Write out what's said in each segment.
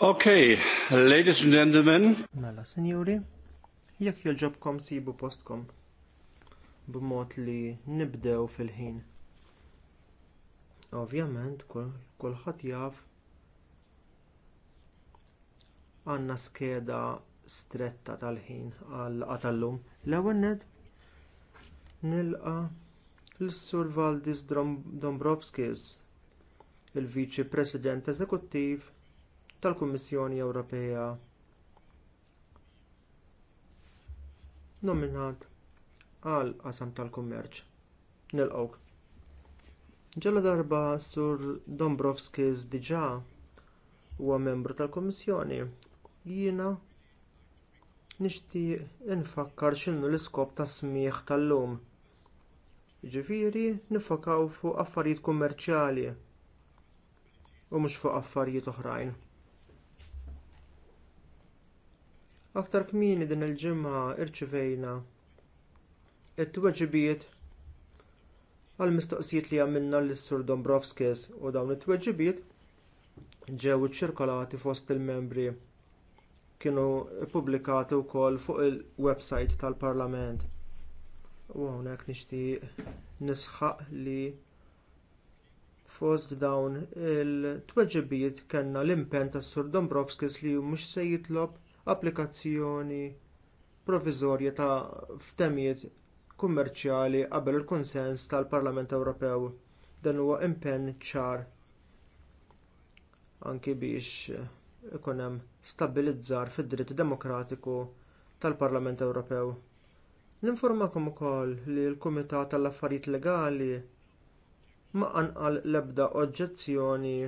Okay, ladies and gentlemen. Mela, signori, jekk jolġobkom sibu postkom b'mod li nibdew fil-ħin. Ovvjament, kulħadd jaf għandna skeda stretta tal-ħin għal qatallum. L-ewwel ned nilqa l-Sur Valdis Dombrovskis, il-Viċi President Eżekuttiv tal-Kummissjoni Ewropea nominat għal qasam tal-kummerċ. Nilqgħu. Ġella darba sur Dombrovskis diġà huwa membru tal-Kummissjoni. Jiena nixtieq infakkar x'inhu l-iskop tas smigħ tal-lum. Ġifieri nifokaw fuq affarijiet kummerċjali u mhux fuq affarijiet oħrajn. Aktar kmieni din il-ġimgħa irċivejna it-tweġibiet għall mistoqsijiet li għamilna lis sur Dombrovskis u dawn it-tweġibiet ġew iċċirkolati fost il-membri kienu ppubblikati wkoll fuq il-website tal-Parlament. U hawnhekk nixtieq nisħaq li fost dawn il-tweġibiet kellna l impenn tas Sur Dombrovskis li mhux se jitlob applikazzjoni proviżorja ta' ftehmiet kummerċjali qabel il-kunsens tal-Parlament Ewropew. Dan huwa impenn ċar anki biex ikun hemm stabbilizzar fid-dritt demokratiku tal-Parlament Ewropew. Ninformakom ukoll li l-Kumitat tal-Affarijiet Legali ma anqal l-ebda oġġezzjoni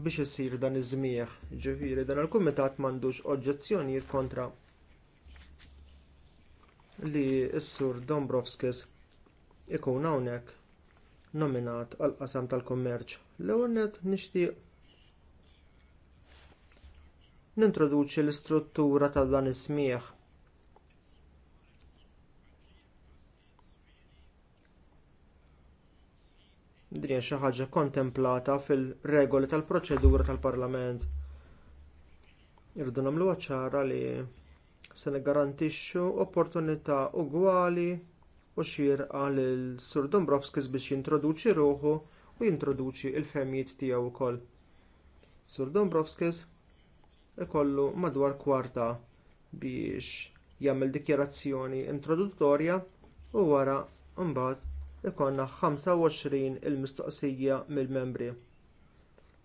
biex isir dan iż-żmieħ. Ġifieri dan il-kumitat m'għandux oġġezzjonijiet kontra li s-sur Dombrovskis ikun hawnhekk nominat għall qasam tal-kummerċ. L-ewnet nixtieq nintroduċi l-istruttura ta' dan is-smieħ Din xi ħaġa kontemplata fil-regoli tal-proċedura tal-Parlament. Irdu nagħmluha ċara li se niggarantixxu opportunità ugwali u xierqa lil Sur Dombrovskis biex jintroduċi ruħu u jintroduċi l femijiet tiegħu wkoll. Sur Dombrovskis ikollu madwar kwarta biex jagħmel dikjarazzjoni introduttorja u wara mbagħad ikonna 25 il-mistoqsija mill-membri.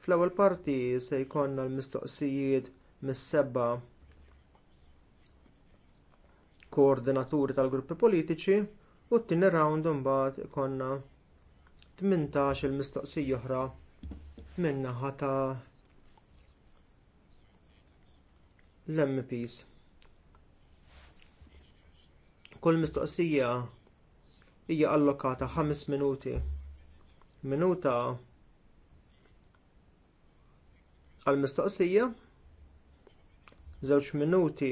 Fl-ewwel parti se jkollna l-mistoqsijiet mis-seba koordinaturi tal-gruppi politiċi u t-tieni round imbagħad ikonna 18 il-mistoqsija oħra min-naħa ta' l-MPs. Kull mistoqsija hija allokata 5 minuti. Minuta għall mistoqsija żewġ minuti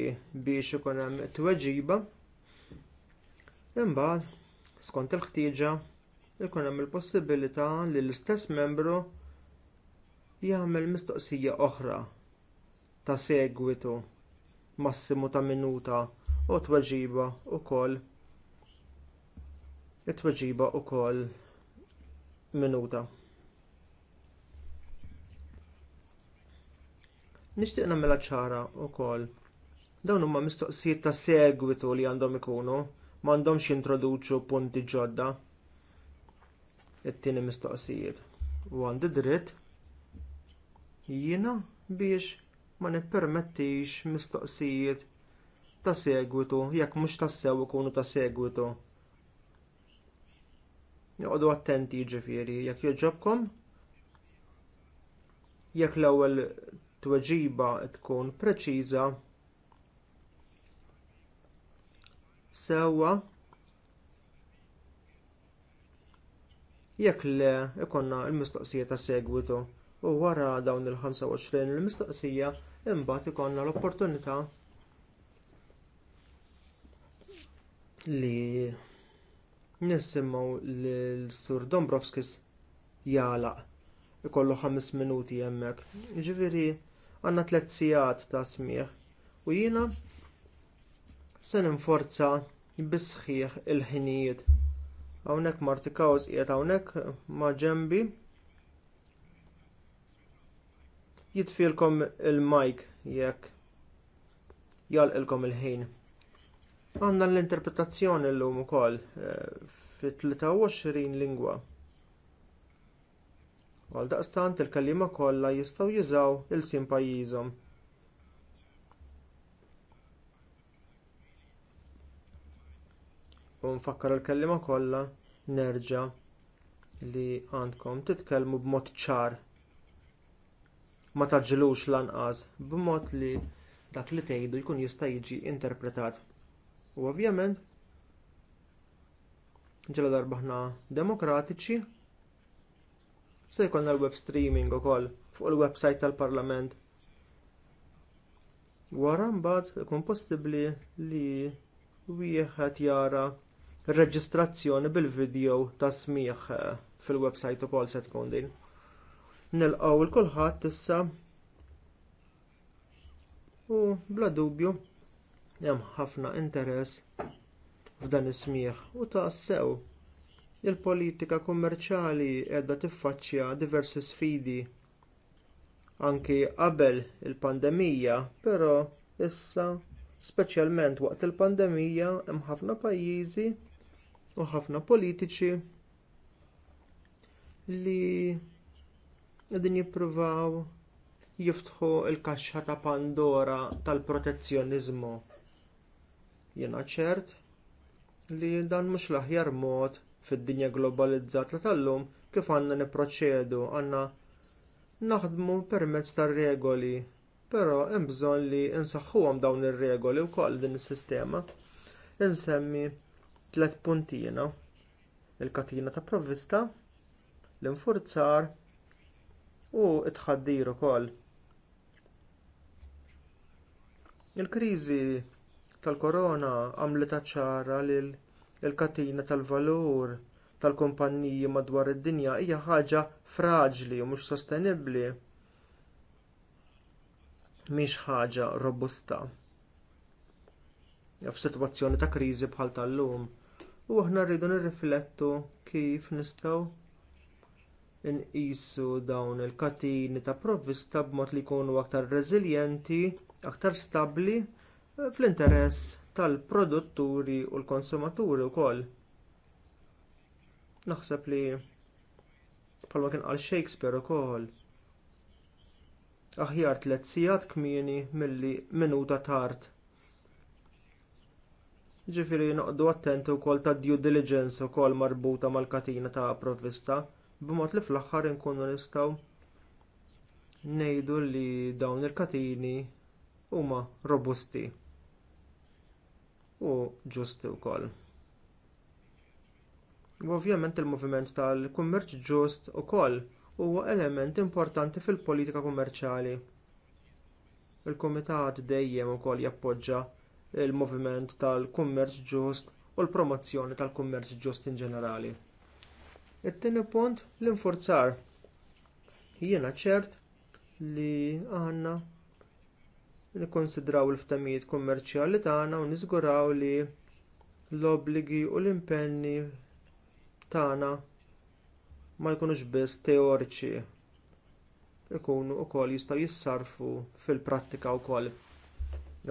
biex ikun hemm tweġiba. Imbagħad skont il-ħtieġa ikun hemm il-possibilità li l-istess membru jagħmel mistoqsija oħra ta' segwitu massimu ta' minuta u tweġiba wkoll it-tweġiba wkoll minuta. Nixtieq nagħmilha ċara wkoll. Dawn huma mistoqsijiet ta' segwitu li għandhom ikunu, m'għandhomx jintroduċu punti ġodda. It-tieni mistoqsijiet. U għandi dritt jiena biex ma nippermettix mistoqsijiet ta' segwitu jekk mhux tassew ikunu ta' segwitu Joqogħdu attenti jiġifieri jekk joġobkom. Jekk l-ewwel tweġiba tkun preċiża sewwa jekk le ikonna l-mistoqsija ta' segwitu u wara dawn il-25 il-mistoqsija imbagħad ikonna l-opportunità li nisimgħu l-Sur Dombrovskis jalaq ikollu ħames minuti hemmhekk. Jiġifieri għandna tliet sigħat ta' smigħ u jiena se ninforza bisħieħ il-ħinijiet. Hawnhekk Marti qiegħed hawnhekk ma' ġembi jitfilkom il-mike jekk jalqilkom il-ħin. Għandna l-interpretazzjoni llum ukoll eh, fi 23 lingwa. Għaldaqstant il kelliema kollha jistgħu jużaw il-sim pajjiżhom. U nfakkar il kelliema kollha nerġa' li għandkom titkellmu b'mod ċar ma taġġilux lanqas b'mod li dak li tgħidu jkun jista' jiġi interpretat U ovvjament ġela darba ħna demokratiċi se jkollna l-web streaming ukoll fuq il-website tal-Parlament. Wara mbagħad ikun possibbli li wieħed jara r reġistrazzjoni bil-video ta' smigħ fil-website ukoll se tkun din. Nilqgħu l kulħadd issa u bla dubju hemm ħafna interess f'dan is-smigħ u tassew il-politika kummerċjali qiegħda tiffaċċja diversi sfidi anki qabel il-pandemija, però issa speċjalment waqt il-pandemija hemm ħafna pajjiżi u ħafna politiċi li qegħdin jippruvaw jiftħu l kaxxa ta' Pandora tal-protezzjoniżmu. Jiena ċert li dan mhux l-aħjar mod fid-dinja globalizzata tal-lum kif għandna nipproċedu għandna naħdmu permezz tar regoli, però hemm bżonn li nsaħħuhom dawn ir-regoli wkoll din is-sistema. Insemmi tliet puntina il-katina ta' provvista, l-infurzar u t tħaddir ukoll. il kriżi tal-korona għamlet ċara li l-katina tal-valur tal-kumpaniji madwar id-dinja hija ħaġa fraġli u mhux sostenibbli mhix ħaġa robusta. F'sitwazzjoni ta' kriżi bħal tal-lum u aħna rridu nirriflettu kif nistgħu inqisu dawn il-katini ta' provvista b'mod li jkunu aktar reżiljenti, aktar stabbli fl-interess tal-produtturi u l-konsumaturi wkoll. Naħseb li bħalma kien għal Shakespeare wkoll. Aħjar tliet sigħat kmieni milli minuta tard. Ġifieri noqdu attenti wkoll tad due diligence ukoll marbuta mal-katina ta' provvista b'mod li fl-aħħar inkunu nistgħu ngħidu li dawn il-katini huma robusti u ġusti wkoll. U ovvjament il-moviment tal-kummerċ ġust ukoll huwa element importanti fil-politika kummerċjali. Il-Kumitat dejjem ukoll jappoġġa l moviment tal-kummerċ ġust u l-promozzjoni tal-kummerċ ġust in ġenerali. It-tieni punt l-infurzar. Jiena ċert li għandna nikkonsidraw il-ftamijiet kummerċjali tagħna u niżguraw li l-obbligi u l-impenni tagħna ma jkunux biss teoriċi ikunu wkoll jistgħu jissarfu fil-prattika wkoll.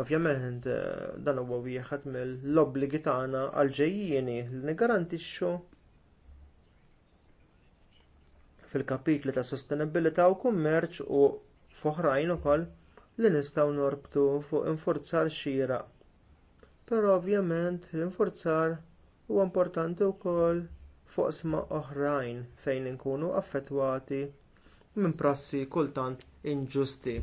Ovvjament eh, dan huwa wieħed mill-obbligi tagħna għal ġejjieni li nigarantixxu fil-kapitli ta' sostenibilità u kummerċ u f'oħrajn ukoll li nistgħu norbtu fuq infurzar xieraq. Però ovvjament l-infurzar huwa importanti wkoll fuq sma oħrajn fejn inkunu affettwati minn prassi kultant inġusti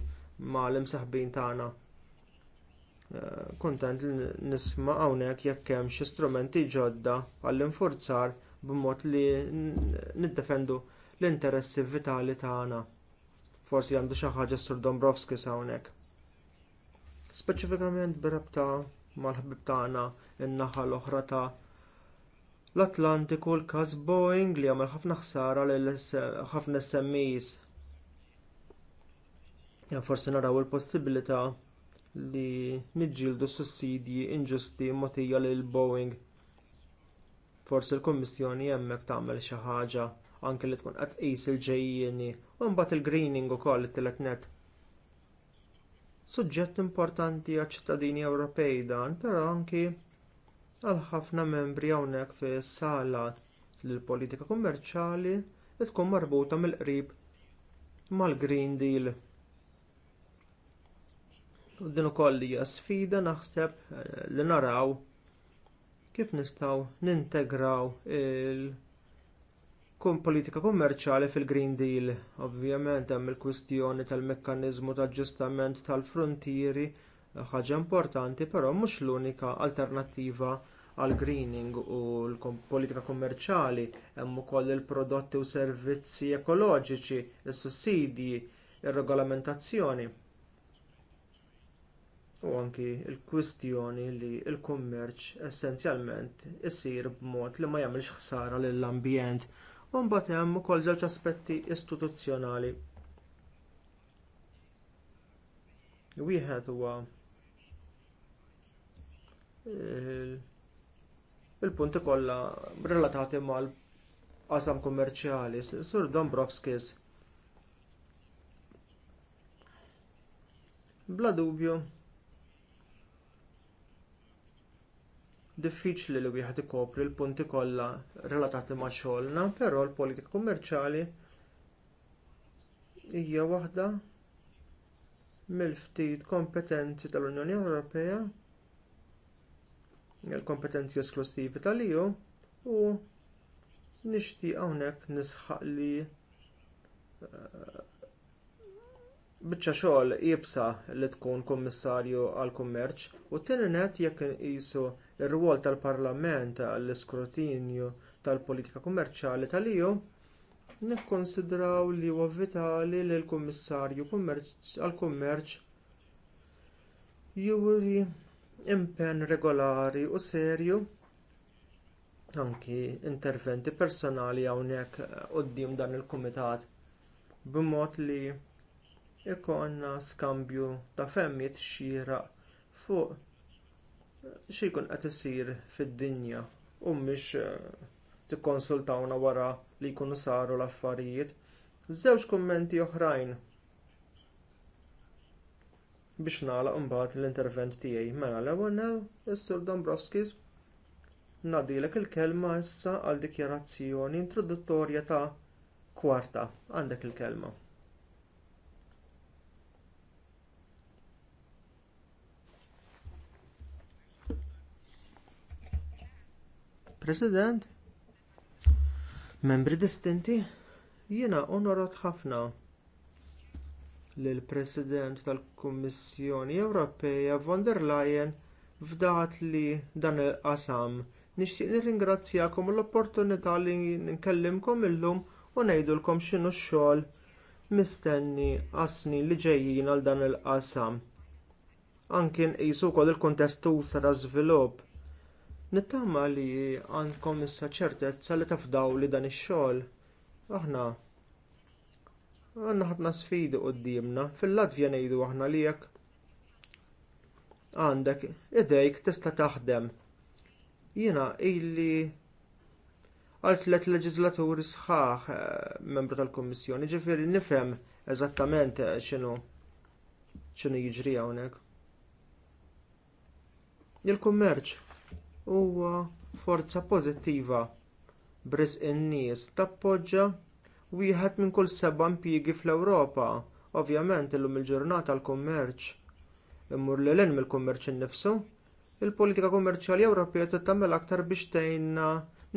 mal imsaħbin tagħna. Eh, kuntent li nisma' hawnhekk jekk hemm xi strumenti ġodda għall-infurzar b'mod li niddefendu l-interessi vitali tagħna. Forsi għandu xi ħaġa sur Dombrovskis hawnhekk. Speċifikament birabta mal-ħbib tagħna in-naħa l-oħra ta' l-Atlantiku l-każ Boeing li għamel ħafna ħsara lil ħafna SMEs. Forsi naraw il-possibilità li niġġieldu sussidji inġusti mogħtija lil Boeing. Forsi l-Kummissjoni hemmhekk tagħmel xi ħaġa anke li tkun qed qis il-ġejjieni u mbagħad il-greening ukoll it-tielet net. Suġġett importanti għaċ-ċittadini Ewropej dan, però anki għal ħafna membri hawnhekk fis-sala l-politika kummerċjali tkun marbuta mill-qrib mal-Green Deal. U din ukoll hija sfida naħseb eh, li naraw kif nistgħu nintegraw il- Kun politika kummerċjali fil-Green Deal, ovvjament hemm il-kwistjoni tal-mekkaniżmu ta' aġġustament tal-frontieri, ħaġa importanti, però mhux l-unika alternattiva għall greening u l-politika kummerċjali hemm ukoll il-prodotti u servizzi ekoloġiċi, is-sussidji, ir-regolamentazzjoni. U anki l kwistjoni li l kummerċ essenzjalment isir b'mod li ma jagħmilx ħsara lill-ambjent u mbagħad hemm ukoll żewġ aspetti istituzzjonali. Wieħed huwa il-punti kollha relatati mal-qasam kummerċjali. Sur Dombrovskis bla dubju diffiċli li wieħed ikopri l-punti kollha relatati ma' xogħolna, però l-politika kummerċjali hija waħda mill-ftit kompetenzi tal-Unjoni Ewropea, il-kompetenzi esklusivi tal-EU u nixtieq hawnhekk nisħaq li eh, biċċa xogħol jibsa li tkun kummissarju għall kummerċ u t-tieni net jekk isu ir-rwol tal-Parlament għall-iskrutinju tal-politika kummerċjali tal-EU nikkonsidraw li huwa vitali li l-Kummissarju għall-Kummerċ juri impenn regolari u serju anki interventi personali hawnhekk quddiem dan il-kumitat b'mod li ikonna skambju ta' femmiet xieraq fuq xi jkun qed isir fid-dinja u mhix eh, tikkonsultawna wara li jkunu saru l-affarijiet. Żewġ kummenti oħrajn biex nagħlaq imbagħad l-intervent tiegħi. Mela l-ewwel is-Sur Dombrovskis nadilek il-kelma issa għal dikjarazzjoni introduttorja ta' kwarta. Għandek il-kelma. President, membri distinti, jiena onorat ħafna li l-President tal-Kummissjoni Ewropea von der Leyen fdaħat li dan il-qasam. Nixtieq nirringrazzjakom l-opportunità li nkellimkom illum u ngħidulkom x'inhu x-xogħol mistenni għas li ġejjin għal dan il-qasam. Anki nqisu wkoll il-kuntest ta' żvilupp Nittama li għandkom issa ċertezza li tafdaw li dan ix-xogħol. Aħna għandna ħafna sfidi quddiemna fil-Latvja ngħidu aħna li jekk għandek idejk tista' taħdem. Jiena illi għal tliet leġislaturi sħaħ eh, membru tal-Kummissjoni, ġifieri nifhem eżattament eh, x'inhu x'inhu jiġri hawnhekk. Il-kummerċ huwa forza pożittiva. Bris in-nies tappoġġa wieħed minn kull seba' impjiegi fl-Ewropa. Ovvjament illum il-ġurnata l-kummerċ immur lil hinn mill-kummerċ innifsu. Il-politika kummerċjali Ewropea trid tagħmel aktar biex tgħinna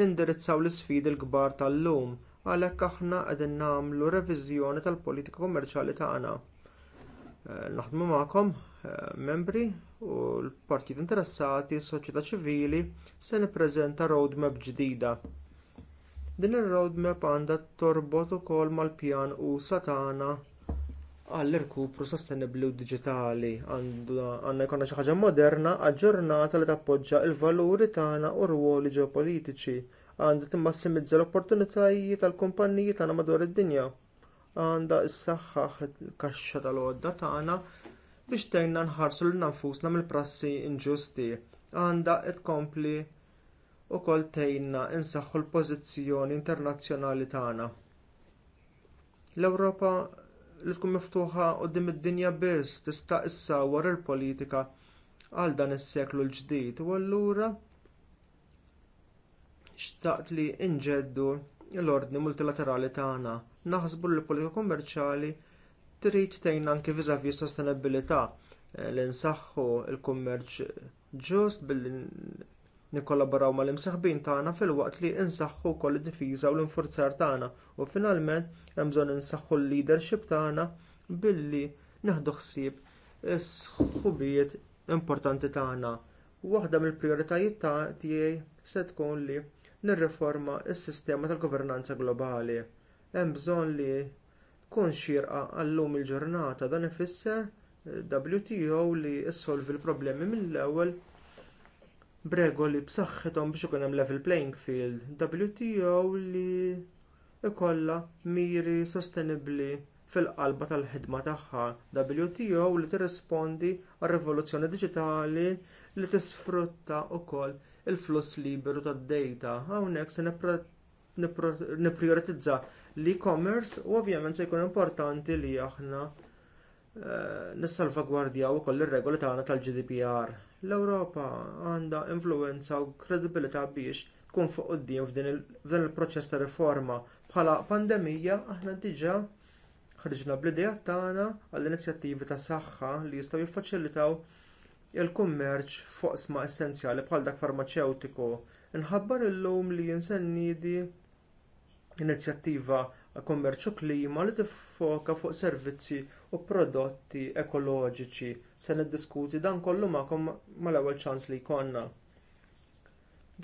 nindirizzaw l-isfidi l-kbar tal-lum għalhekk aħna qegħdin nagħmlu reviżjoni tal-politika kummerċjali tagħna. Eh, naħdmu magħkom Eh, membri u l partijiet interessati, s-soċjetà ċivili, se nippreżenta roadmap ġdida. Din ir-roadmap għandha torbot ukoll mal-pjan u satana għall-irkupru sostenibbli u diġitali għandna jkollna xi ħaġa moderna aġġornata li tappoġġja l valuri tagħna u rwoli ġeopolitiċi għandha timmassimizza l-opportunitajiet tal-kumpaniji tagħna madwar id-dinja għandha s-saħħaħ kaxxa tal-għodda tagħna biex tgħinna nħarsu lil nfusna mill-prassi inġusti għandha tkompli wkoll tgħinna insaħħu l-pożizzjoni internazzjonali tagħna. L-Ewropa li tkun miftuħa quddiem id-dinja biss tista' issawwar il-politika għal dan is-seklu l-ġdid u allura xtaqt li inġeddu l-ordni multilaterali tagħna naħsbu li l-politika kummerċjali trid tgħin anke viżavi sostenibilità eh, li nsaħħu l kummerċ ġust billi nikkollaboraw mal-imsaħbin tagħna fil-waqt li nsaħħu wkoll id-difiża u l-infurzar tagħna u finalment hemm bżonn insaħħu l-leadership tagħna billi neħdu ħsieb is-sħubijiet importanti tagħna. Waħda mill-prijoritajiet tiegħi se tkun li nirriforma s-sistema tal-governanza globali. Hemm bżonn li tkun xirqa għallum il-ġurnata dan ifisser eh, WTO li issolvi l-problemi mill-ewwel b'regoli b'saħħithom biex ikun hemm level playing field WTO li ikollha miri sostenibbli fil-qalba tal-ħidma tagħha WTO li tirrispondi għar-rivoluzzjoni diġitali li tisfrutta wkoll il-fluss liberu tad-dejta hawnhekk se nipprioritizza l-e-commerce u ovvjament se jkun importanti li aħna eh, nissalvagwardjaw ukoll ir-regoli tagħna tal-GDPR. L-Ewropa għandha influwenza u kredibilità biex tkun fuq quddiem f'din il-proċess ta' riforma bħala pandemija aħna diġà ħriġna bl-idea tagħna għall-inizjattivi ta' saħħa li jistgħu jiffaċilitaw il-kummerċ fuq sma essenzjali bħal dak farmaceutiku. Inħabbar illum li jinsennidi inizjattiva kummerċu klima li tiffoka fuq servizzi u prodotti ekoloġiċi se niddiskuti dan kollu magħkom mal-ewwel ċans li jkollna.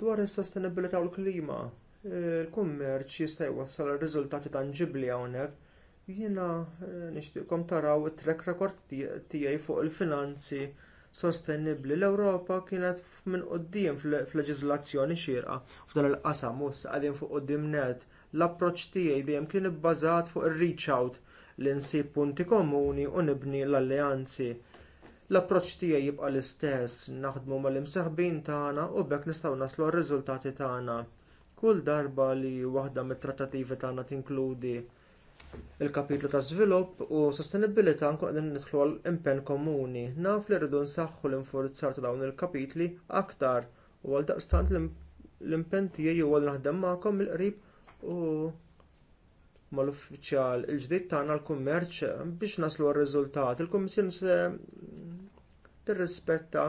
Dwar is-sostenibilità u l-klima, il-kummerċ jista' jwassal riżultati tanġibbli hawnhekk jiena eh, nixtieqkom taraw it-trek rekord tiegħi fuq il-finanzi sostenibbli l-Ewropa kienet minn quddiem fil-leġiżlazzjoni xierqa f'dan il-qasam u s-qadin fuq quddiem net l-approċċ tiegħi dejjem kien ibbażat fuq ir-reach out li nsib punti komuni u nibni l-alleanzi. L-approċċ tiegħi jibqa' l-istess, naħdmu mal-imsaħbin tagħna u bekk nistgħu naslu r-riżultati tagħna. Kull darba li waħda mit-trattativi tagħna tinkludi il-kapitlu ta' żvilupp u sostenibilità nkun qegħdin nidħlu għal impenn komuni. Naf li rridu nsaħħu l-infurzar ta' dawn il-kapitli aktar u għal daqstant l-impenn tiegħi huwa naħdem magħkom mill-qrib u mal-uffiċjal il-ġdid tagħna l-kummerċ biex naslu r-riżultat. Il-Kummissjoni se tirrispetta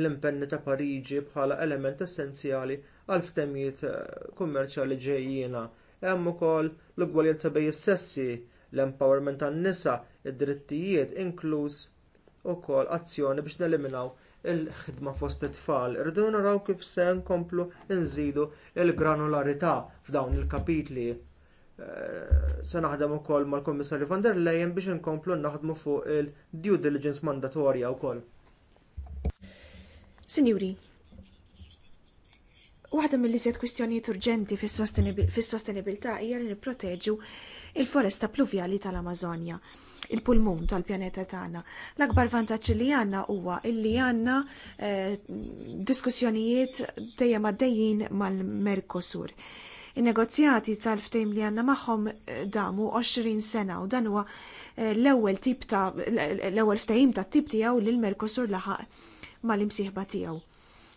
l-impenni ta' Pariġi bħala element essenzjali għal ftemijiet eh, kummerċjali ġejjina. Hemm ukoll l-ugwaljanza bejn is-sessi, l-empowerment tan-nisa, id-drittijiet inkluż ukoll azzjoni biex neliminaw il-ħidma fost it-tfal. Irridu naraw kif se nkomplu nżidu l granularità f'dawn il-kapitli. Eh, se naħdem ukoll mal-Kummissarju van der Leyen biex inkomplu naħdmu fuq il-due diligence mandatorja wkoll. Sinjuri, waħda mill-iżjed kwistjonijiet urġenti fis-sostenibilità hija li nipproteġu il-foresta pluvjali tal-Amazonja il-pulmun tal-pjaneta tagħna. L-akbar vantaġġ li għandna huwa illi għandna eh, diskussjonijiet dejjem għaddejjin mal-Merkosur. In-negozjati tal-ftejm li għandna magħhom eh, damu 20 sena u dan huwa eh, l-ewwel tip ta' l-ewwel ftehim tat-tip tiegħu li l-Merkosur laħaq mal-imsieħba tiegħu.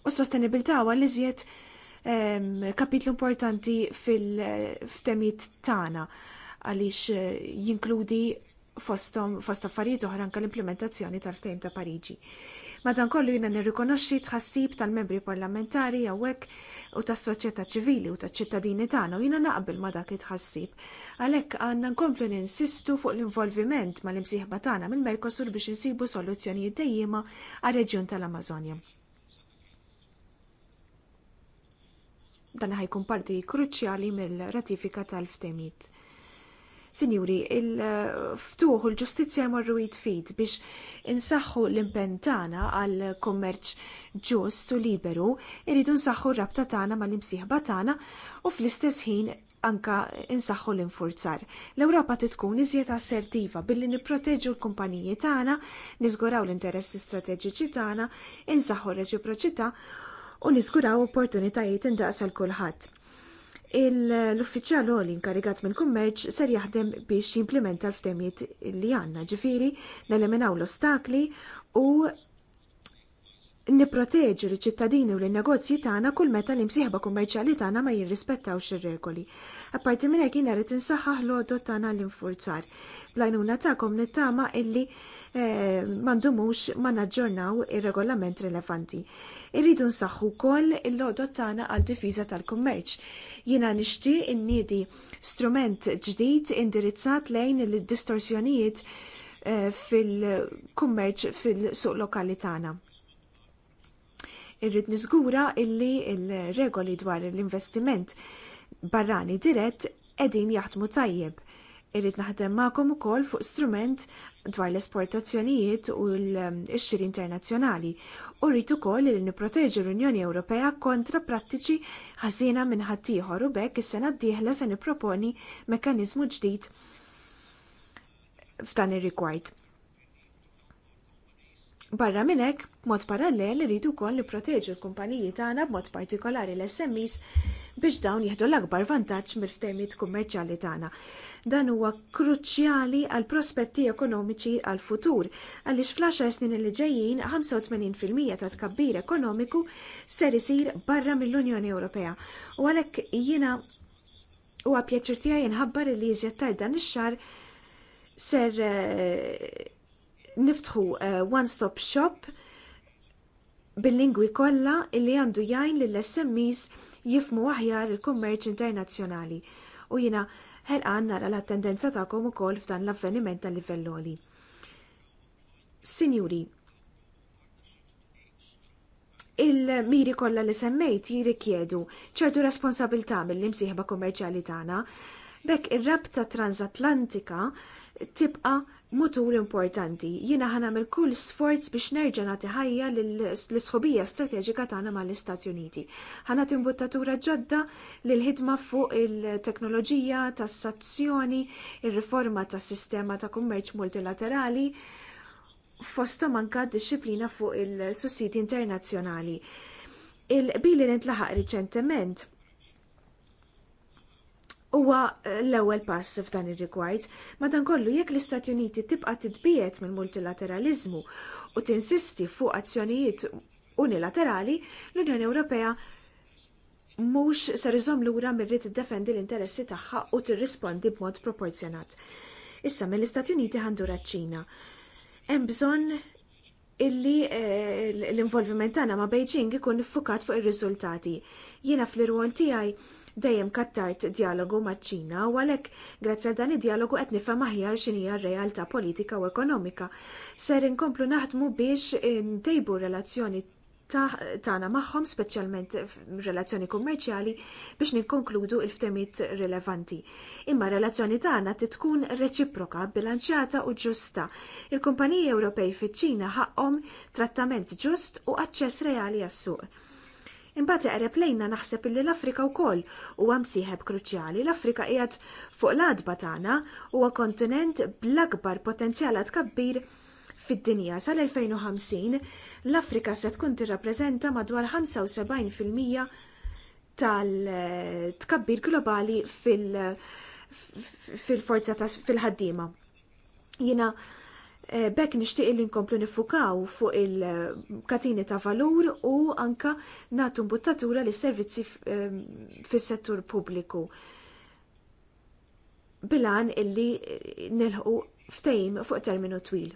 U s-sostenibilità huwa li ehm, kapitlu importanti fil-ftemiet tagħna għaliex jinkludi fostom fost affarijiet oħra anke l-implementazzjoni tal-ftehim ta' Pariġi. Madankollu jiena nirrikonoxxi tħassib tal-membri parlamentari hawnhekk u tas-soċjetà ċivili u taċ-ċittadini tagħna u jiena naqbel ma dak it-tħassib. Għalhekk għandna nkomplu ninsistu fuq l-involviment mal-imsieħba tagħna mill-Merkosur biex insibu soluzzjonijiet dejjema għar-reġjun tal-Amazonja. Dan ħajkun parti kruċjali mill-ratifika tal-ftemiet Sinjuri, il-ftuħ u l-ġustizzja marru jitfid biex insaħħu l-impenn tagħna għal kommerċ ġust u liberu, irridu nsaħħu r-rabta tagħna mal-imsieħba tagħna u fl-istess ħin anka insaħħu l-infurzar. l europa titkun iżjed assertiva billi nipproteġu l-kumpaniji tagħna, niżguraw l-interessi strateġiċi tagħna, insaħħu r reċiproċità u niżguraw opportunitajiet indaqsa l kulħadd l-uffiċjal li inkarigat mill kummerċ ser jaħdem biex jimplementa l-ftemiet li għandna ġifiri, neliminaw l-ostakli u niproteġu l ċittadini u l negozji tagħna kull meta li msieħba kummerċjali tagħna ma jirrispettawx ir-regoli. Apparti minn hekk jien rid insaħħaħ l għodod tagħna l-infurzar. Blajnuna tagħkom nittama illi eh, m'għandumux ma naġġornaw ir-regolament rilevanti. Irridu nsaħħu wkoll il għodod tagħna għal difiża tal-kummerċ. Jiena nixtieq inniedi strument ġdid indirizzat lejn il-distorsjonijiet eh, fil-kummerċ fil-suq lokali tagħna irrid niżgura illi il-regoli dwar l-investiment barrani dirett edin jaħdmu tajjeb. Irrid naħdem magħkom ukoll fuq strument dwar l-esportazzjonijiet u l-xiri internazzjonali u rrid ukoll li nipproteġi l-Unjoni Ewropea kontra prattiċi ħażina minn ħaddieħor u bekk is-sena d-dieħla se nipproponi mekkaniżmu ġdid f'dan ir-rigward. Barra minnek, mod parallel irridu li nipproteġu l-kumpaniji tagħna b'mod partikolari l-SMEs biex dawn jieħdu l-akbar vantaġġ mill-ftehmiet kummerċjali tagħna. Dan huwa kruċjali għal prospetti ekonomiċi għal futur għaliex fl-10 snin li ġejjin 85% ta' tkabbir ekonomiku ser isir barra mill-Unjoni Ewropea. U għalhekk jiena huwa pjaċir tiegħi nħabbar li jiżjed tard dan ix xar ser eh, niftħu eh, one-stop shop bil-lingwi kollha illi għandu jgħin lill smes jifmu aħjar il-kummerċ internazzjonali u jina ħelqan nara l-attendenza tagħkom ukoll f'dan l-avveniment tal livell livelloli. Sinjuri, il-miri kollha li semmejt jirrikjedu ċertu responsabilità mill-imsieħba kummerċjali tagħna Bekk ir-rabta transatlantika tibqa motur importanti. Jiena ħan nagħmel kull sforz biex nerġa' nagħti ħajja l sħobija strateġika tagħna mal-Istati Uniti. Ħan nagħti ġodda lil ħidma fuq il-teknoloġija tas-sazzjoni, ir-riforma tas-sistema ta' kummerċ multilaterali, fostom anka disċiplina fuq il-sussidi internazzjonali. Il-bili li ntlaħaq riċentement huwa eh, l-ewwel pass f'dan ir-rigward. Madankollu jekk l-Istati Uniti tibqa' titbiet mill-multilateraliżmu u tinsisti fuq azzjonijiet unilaterali, l-Unjoni Ewropea mhux ser iżomm lura mirrid tiddefendi l-interessi tagħha u tirrispondi b'mod proporzjonat. Issa mill-Istati Uniti għandu ċ-Ċina. Hemm bżonn illi eh, l-involviment tagħna ma' Beijing ikun iffukat fuq ir-riżultati. Jiena fl-irwol tiegħi dejjem kattart dialogu maċ-Ċina u għalhekk grazzi għal dan id-dialogu qed nifhem aħjar x'inhi r-realtà politika u ekonomika. Ser inkomplu naħdmu biex ntejbu relazzjoni tagħna magħhom speċjalment relazzjoni kummerċjali biex nikkonkludu il-ftemiet rilevanti. Imma relazzjoni tagħna tkun reċiproka, bilanċjata u ġusta. Il-kumpaniji Ewropej fiċ-Ċina ħaqhom trattament ġust u aċċess reali għas-suq. Imbagħad eqreb lejna naħseb illi l-Afrika wkoll huwa msieħeb kruċjali. L-Afrika qiegħed fuq l-adba tagħna huwa kontinent bl-akbar potenzjal tkabbir fid-dinja sal-2050 l-Afrika se tkun tirrappreżenta madwar 75% tal-tkabbir globali fil-forza fil-ħaddiema. Jina Eh, bekk nixtieq li nkomplu nifukaw fuq il-katini ta' valur u anka nagħtu mbuttatura li servizzi ehm, fis-settur pubbliku. Bilan illi eh, nilħu ftejm fuq terminu twil.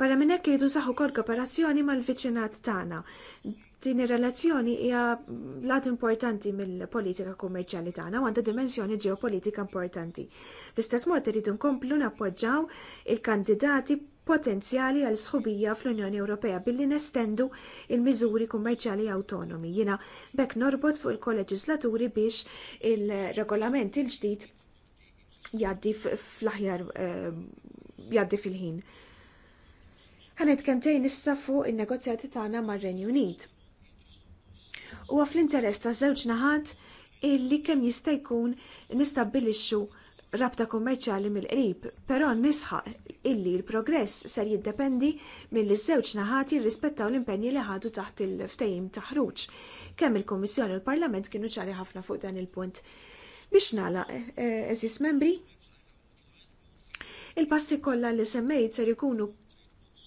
Barra minn hekk iridu saħħu kol kooperazzjoni mal-viċinat tagħna Din ir-relazzjoni hija lat importanti mill-politika kummerċjali tagħna u għandha dimensjoni ġeopolitika importanti. L-istess mod irid inkomplu nappoġġaw il-kandidati potenzjali għal sħubija fl-Unjoni Ewropea billi nestendu il-miżuri kummerċjali autonomi. Jina bekk norbot fuq il-koleġislaturi biex il-regolament il-ġdid jaddi fl-aħjar eh, jaddi fil-ħin. Ħanet kemtejn issa fuq il-negozjati tagħna mar-Renju Unit huwa fl-interess ta' żewġ naħat illi kemm jista' jkun rabta kummerċjali mill-qrib, però nisħaq illi l-progress ser jiddependi mill żewġ naħat jirrispettaw l-impenji li ħadu taħt il-ftehim ta' ħruġ. Kemm il-Kummissjoni u l-Parlament kienu ċari ħafna fuq dan il-punt. Biex nagħlaq eh, eh, eżis membri, il-passi kollha li semmejt ser ikunu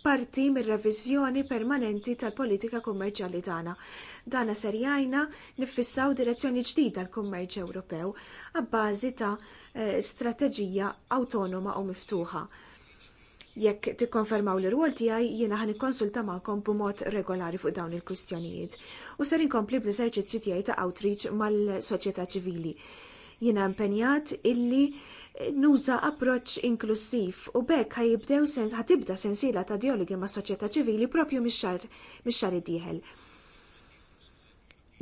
parti mir-reviżjoni permanenti tal-politika kummerċjali tagħna. Dana ser jajna niffissaw direzzjoni ġdida l-kummerċ Ewropew għabbażi ta' eh, strateġija awtonoma u miftuħa jekk tikkonfermaw l-rwol tiegħi jiena ħan ikkonsulta magħkom b'mod regolari fuq dawn il-kwistjonijiet u ser inkompli bl-eżerċizzju tiegħi ta' outreach mal-soċjetà ċivili. Jiena impenjat illi nuża approċċ inklusiv u bekk ħajibdew sen ħatibda sensiela ta' dialogi ma' soċjetà ċivili propju mix-xar mix-xar idieħel.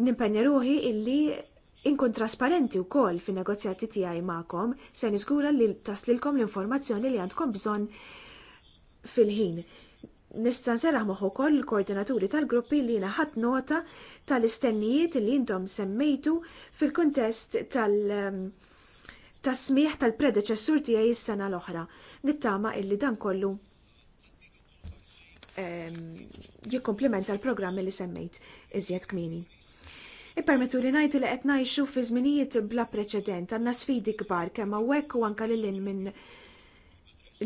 Nimpenja ruħi illi inkun trasparenti wkoll fin negozjati tiegħi magħkom se niżgura li taslilkom l-informazzjoni li għandkom bżonn fil-ħin. Nista' nserraħ moħħ ukoll il-koordinaturi tal-gruppi li naħat nota tal-istennijiet li intom semmejtu fil-kuntest tal- ta' smigħ tal-predeċessur tiegħi s-sena l-oħra. Nittama illi dan kollu ehm, jikkomplimenta l-programmi li semmejt iżjed kmini. Ippermetu li ngħid li qed ngħixu fi żminijiet bla preċedent għandna sfidi kbar kemm hawnhekk u anke lil minn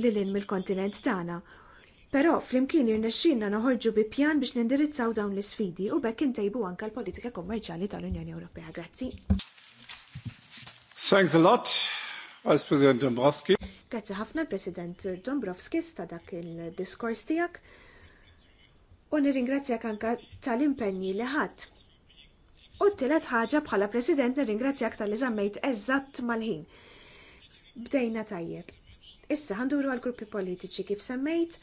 lilin mill-kontinent tagħna. Però flimkien jirnexxinna noħorġu bi pjan biex nindirizzaw dawn l-isfidi u bekk intejbu anke l-politika kummerċjali tal-Unjoni Ewropea. Grazzi. Thanks a lot, Vice President Dombrovski. Grazzi ħafna l-President Dombrovskis ta' dak il-diskors tijak. U nirringrazzjak anka tal-impenni li ħadd. U t-tielet ħaġa bħala President nirringrazzjak tal-li żammejt eżatt mal-ħin. Bdejna tajjeb. Issa ħanduru għal-gruppi politiċi kif semmejt.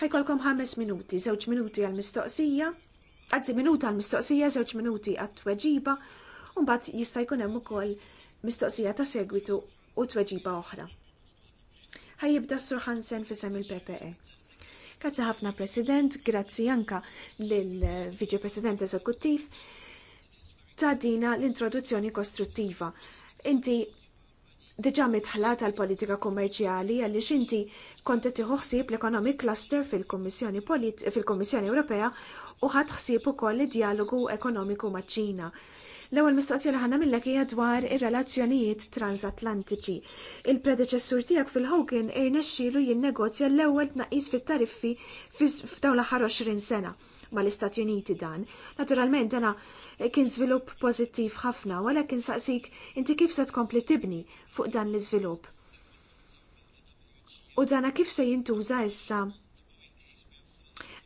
Ħajkolkom ħames minuti, żewġ minuti għal-mistoqsija, għadzi minuti għal-mistoqsija, żewġ minuti għat-tweġiba, un bat jista' jkun hemm ukoll mistoqsija ta' segwitu u tweġiba oħra. jibda s-Sur Hansen fisem il-PPE. Grazzi ħafna President, grazzi anka lill-Viċi President Eżekuttiv ta' dina l-introduzzjoni kostruttiva. Inti diġa mitħla tal-politika kummerċjali għaliex inti kont tiħu ħsieb l-Economic Cluster fil-Kummissjoni fil-Kummissjoni Ewropea u ħadd ħsieb ukoll id-dialogu ekonomiku maċ-Ċina. L-ewwel mistoqsija li ħanna millek hija dwar ir-relazzjonijiet transatlantiċi. Il-predeċessur tiegħek fil-Hogan irnexxielu jinnegozja l-ewwel tnaqqis fit-tariffi f'dawn l-aħħar 20 sena mal-Istati Uniti dan. Naturalment dana kien żvilupp pożittiv ħafna, u għalhekk insaqsik inti kif se tkompli tibni fuq dan l-iżvilupp. U dana kif se jintuża issa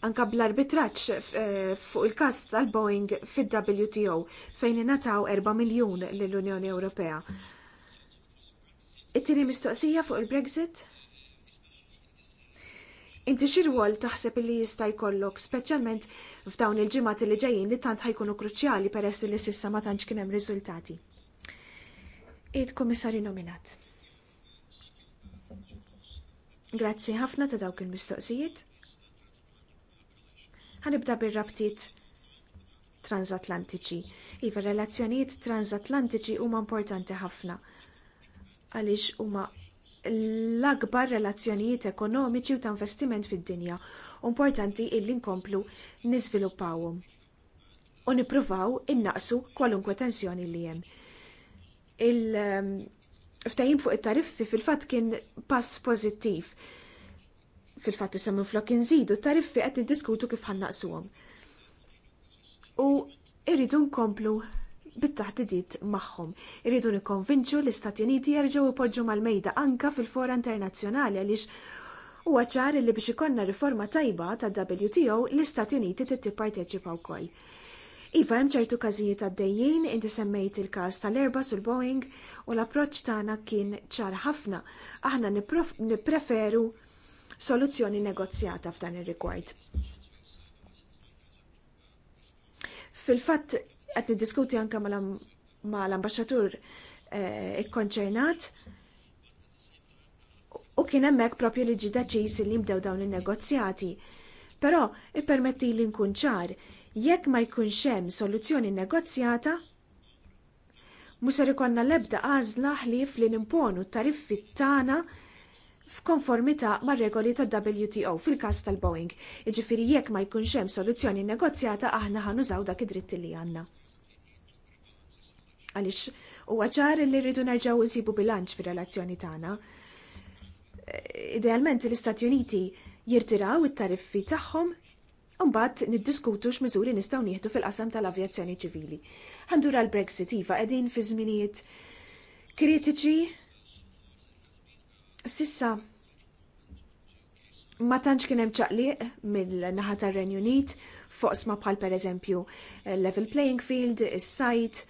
anka bl-arbitraċ eh, fuq il-kas tal-Boeing fil wto fejn ingħataw 4 miljun lill-Unjoni Ewropea. It-tieni mistoqsija fuq il-Brexit? Inti rwol taħseb li jista' jkollok, speċjalment f'dawn il-ġimgħat li ġejjin li tant ħajkunu kruċjali peress li s'issa ma tantx kien hemm riżultati. Il-Kummissarju nominat. Grazzi ħafna ta' dawk il-mistoqsijiet. Ħanibda bir-rabtiet transatlantiċi. Iva relazzjonijiet transatlantiċi huma importanti ħafna għaliex huma l-akbar relazzjonijiet ekonomiċi u ta' investiment fid-dinja. Importanti illi nkomplu niżviluppawhom u nippruvaw innaqsu kwalunkwe tensjoni li hemm. Il-ftajim ehm, fuq it-tariffi fil-fatt kien pass pożittiv fil-fatt isemmu flok inżidu tariffi qed niddiskutu kif ħannaqsuhom. U irridu nkomplu bit-taħdidiet magħhom. Irridu nikkonvinċu l-Istati Uniti jerġgħu ipoġġu mal-mejda anka fil-fora internazzjonali għaliex huwa ċar li biex ikonna riforma tajba ta' WTO l-Istati Uniti tipparteċipa wkoll. Iva, hemm ċertu każijiet għaddejjin, inti semmejt il-każ tal-Airbus u l-Boeing u l-approċċ tagħna kien ċar ħafna. Aħna nippreferu soluzzjoni negozjata f'dan ir-rigward. Fil-fatt qed niddiskuti anke mal ambaxxatur eh, ikkonċernat u kien hemmhekk propju li ġi deċiż li jibdew dawn in-negozjati. Però ippermetti li nkun ċar, jekk ma jkunx hemm soluzzjoni negozjata, mhux ser ikollna l-ebda għażla ħlief li nimponu t tariffi tagħna f'konformità mar regoli tad WTO fil-każ tal-Boeing. jiġifieri jekk ma jkunx hemm soluzzjoni negozjata aħna ħanużaw dak id-dritti li għandna. Għaliex huwa ċar li rridu nerġgħu nsibu bilanċ fir-relazzjoni tagħna. Idealment l-Istati Uniti jirtiraw it-tariffi tagħhom Umbat niddiskutu x'miżuri nistgħu nieħdu fil-qasam tal-avjazzjoni ċivili. Ħandura l-Brexit iva qegħdin fi żminijiet kritiċi Sissa, ma tantx kien hemm ċaqliq mill-naħa tar-Renju Unit fuq sma bħal pereżempju level playing field, is-sajt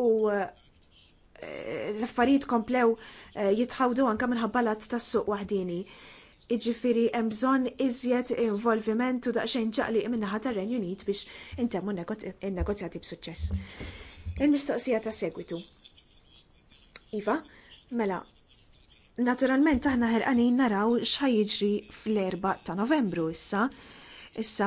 u eh, l-affarijiet komplew eh, jitħawdu anke minħabba lat tas-suq waħdini. Iġifiri hemm bżonn iżjed involviment u daqsxejn ċaqliq min-naħa tar-Renju Unit biex intemmu n-negozjati b'suċċess. Il-mistoqsija ta' segwitu. Iva, Mela, naturalment aħna ħerqanin naraw jiġri fl-4 ta' Novembru issa. Issa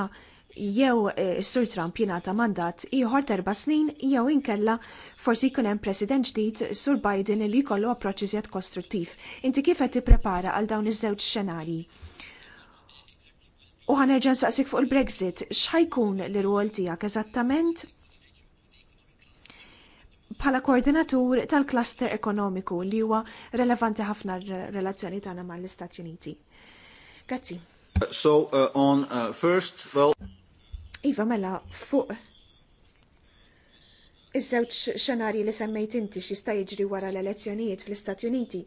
jew eh, Sur Trump jingħata mandat ieħor terba' snin jew inkella forsi jkun hemm President ġdid Sur Biden li jkollu approċċ iżjed kostruttiv. Inti kif qed tipprepara għal dawn iż-żewġ xenarji? U ħanerġa' saqsik fuq il-Brexit, x'ħajkun l-irwol tiegħek eżattament? bħala koordinatur tal-cluster ekonomiku li huwa relevanti ħafna r relazzjoni tagħna mal-Istati Uniti. Grazzi. So uh, on uh, first, well Iva mela fuq iż-żewġ xenarji li semmejt inti x'jista' jiġri wara l-elezzjonijiet fl-Istati Uniti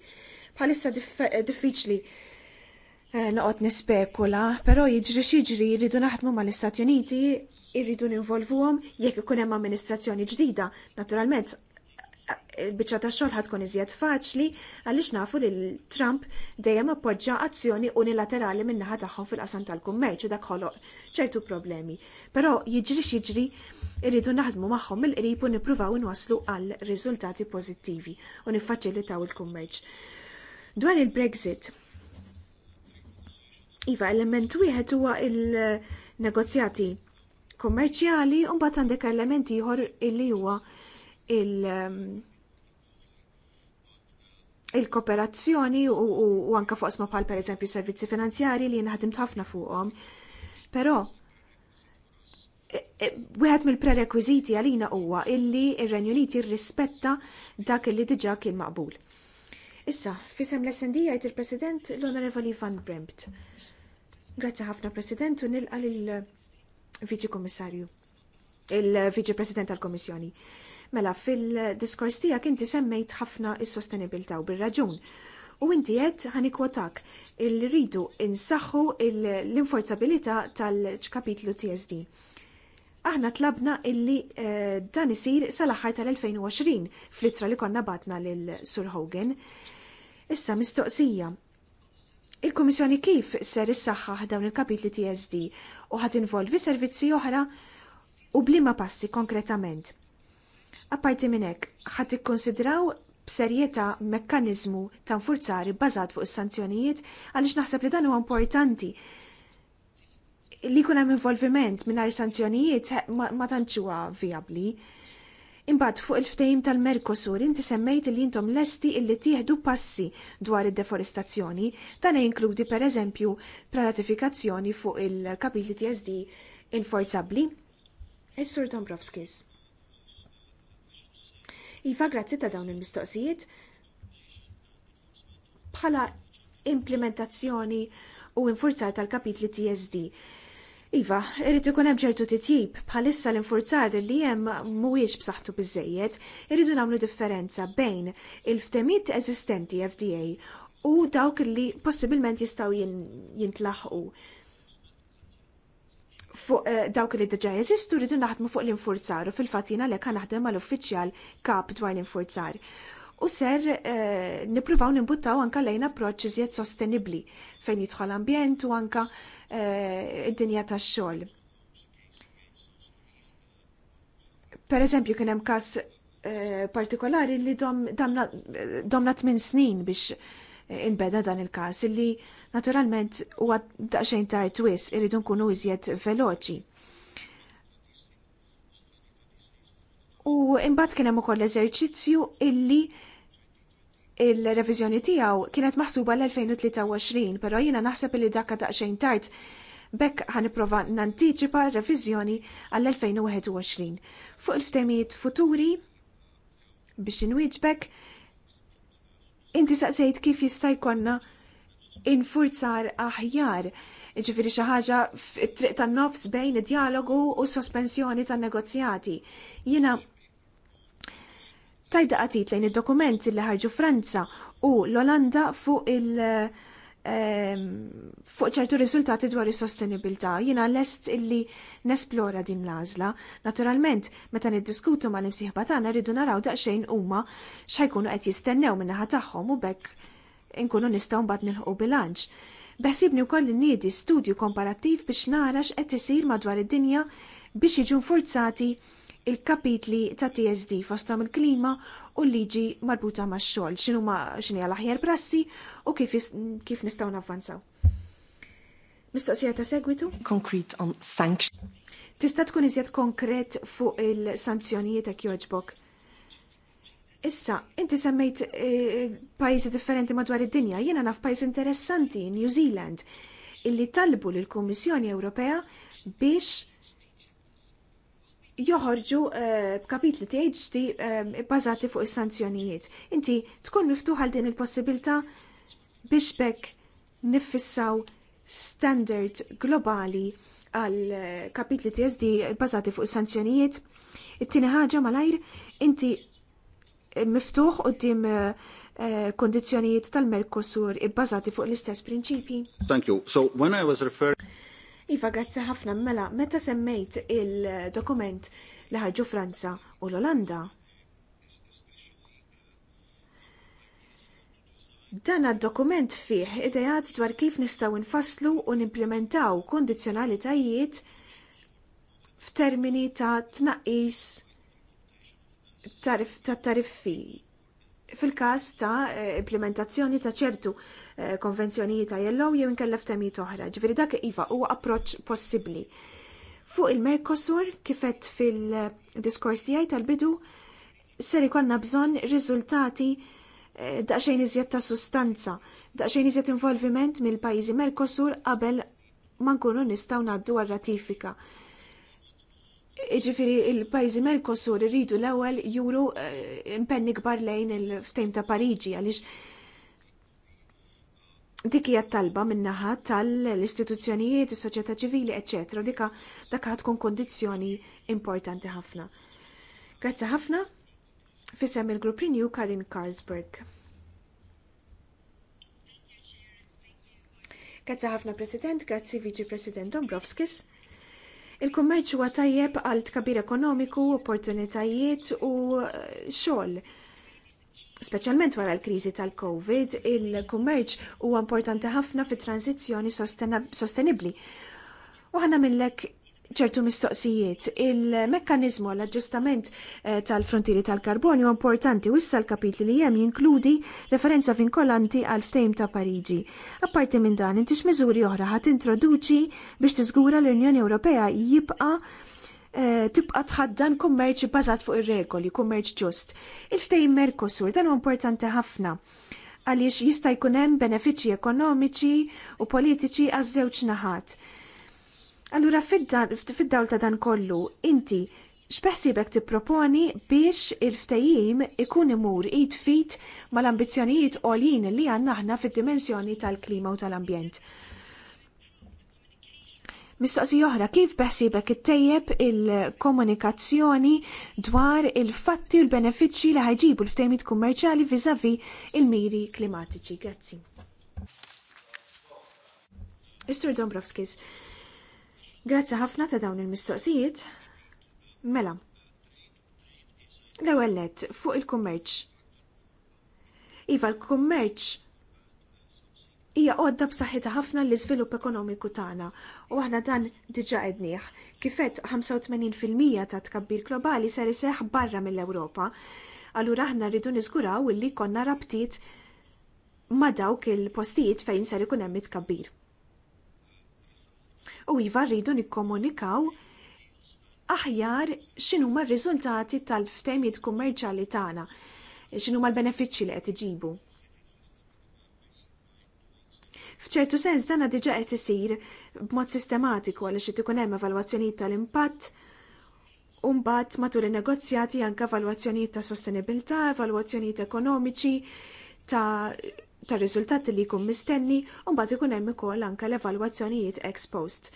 bħalissa eh, diffiċli eh, noqgħod nispekula, però jiġri x'jiġri rridu naħdmu mal-Istati Uniti irridu ninvolvuhom jekk ikun hemm amministrazzjoni ġdida. Naturalment, il biċċa ta' xogħol ħadkun iżjed faċli għaliex nafu li Trump dejjem appoġġja azzjoni unilaterali min-naħa tagħhom fil-qasam tal-kummerċ u dak ħoloq ċertu problemi. Però jiġri x'jiġri irridu naħdmu magħhom mill-qrib u nippruvaw inwaslu għal riżultati pożittivi u niffaċilitaw il-kummerċ. Dwar il-Brexit, Iva, element wieħed huwa il-negozjati kummerċjali u mbagħad għandek element ieħor illi huwa um, il-kooperazzjoni u, u anka fuq sma pal pereżempju servizzi finanzjari li ħadimt ħafna fuqhom. Però e, e, wieħed mill-prerekwiżiti għalina huwa illi ir-Renju Unit jirrispetta dak illi diġà kien maqbul. Issa, fisem l-SND għajt il-President l-Onorevoli Van Brempt. Grazzi ħafna President u nilqa lill- viċi Kummissarju, il-Viċi President tal-Komissjoni. Mela, fil-diskors tiegħek inti semmejt ħafna is-sostenibilità u bir-raġun. U inti ħani ħanikwotak il-ridu insaħħu l-inforzabilità tal-kapitlu TSD. Aħna tlabna illi eh, dan isir sal-aħħar tal-2020 fl-ittra li konna batna lil Sur Hogan. Issa mistoqsija, Il-Kummissjoni kif ser issaħħaħ dawn il-kapitli TSD u ħad involvi servizzi oħra u blima passi konkretament. Apparti minn hekk ikkonsidraw b'serjeta mekkaniżmu ta' nfurzari bbażat fuq is-sanzjonijiet għaliex naħseb li dan huwa importanti li jkun hemm involviment mingħajr sanzjonijiet ma tantx viabli. vijabbli. Imbagħad fuq il-ftehim tal-Merkosur inti semmejt li intom lesti illi tieħdu passi dwar id-deforestazzjoni, dan jinkludi pereżempju pratifikazzjoni fuq il-kapitli TSD inforzabbli. Is-Sur Dombrovskis. Iva grazzi ta' dawn il-mistoqsijiet bħala implementazzjoni u infurzar tal-kapitli TSD Iva, irrid ikun hemm ċertu titjib bħalissa l-infurzar li hemm mhuwiex b'saħħtu biżejjed, irridu nagħmlu differenza bejn il-ftemiet eżistenti FDA u dawk li possibilment jistgħu jintlaħqu. Fuq eh, dawk li diġà jeżistu rridu naħdmu fuq l-infurzar u fil-fatt jiena lek naħdem mal-uffiċjal kap dwar l-infurzar u ser eh, nippruvaw nimbuttaw anka lejn approċċ iżjed sostenibbli fejn jidħol ambjent u anka Eh, id-dinja tax-xogħol. Per eżempju, kien hemm każ eh, partikolari li domna tmien snin biex eh, imbeda dan il-każ li naturalment huwa daqsxejn tard twiss irridu nkunu iżjed veloċi. U imbagħad kien hemm ukoll eżerċizzju illi il-revizjoni tiegħu kienet maħsuba l-2023, però jiena naħseb li dakka daqsxejn tard bekk ħaniprofa nantiċipa revizjoni għall-2021. Fuq il-ftemijiet futuri biex inwieġbek, inti saqsejt kif jista' jkollna infurzar aħjar ġifiri xaħġa triq tan nofs bejn id-dialogu u s sospensjoni tan negozjati. Jina tajda qatit lejn id-dokumenti li ħarġu Franza u l-Olanda fuq il- ehm, fuq ċertu riżultati dwar is-sostenibilità. Jiena lest illi nesplora din l-għażla. Naturalment, meta niddiskutu mal imsieħba tagħna rridu naraw daqsxejn huma jkunu qed jistennew min-naħa tagħhom u bekk inkunu nistgħu mbagħad nilħu bilanċ. Beħsibni wkoll nniedi studju komparattiv biex nara x'qed isir madwar id-dinja biex jiġu forzati il-kapitli ta' TSD fostom il-klima u l-liġi marbuta ma' xol, xinu ma' xini għal-ħjar prassi u kif, kif nistaw navvanzaw. Mistoqsija ta' segwitu? Concrete on sanction. Tista' tkun iżjed konkret fuq il-sanzjonijiet ta' kjoġbok. Issa, inti semmejt eh, pajjiżi differenti madwar id-dinja, jiena naf pajjiż interessanti, New Zealand, illi talbu l-Kummissjoni Ewropea biex joħorġu eh, b'kapitli THD eh, bazati fuq is-sanzjonijiet. Inti tkun miftuħ għal din il-possibilità biex bekk niffissaw standard globali għal eh, kapitli TSD bazati fuq sanzjonijiet. It-tieni ħaġa malajr inti miftuħ qudiem kondizzjonijiet tal-Merkosur ibbażati fuq l-istess prinċipji. Thank you. So when I was referred Iva, grazzi ħafna mela, meta semmejt il-dokument li ħarġu Franza u l-Olanda. Dan dokument fih idejat dwar kif nistaw nfasslu u nimplementaw kondizjonalitajiet f'termini ta' tnaqqis ta' tariffi fil-każ ta' eh, implementazzjoni ta' ċertu eh, konvenzjonijiet ta' jellow jew inkellef ftehmiet oħra. Ġifieri dak iva huwa approċċ possibbli. Fuq il-Mercosur kifet fil-diskors tiegħi tal-bidu ser ikonna bżonn riżultati eh, daqsxejn iżjed ta' sustanza, daqsxejn iżjed involviment mill-pajjiżi Mercosur qabel ma nkunu nistgħu ngħaddu għal ratifika. Iġifiri, il-pajzi Mercosur rridu l-ewel juru eh, impenni gbar lejn il-ftejm ta' Pariġi għaliex dik hija talba minnaħa tal-istituzzjonijiet, is-soċjetà ċivili, ecc. Dika dak tkun kondizjoni importanti ħafna. Grazzi ħafna. fissem il-grupp Renew Karin Carlsberg. Grazie ħafna President, grazie Viċi President Dombrovskis. Il-kummerċ huwa tajjeb għal tkabir ekonomiku, opportunitajiet u eh, xogħol. Speċjalment wara l-kriżi tal-COVID, il-kummerċ huwa importanti ħafna fit tranzizzjoni sostenibbli. U ħana millek ċertu mistoqsijiet. Il-mekkanizmu għall aġġustament eh, tal-frontieri tal-karbonju importanti u issa l-kapitli li hemm jinkludi referenza vinkolanti għal ftejm ta' Pariġi. Apparti minn dan, intix miżuri oħra ħat introduċi biex tiżgura l-Unjoni Ewropea jibqa' eh, tibqa tħaddan kummerċ bbażat fuq ir-regoli, kummerċ ġust. Il-ftejn Mercosur dan huwa importanti ħafna għaliex jista' jkun hemm benefiċċji ekonomiċi u politiċi għaż-żewġ naħat. Allura fid-dawl ta' dan kollu, inti ti tipproponi biex il-ftejim ikun imur id fit mal-ambizzjonijiet għolin li għanna aħna fid-dimensjoni tal-klima u tal-ambjent. Mistoqsi oħra, kif beħsibek tejjeb il-komunikazzjoni dwar il-fatti u l-benefiċċji li ħajġibu l-ftejmit kummerċali vizavi il-miri klimatiċi? Grazzi. Istur Dombrovskis, Grazzi ħafna ta' dawn il-mistoqsijiet. Mela. L-ewwel nett fuq il-kummerċ. Iva l-kummerċ hija għodda b'saħħitha ħafna l-iżvilupp ekonomiku tagħna u aħna dan diġà qednieh. Kifet 85% ta' tkabbir globali ser iseħħ barra mill-Ewropa. Allura aħna rridu niżguraw illi konna rabtiet ma' dawk il-postijiet fejn ser ikun hemm tkabbir u iva rridu nikkomunikaw aħjar xinu ma r-riżultati tal-ftehmiet kummerċali tagħna, xinu ma l-benefiċċji li qed iġibu. F'ċertu sens dan diġà qed isir b'mod sistematiku għaliex qed ikun hemm evalwazzjonijiet tal-impatt u mbagħad matul in-negozjati anke evalwazzjonijiet ta' sostenibilità, evalwazzjonijiet ekonomiċi, ta' ta' riżultati li jkun mistenni u mbagħad ikun hemm ukoll anke l-evalwazzjonijiet ex post.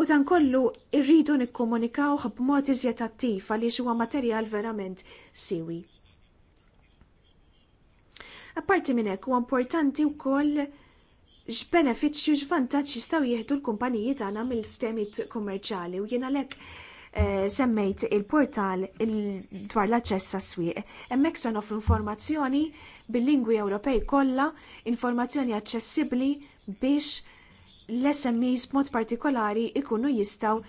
U dan kollu irridu nikkomunikawh b'mod iżjed attiv għaliex huwa materjal verament siwi. Apparti minn hekk huwa importanti wkoll x'benefiċċju x'vantaġġ jistgħu jieħdu l-kumpaniji tagħna mill-ftehmiet kummerċjali u jiena lek Eh, semmejt il-portal dwar l-aċċess għas-swieq. Hemmhekk se nofru informazzjoni bil-lingwi Ewropej kollha, informazzjoni aċċessibbli biex l-SMEs b'mod partikolari ikunu jistgħu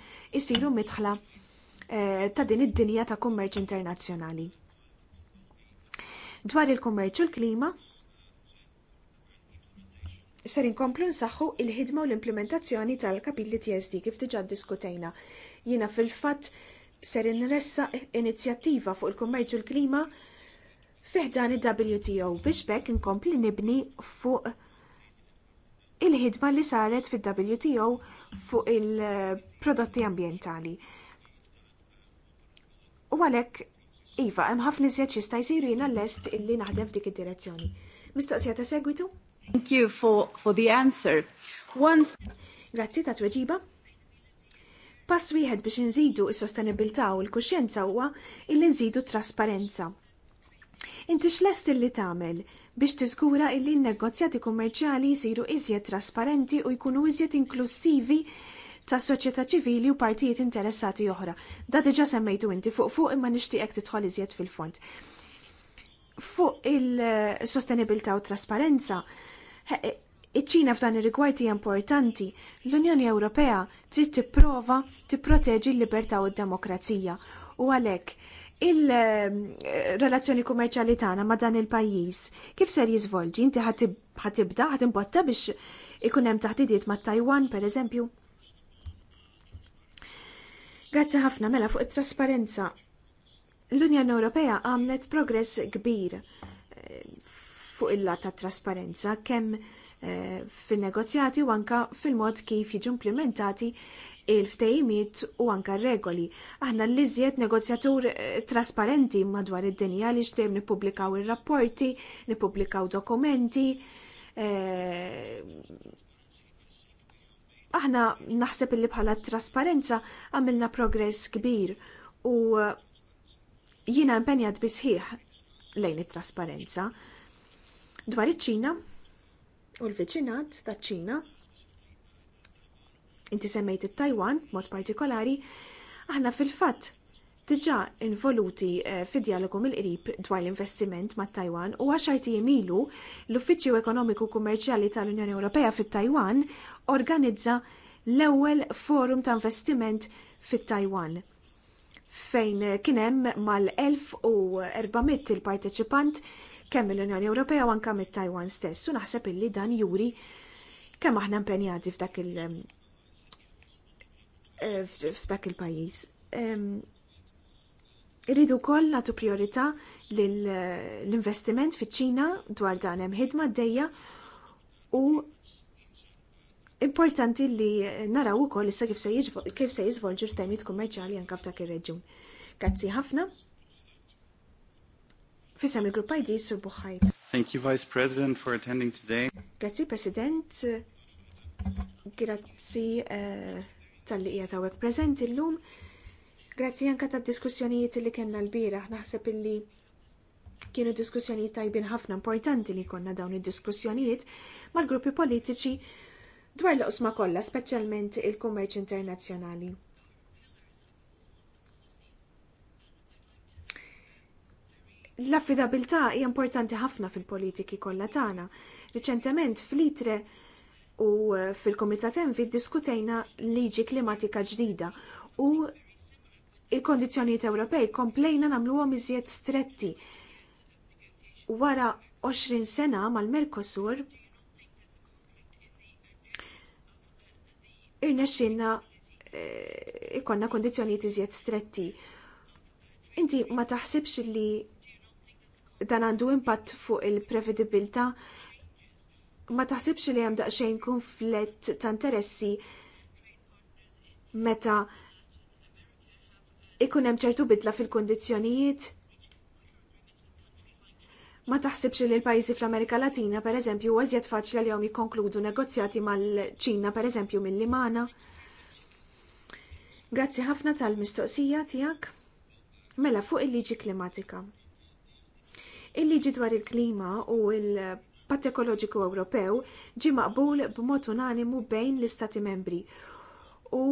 jsiru mitħla eh, ta' din id-dinja ta' kummerċ internazzjonali. Dwar il-kummerċ u l-klima, ser inkomplu nsaħħu il-ħidma u l-implementazzjoni tal-kapilli TSD kif diġà ddiskutejna. Jiena fil-fatt ser inressa inizjattiva fuq il-kummerċ u l-klima fiħdan il-WTO biex bekk inkompli nibni fuq il-ħidma li saret fil-WTO fuq il-prodotti ambientali. U għalek, Iva, hemm ħafna iżjed sta jsiru jiena lest illi naħdem f'dik id-direzzjoni. Mistoqsija ta' segwitu? Thank you for, for the answer. Once... Grazzi ta' tweġiba. Pass wieħed biex inżidu s-sostenibilità u l-kuxjenza huwa illi nżidu trasparenza. Inti x'lest illi tagħmel biex tiżgura illi n-negozjati kummerċjali jsiru iżjed trasparenti u jkunu iżjed inklusivi ta' soċjetà ċivili u partijiet interessati oħra. Da diġa semmejtu inti fuq fuq imma nixtieqek tidħol iżjed fil-fond. Fuq il-sostenibilità u trasparenza, Iċ-Ċina f'dan ir-rigward hija importanti. L-Unjoni Ewropea trid tipprova tipproteġi l-libertà u d-demokrazija. U għalhekk il-relazzjoni kummerċjali tagħna ma' dan il-pajjiż kif ser jiżvolġi? Inti ħatibda, ħatimbotta biex ikun hemm taħdidiet ma' Taiwan pereżempju? Grazzi ħafna mela fuq it-trasparenza. L-Unjoni Ewropea għamlet progress kbir eh, fuq il-lat ta' trasparenza kemm Eh, fin-negozjati u anka fil-mod kif jiġu implementati il-ftejimiet u anka regoli. Aħna l liżiet negozjatur eh, trasparenti madwar id-dinja li xtem nipublikaw il-rapporti, nipublikaw dokumenti. Eh, aħna naħseb illi bħala trasparenza għamilna progress kbir u jina impenjat bisħiħ lejn it-trasparenza. Dwar iċ-Ċina, u l-viċinat taċ ċina. Inti semmejt it-Taiwan, mod partikolari, aħna fil-fatt diġà involuti eh, fi dialogu mill-qrib dwar l-investiment mat Taiwan u għaxarti jemilu l-Uffiċċju Ekonomiku Kummerċjali tal-Unjoni Ewropea fit-Taiwan organizza l-ewwel forum ta' investiment fit-Taiwan fejn kien hemm mal-1400 il-parteċipant kemm l unjoni Ewropea u anke mit-Taiwan stess u naħseb illi dan juri kemm aħna impenjati f'dak il- eh, f'dak il-pajjiż. Irridu wkoll nagħtu priorità eh, l-investiment fiċ-Ċina dwar dan hemm ħidma d u importanti li naraw ukoll issa kif se jiżvolġu f'temijiet kummerċjali anke f'dak ir-reġjun. Grazzi ħafna. Fisem il-Grupp ID Sur Buħajt. Thank you, Vice President, for attending today. Grazzi, President. Grazzi eh, tal-li qiegħed hawnhekk preżenti llum. Grazzi anke tad-diskussjonijiet li kellna l-bira. Naħseb illi kienu diskussjonijiet tajbin ħafna importanti li konna dawn id-diskussjonijiet mal-gruppi politiċi dwar l osma kollha, speċjalment il-kummerċ internazzjonali. L-affidabilità hija importanti ħafna fil-politiki kollha tagħna. Riċentement fl-Itre u eh, fil-Komitat Envi diskutejna liġi klimatika ġdida u il-kondizjonijiet Ewropej komplejna nagħmluhom iżjed stretti. Wara 20 sena mal-Merkosur irnexxinna eh, ikonna kondizjonijiet iżjed stretti. Inti ma taħsibx li dan għandu impatt fuq il-prevedibilta ma taħsibx li hemm daqsxejn konflett ta' interessi meta ikun hemm ċertu bidla fil-kondizzjonijiet ma taħsibx li l-pajjiżi fl-Amerika Latina pereżempju huwa iżjed faċli li jikkonkludu negozjati mal-Ċina pereżempju mill-Limana. Grazzi ħafna tal-mistoqsija tiegħek mela fuq il-liġi klimatika. Il-liġi dwar il-klima u il-Patt Ekoloġiku Ewropew ġi maqbul b'mod unanimu bejn l-Istati membri u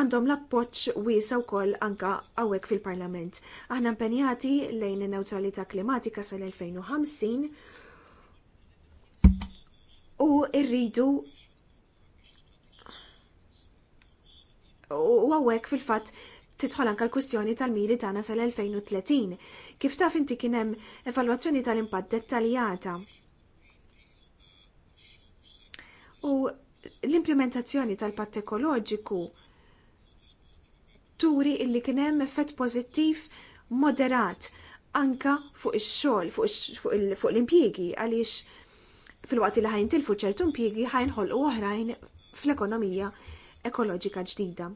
għandhom l-appoċ wiesa wkoll anka hawnhekk fil-Parlament. Aħna impenjati lejn in neutralita klimatika sal-2050 u rridu u għawek fil-fat titħol anka l-kwistjoni tal-miri tagħna sal-2030. Kif taf inti kien hemm evalwazzjoni tal-impatt dettaljata. U l-implementazzjoni tal-patt ekoloġiku turi illi kien hemm effett pożittiv moderat anka fuq ix-xogħol, fuq l-impjiegi għaliex fil-waqt li ħajntilfu ċertu impjiegi ħajnħolqu oħrajn fl-ekonomija ekoloġika ġdida.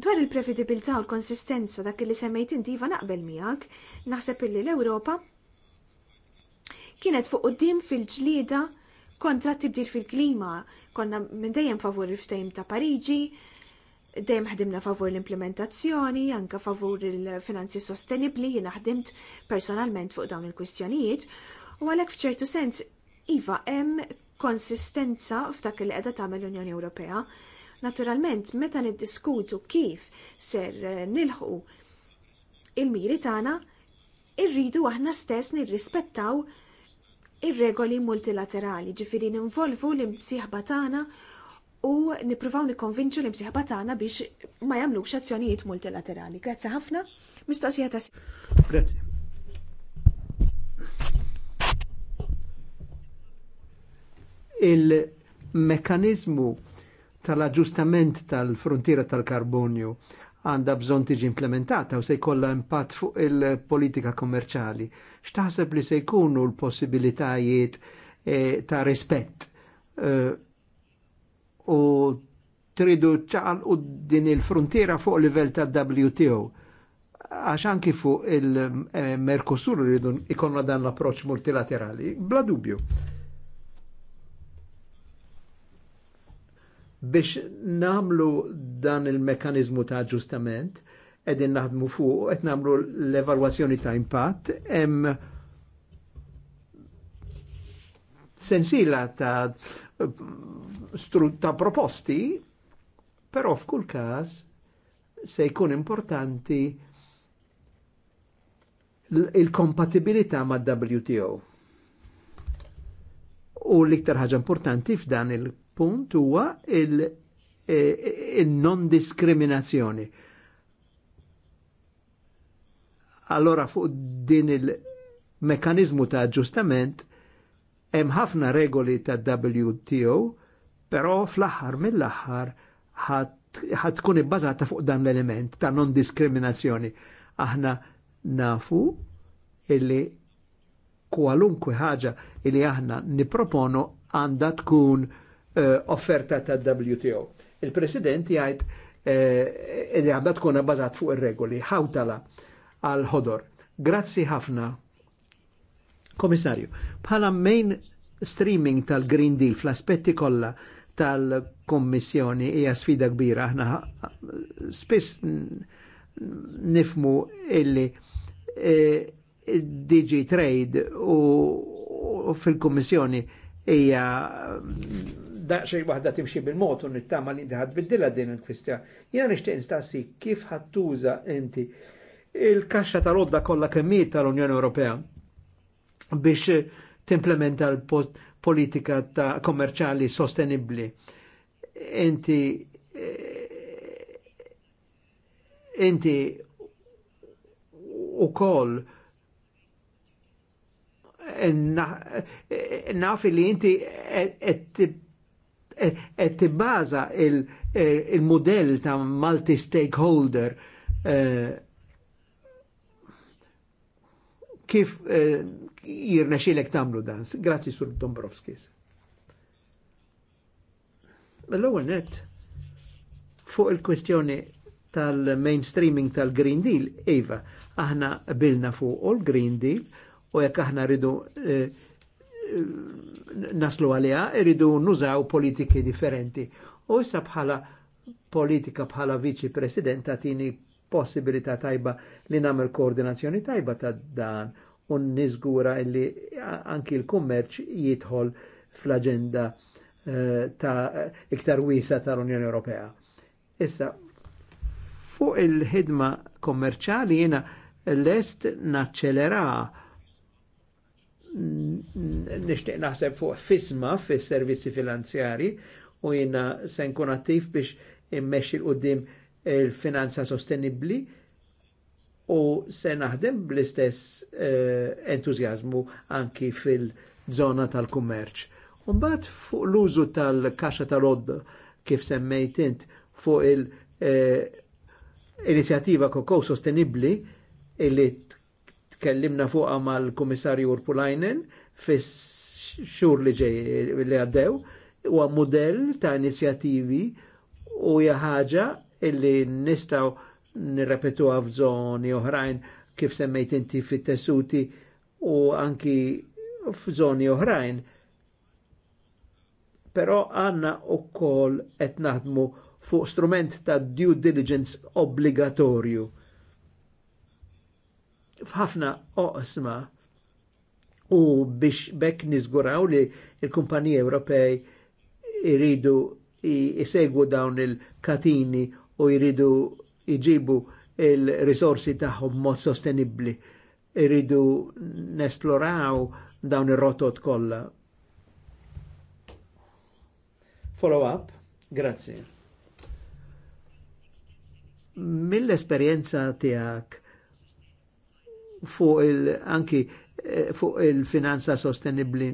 Dwar il-prevedibilità u l-konsistenza dak li semmejt inti iva naqbel miegħek, naħseb illi l-Ewropa kienet fuq qudiem fil-ġlieda kontra tibdil fil-klima, konna minn dejjem favur il-ftejm ta' Pariġi, dejjem ħdimna favur l-implementazzjoni, anka favur il-finanzi sostenibli, jien ħdimt personalment fuq dawn il-kwistjonijiet, u għalhekk f'ċertu sens iva hemm konsistenza f'dak li qiegħda tagħmel l-Unjoni Ewropea Naturalment, meta niddiskutu kif ser eh, nilħu il-miri tagħna, irridu aħna stess nirrispettaw ir-regoli multilaterali, ġifiri ninvolvu l-imsieħba tagħna u nippruvaw nikkonvinċu l-imsieħba tagħna biex ma jagħmlux azzjonijiet multilaterali. Grazzi ħafna, mistoqsija ta' Grazzi. Il-mekanizmu tal-aġustament tal-frontiera tal-karbonju għandha bżonn tiġi implementata u se jkollha impatt fuq il-politika kommerċali. X'taħseb li se jkunu l-possibilitajiet eh, ta' rispett eh, u tridu ċaqal u din il-frontiera fuq livell ta' WTO għax anki fuq il-Mercosur eh, rridu ikonna dan l-approċ multilaterali, bla dubju. biex namlu dan il-mekanizmu ta' ġustament, edin naħdmu fuq, et namlu l-evaluazzjoni ta' impatt, em sensila ta' ta' proposti, però f'kull każ se jkun importanti il-kompatibilità ma' WTO. U l-iktar ħaġa importanti f'dan il- punt huwa il-non-diskriminazzjoni. Eh, allora fuq din il-mekanizmu ta' aġġustament hemm ħafna regoli ta' WTO, però fl-aħħar mill-aħħar ħad tkun ibbażata fuq dan l-element ta' non-diskriminazzjoni. Aħna nafu illi kwalunkwe ħaġa illi aħna niproponu għandha tkun Eh, offerta ta' WTO. Il-President jgħid eh, id għabda tkun bazat fuq ir-regoli, ħawtala għal-ħodor. Grazzi ħafna. Komissarju, bħala main streaming tal-Green Deal fl-aspetti kollha tal-Kommissjoni hija sfida kbira. Aħna spiss nifmu illi eh, DG Trade u, u fil-Kommissjoni hija daqxej waħda timxi bil-mod u nittama li ħad biddilha din il-kwistja. Jena nixtieq nistaqsi kif ħadd tuża inti il-kaxxa tal-odda kollha kemmijiet tal-Unjoni Ewropea biex timplementa l-politika ta' kommerċali sostenibbli. Inti eh, inti u koll eh, eh, naf li inti qed tibbaża il eh, mudell ta' multi-stakeholder eh, kif eh, jirna xilek tamlu dan. Grazzi sur Dombrovskis. L-ewwel net fuq il-kwestjoni tal-mainstreaming tal-Green Deal, Eva, aħna bilna fuq all Green Deal u jekk aħna rridu eh, naslu għalija, irridu nużaw politiki differenti. U issa bħala politika bħala viċi president tini possibilità tajba li namel koordinazzjoni tajba ta' dan u nizgura illi anki l-kummerċ jitħol jidħol fl-agenda eh, ta' iktar wisa tal-Unjoni Ewropea. Issa, fuq il-ħidma kommerċali jena lest naċċelera nishtiq naħseb fuq fisma fis servizzi finanzjari u jina senkun attiv biex immexxi l qoddim il-finanza sostenibli u se naħdem bl-istess eh, entużjażmu entuzjazmu anki fil-żona tal-kummerċ. Umbat fuq l-użu tal-kaxa tal-odd kif semmejt int fuq il-inizjativa eh, uh, Koko Sostenibli illi tkellimna fuqa mal-Komissarju Urpulajnen fis xur li ġej li għaddew huwa modell ta' inizjattivi u hija ħaġa illi nistgħu nirrepetu f'żoni oħrajn kif semmejt inti fit-tessuti u anki f'żoni oħrajn. Però għanna u koll qed naħdmu fuq strument ta' due diligence obbligatorju f'ħafna oqsma u biex bekk nizguraw li il-kumpaniji Ewropej iridu jisegwu dawn il-katini u jiridu jġibu il-risorsi tagħhom mod sostenibbli. Iridu nesploraw dawn ir-rotot kollha. Follow up, grazzi. Mill-esperjenza tiegħek fuq il-anki eh, fuq il-finanza sostenibli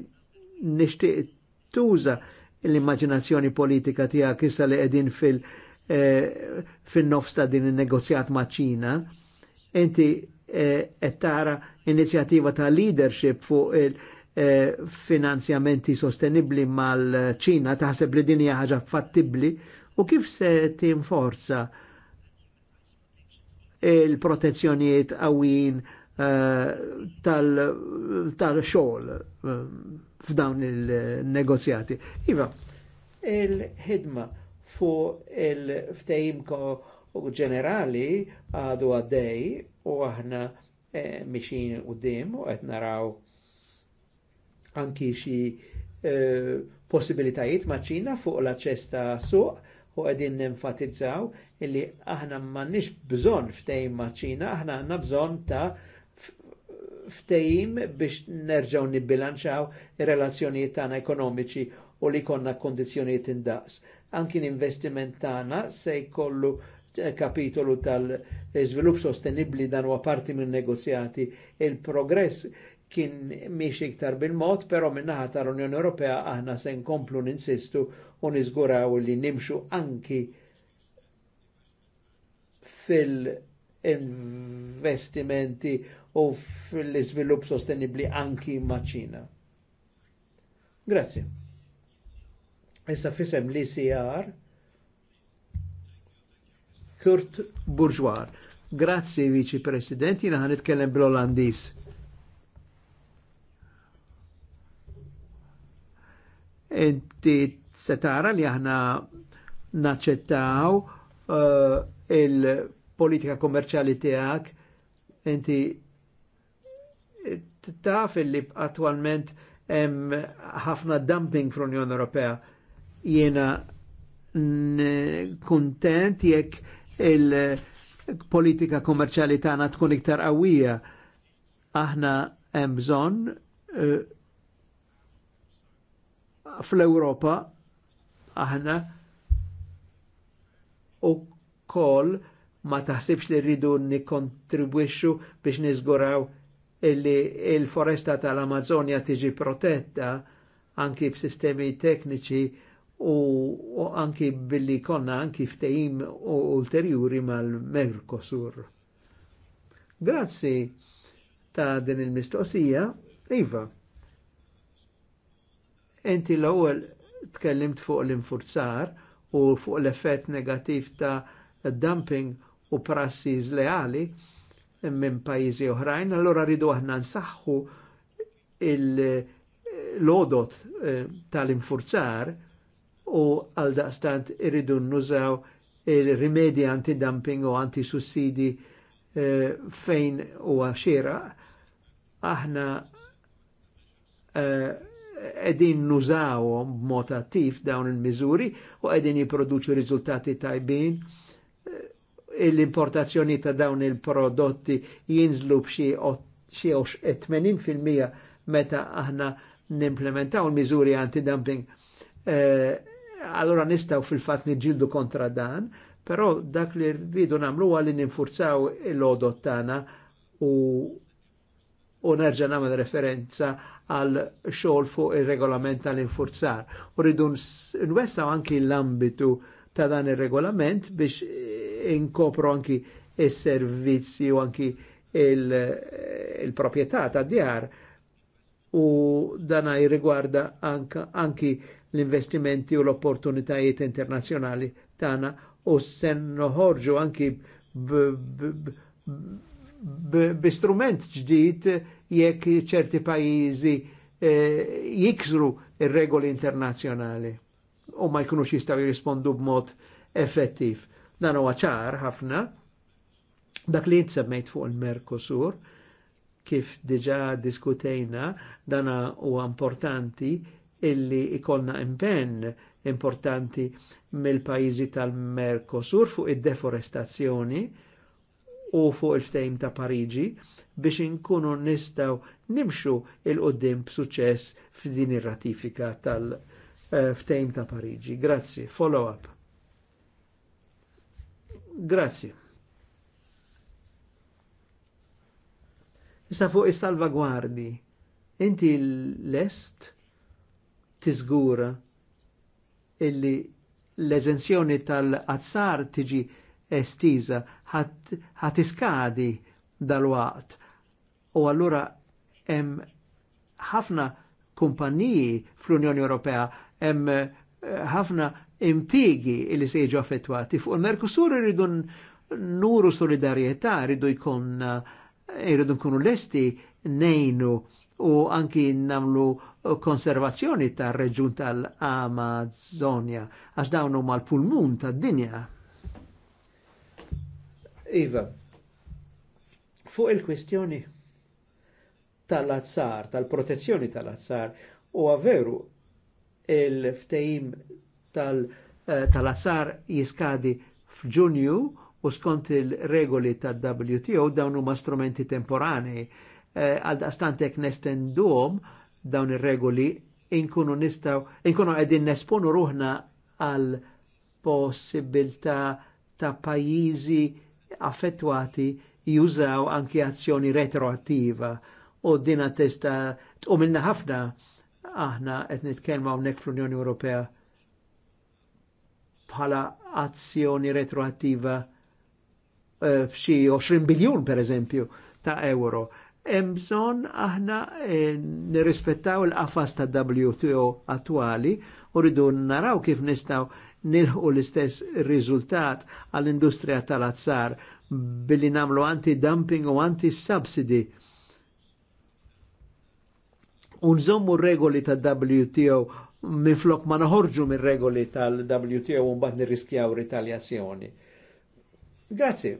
nixtieq tuża l-immaġinazzjoni politika tiegħek issa li qegħdin fil- eh, fin-nofs ta' din in-negozjat ma' Ċina, inti eh, qed tara inizjattiva ta' leadership fuq il-finanzjamenti sostenibbli sostenibli mal-Ċina taħseb li din hija ħaġa fattibbli u kif se tinforza il-protezzjonijiet għawin Eh, tal-xogħol eh, f'dawn il-negozjati. Iva, il-ħidma fuq il ftejimko ġenerali għadu għaddej u aħna eh, mixin u dim u għet naraw anki xi possibilitajiet maċina fuq l-aċċess suq u għedin nenfatizzaw illi aħna mannix bżon ftejim maċina, aħna għanna bżon ta' ftejim biex nerġaw nibbilanċaw ir-relazzjonijiet tagħna ekonomiċi u li konna kondizjonijiet indaqs. Anki l-investiment tagħna se jkollu eh, kapitolu tal-izvilupp sostenibli dan huwa parti minn negozjati. Il-progress kien miex iktar bil-mod, pero minnaħa tal-Unjoni Ewropea aħna se nkomplu ninsistu u niżguraw li nimxu anki fil-investimenti u fil-izvilup sostenibli anki maċina. Grazie. Issa fisem li CR Kurt Bourgeois. Grazie, Vici President, jina għan itkellem bl-Olandis. Inti setara li aħna naċċettaw uh, il-politika kommerċali tiegħek inti taf li attualment hemm ħafna dumping fl-Unjoni Ewropea. Jiena kuntent jekk il-politika kommerċjali tagħna tkun iktar qawwija. Aħna hemm bżonn eh, fl-Ewropa aħna u koll ma taħsibx li rridu nikontribwixxu biex niżguraw illi il-foresta tal-Amazonja tiġi protetta anki b'sistemi tekniċi u, u anki billi konna anki ftehim ulterjuri mal-Merkosur. Grazzi ta' din il-mistoqsija, Iva. Enti l-ewwel tkellimt fuq l-infurzar u fuq l-effett negativ ta' dumping u prassi zleali minn pajjiżi oħrajn, allora rridu aħna nsaħħu l-odot eh, tal-infurzar u għal daqstant irridu nużaw il-rimedi anti-dumping u anti-sussidi eh, fejn u għaxira, aħna edin eh, nużaw b'mod attiv dawn il-miżuri u edin jiproduċu riżultati tajbin l-importazzjoni ta' dawn il-prodotti jinżlu b'xi 80% e meta aħna nimplementaw l miżuri anti-dumping. Eh, allora nistaw fil-fat niġildu kontra dan, però dak li rridu namlu għalli ninfurzaw il odot tana u u nerġa namel referenza għal xol fuq il-regolament tal-infurzar. U rridu nwessaw anki l-ambitu ta' dan il-regolament biex inkopru anki is-servizzi u anki il propieta il ta' djar u dana jirrigwarda anki l-investimenti u l-opportunitajiet internazjonali tana u sen noħorġu anki b-strument ġdijt jekk ċerti pajizi eh, jiksru il regoli internazjonali u ma jkunux jistaw jirrispondu b'mod effettiv. Dan huwa ċar ħafna dak li jitsemmejt fuq il-Merkosur kif diġa diskutejna dan huwa importanti illi ikolna impenn importanti mill pajjiżi tal-Merkosur fuq id-deforestazzjoni u fuq il-ftejm ta' Pariġi biex inkunu nistaw nimxu il-qoddim b'suċċess f'din ir-ratifika tal-ftejm eh, ta' Pariġi. Grazzi, follow up. Grazie. Issa fuq is salvaguardi inti l-est tiżgura illi l-eżenzjoni tal-azzar tiġi estiża ħat iskadi dal-waqt. U allura hemm ħafna kumpaniji fl-Unjoni Ewropea, hemm eh, ħafna impigi li seġu affettuati Fuq il-Merkusur irridu nuru solidarietà, irridu jkun eh, irridu nkunu lesti nejnu u anki namlu konservazzjoni ta' reġun tal-Amazonia, għax dawnu huma l-pulmun ta' dinja Iva, fuq il-kwestjoni tal-azzar, tal-protezzjoni tal-azzar, u għaveru il-ftejim Eh, tal-asar jiskadi f'Ġunju u skont il-regoli tal wto dawn huma strumenti temporanej. Eh, għal daqstantek nestenduhom dawn ir-regoli inkunu nistgħu inkunu qegħdin nesponu ruħna għal possibilità ta' pajjiżi affettwati jużaw anki azzjoni retroattiva u dina testa tqumilna ħafna aħna qed nitkellmu hawnhekk fl-Unjoni Ewropea bħala azzjoni retroattiva eh, f'xi 20 biljun per eżempju ta' euro. Hemm bżonn aħna eh, nirrispettaw il-qafas ta' WTO attwali u rridu naraw kif nistgħu nilħu l-istess riżultat għall-industrija tal-azzar billi namlu anti-dumping u anti-subsidy. Unżommu regoli ta' WTO minflok ma naħorġu minn regoli tal-WTO un bat nirriskjaw ritaljazzjoni. Grazzi.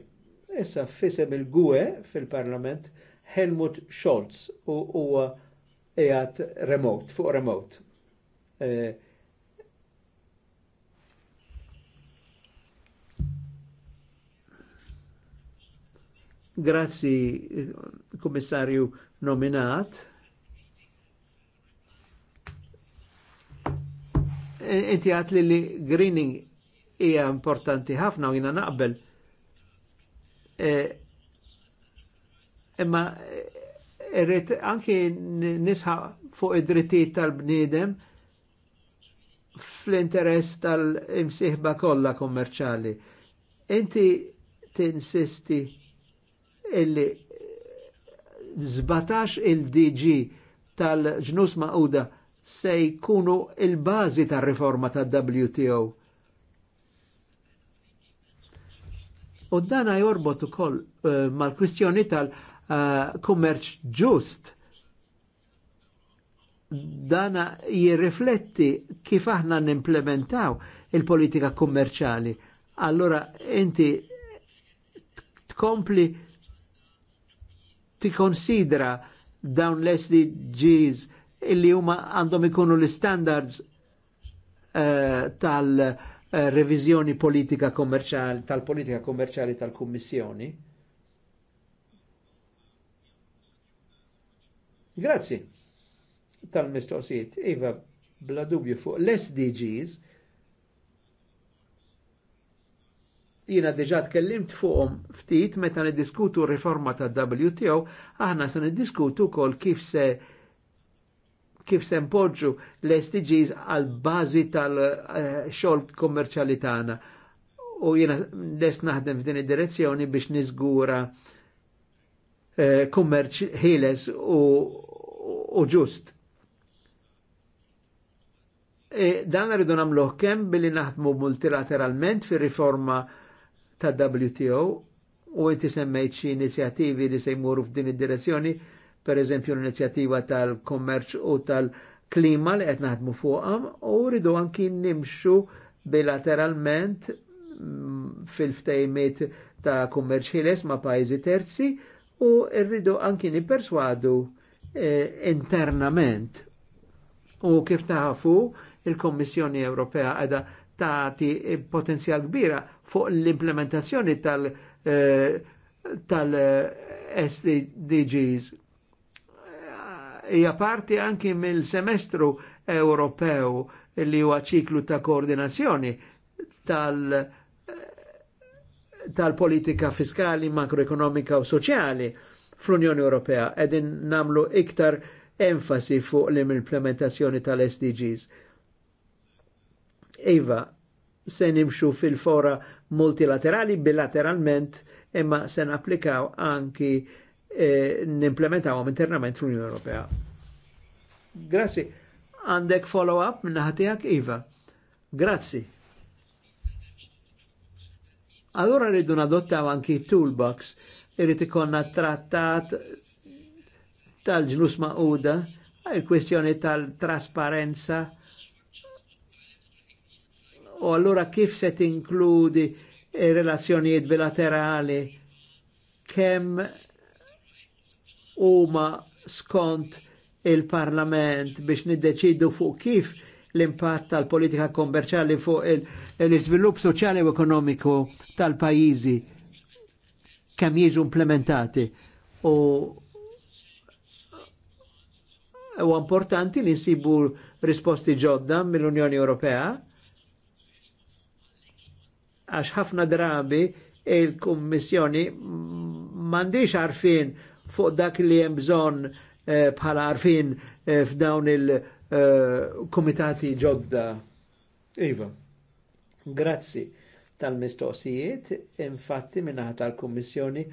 Issa fisem il gwe fil-parlament Helmut Scholz u huwa qiegħed remote, fuq remote. Eh, grazzi, kummissarju nominat inti għat li li greening hija importanti ħafna u jina naqbel. E, Imma irrit e, anki nisħa fuq id-drittijiet tal-bniedem fl-interess tal-imsiħba kollha kommerċali. Inti tinsisti illi 17 il-DG tal-ġnus maquda se jkunu il-bażi tar-riforma ta' wto U dana jorbot ukoll uh, mal-kwistjoni tal-kummerċ uh, ġust. Dana jirrifletti kif aħna nimplementaw il-politika kummerċali. Allora inti tkompli konsidra dawn l-SDGs illi huma għandhom ikunu l-standards uh, tal-revizjoni uh, politika kommerċali, tal-politika kommerċali tal-Kummissjoni. Grazzi tal-mistoqsijiet. Iva, bla dubju fuq l-SDGs, jina diġa tkellimt fuqhom ftit meta niddiskutu riforma ta' WTO, aħna se niddiskutu kol kif se kif sempoġġu l-SDGs għal bażi tal-xogħol kommerċjali tagħna. U jiena lest naħdem f'din id-direzzjoni biex niżgura eh, kummerċ ħiles u ġust. E, dan rridu nagħmluh kemm billi naħdmu multilateralment fir-riforma tad WTO u inti semmejt xi inizjattivi li se jmuru f'din id-direzzjoni per eżempju l-inizjattiva tal-kommerċ u tal-klima li qed naħdmu fuqhom u rridu anki nimxu bilateralment mm, fil ftejmit ta' kummerċ ħiles ma' pajjiżi terzi u rridu anki nipperswadu eh, internament. U kif taħafu il-Kommissjoni Ewropea għada tagħti potenzjal kbira fuq l-implementazzjoni tal- eh, tal eh, hija parti anki mill-semestru Ewropew li huwa ċiklu ta' koordinazzjoni tal- tal-politika fiskali, makroekonomika u soċjali fl-Unjoni Ewropea edin namlu iktar enfasi fuq l-implementazzjoni tal-SDGs. Iva, se nimxu fil-fora multilaterali bilateralment imma se naplikaw anki e, nimplementawhom internament fl-Unjoni Ewropea. Grazzi. Għandek follow-up minna ħatijak, Iva. Grazzi. Allora rridu nadottaw anki toolbox, irrid ikonna trattat tal-ġnus maquda, il-kwestjoni tal-trasparenza, u allura kif se tinkludi eh, relazzjonijiet bilaterali, kemm huma skont il-Parlament biex niddeċidu fuq kif l-impatt tal-politika kommerċali fuq l-iżvilupp soċjali u ekonomiku tal-pajjiżi kemm jiġu implementati. U u importanti li nsibu risposti ġodda mill-Unjoni Ewropea għax ħafna drabi il-Kummissjoni mandiġ għarfin fuq dak li hemm bżonn eh, bħala arfin eh, f'dawn il-komitati eh, ġodda. Iva, grazzi tal-mistoqsijiet, infatti minna tal-Kummissjoni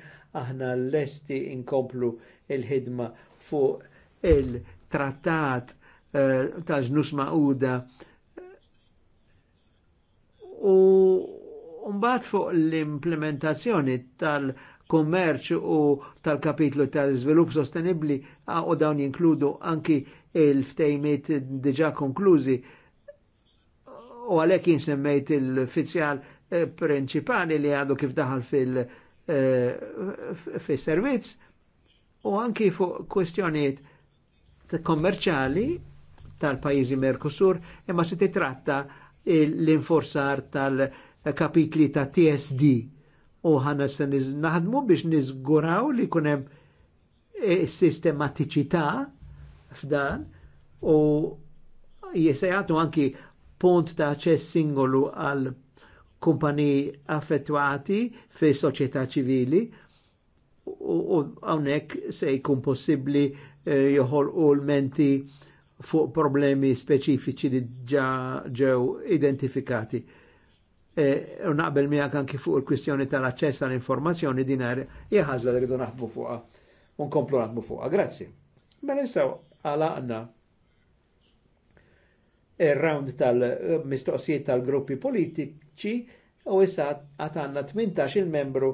aħna l-lesti inkomplu il-ħidma fuq il-trattat ta' tal-ġnus ma'uda u mbagħad fuq l-implementazzjoni tal-, -tal kommerċ u tal-kapitlu tal izvilup sostenibbli u dawn jinkludu anki il-ftejmiet diġa konklużi u għalhekk jinsemmejt il-fizzjal eh, prinċipali li għadu kif daħal fil- eh, servizz u anki fuq kwestjoniet kommerċali tal-pajizi Mercosur imma se titratta l-inforzar tal-kapitli eh, ta' TSD u ħana se naħdmu biex niżguraw li kunem e, sistematiċità f'dan u jisajatu anki punt ta' ċess singolu għal kumpani affettuati fi soċjetà ċivili u għonek se jkun possibli e, joħol u l-menti fuq problemi speċifiċi li ġew identifikati. E, u naqbel miegħek anki fuq il-kwistjoni tal-aċċess tal-informazzjoni dinar jieħażla li rridu naħbu fuqha u nkomplu naħbu fuqha. Grazzi. Mela issa għalaqna ir-round tal-mistoqsijiet tal-gruppi politiċi u issa għatanna 18 il-membru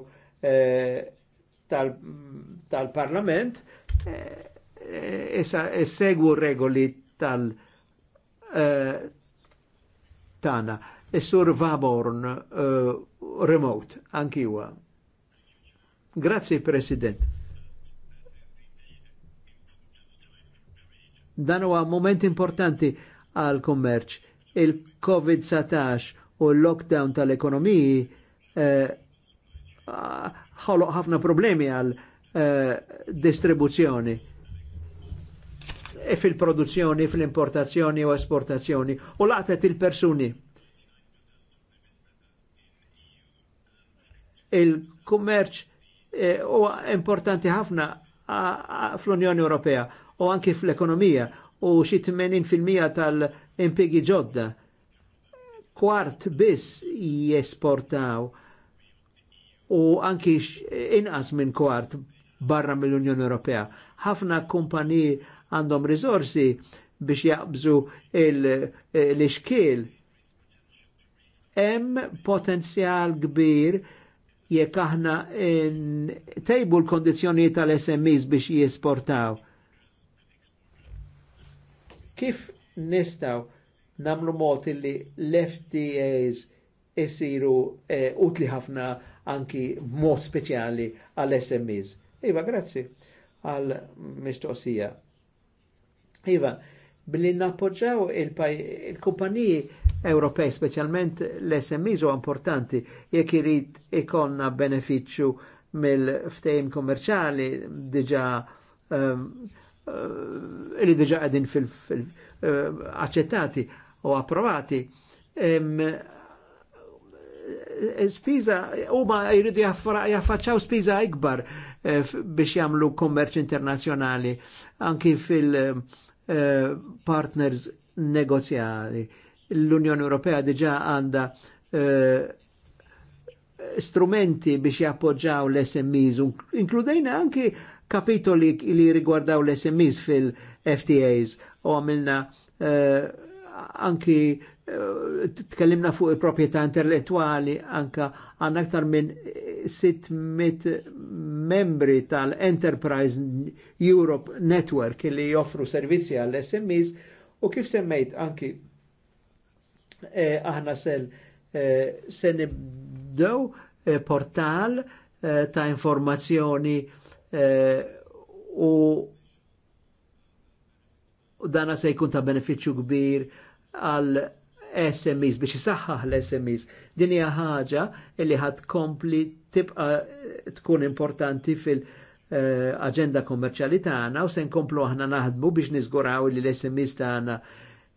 e, tal-parlament e, issa segwu regoli tal- tana. Is-sur Vaborn uh, eh, remote, anki huwa. Grazzi President. Dan huwa moment importanti għal kommerċ. Il-COVID-19 u l-lockdown tal-ekonomiji eh, ħoloq uh, ħafna problemi għal uh, distribuzzjoni e fil-produzzjoni, fil-importazzjoni u esportazzjoni u laqtet il-persuni Il-kummerċ eh, u importanti ħafna fl-Unjoni Ewropea u anki fl-ekonomija u xi 80% tal-impjegi ġodda. Kwart biss jesportaw u anki inqas minn kwart barra mill-Unjoni Ewropea. Ħafna kumpaniji għandhom risorsi biex jaqbżu l-iskil. Eh, Hemm potenzjal kbir jekk aħna tejbu l-kondizjoni tal-SMEs biex jesportaw. Kif nistaw namlu mod li l-FTAs jisiru eh, utli ħafna anki mod speċjali għal-SMEs? Iva, grazzi għal-mistoqsija. Iva, billi nappoġġaw il-kumpaniji il Ewropej, specialment l smi u importanti jekk irid ikonna beneficju mill-ftejn kommerċali diġa um, ehm, ehm, li diġa għedin fil-accettati fil, uh, u approvati. Um, spiża huma jridu jaffaċċaw spiża ikbar eh, biex jagħmlu kummerċ internazzjonali anki fil-partners negozjali l-Unjoni Ewropea diġa għanda uh, eh, strumenti biex jappoġġaw l-SMEs, inkludejna anki kapitoli li rigwardaw l-SMEs fil-FTAs u għamilna uh, anki uh, eh, tkellimna fuq il-propieta intellettuali anka għanna aktar minn 600 membri tal-Enterprise Europe Network li joffru servizzi għall-SMEs u kif semmejt anki Eh, aħna sel eh, se nibdew eh, portal ta' informazzjoni u dana se jkun ta' beneficju kbir għal SMEs biex jisaxħaħ l-SMEs. Din hija ħaġa li ħad kompli tibqa tkun importanti fil- agenda kommerċali tagħna u se nkomplu aħna naħdmu biex niżguraw li l-SMEs tagħna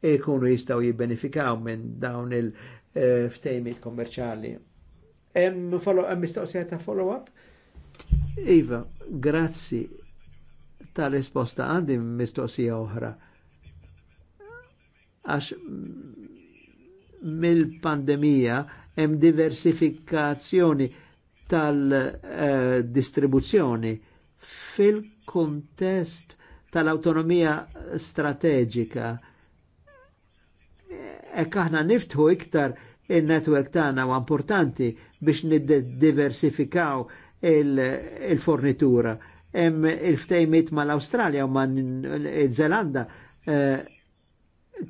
jkunu jistaw jibbenefikaw minn dawn il-ftejmit kommerċali. Hemm mistoqsija ta' follow-up? Iva, grazzi ta' risposta għandi mistoqsija oħra. Għax mill-pandemija hemm diversifikazzjoni tal-distribuzzjoni fil-kontest tal-autonomija strategika Ek aħna niftħu iktar il-network tagħna u importanti biex niddiversifikaw il-fornitura. Hemm il-ftejmit mal-Awstralja u mal-Zelanda eh,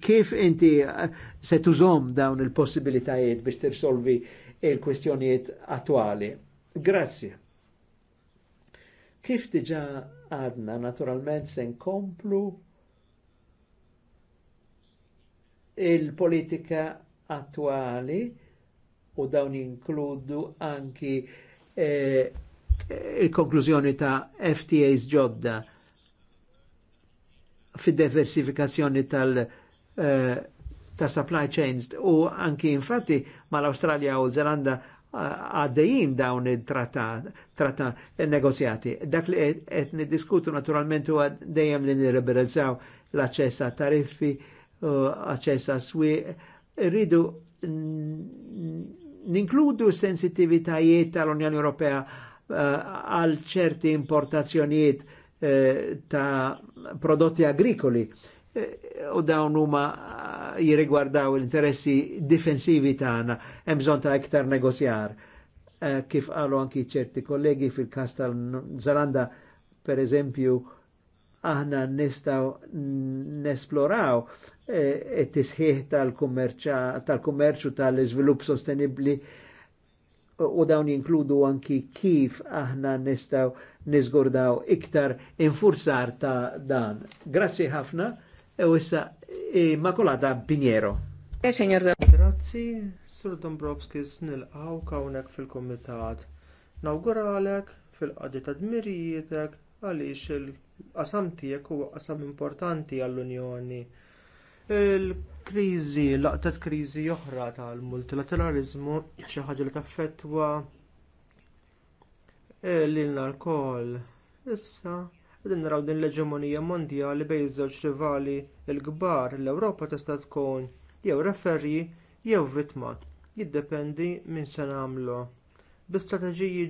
kif inti eh, se tużom dawn il-possibilitajiet biex tirsolvi il-kwestjonijiet attuali. Grazzi. Kif diġa għadna, naturalment se nkomplu il-politika attuali u dawn inkludu anki eh, il-konklużjoni ta' FTAs ġodda fid-diversifikazzjoni tal- eh, ta' supply chains u anki infatti mal-Australia u l-Zelanda eh, għaddejjin dawn il trattat negozjati. Dak li qed niddiskutu naturalment huwa dejjem li nirreberazzaw l-aċċess għat tariffi aċċess għaswi, rridu ninkludu sensitivitajiet tal-Unjoni Ewropea eh, għal ċerti importazzjonijiet eh, ta' prodotti agrikoli eh, u dawn huma jirigwardaw l-interessi difensivi tagħna hemm bżonn ta' iktar negozjar. Kif qalu anki ċerti kollegi fil-kas tal-Zalanda, per eżempju, aħna nistaw nesploraw eh, it-tisħiħ tal-kummerċu tal tal-iżvilupp sostenibli u dawn jinkludu anki kif aħna nistaw nizgurdaw iktar infurzar ta' dan. Grazzi ħafna u e issa Immacolata e Biniero. Eh, Grazzi, Sur Dombrovskis nilqaw kawnek fil-komitat. Nawguralek fil-qadi ta' dmirijietek għaliex il- qasam tiegħek huwa qasam importanti għall-Unjoni. Il-kriżi, laqtet kriżi oħra tal-multilateralizmu xi ħaġa li taffettwa eh, lilna l Issa, qegħdin naraw din l-eġemonija mondjali bejn żewġ rivali l-kbar l-Ewropa tista' tkun jew referji jew vittma. Jiddependi minn se nagħmlu bi strateġiji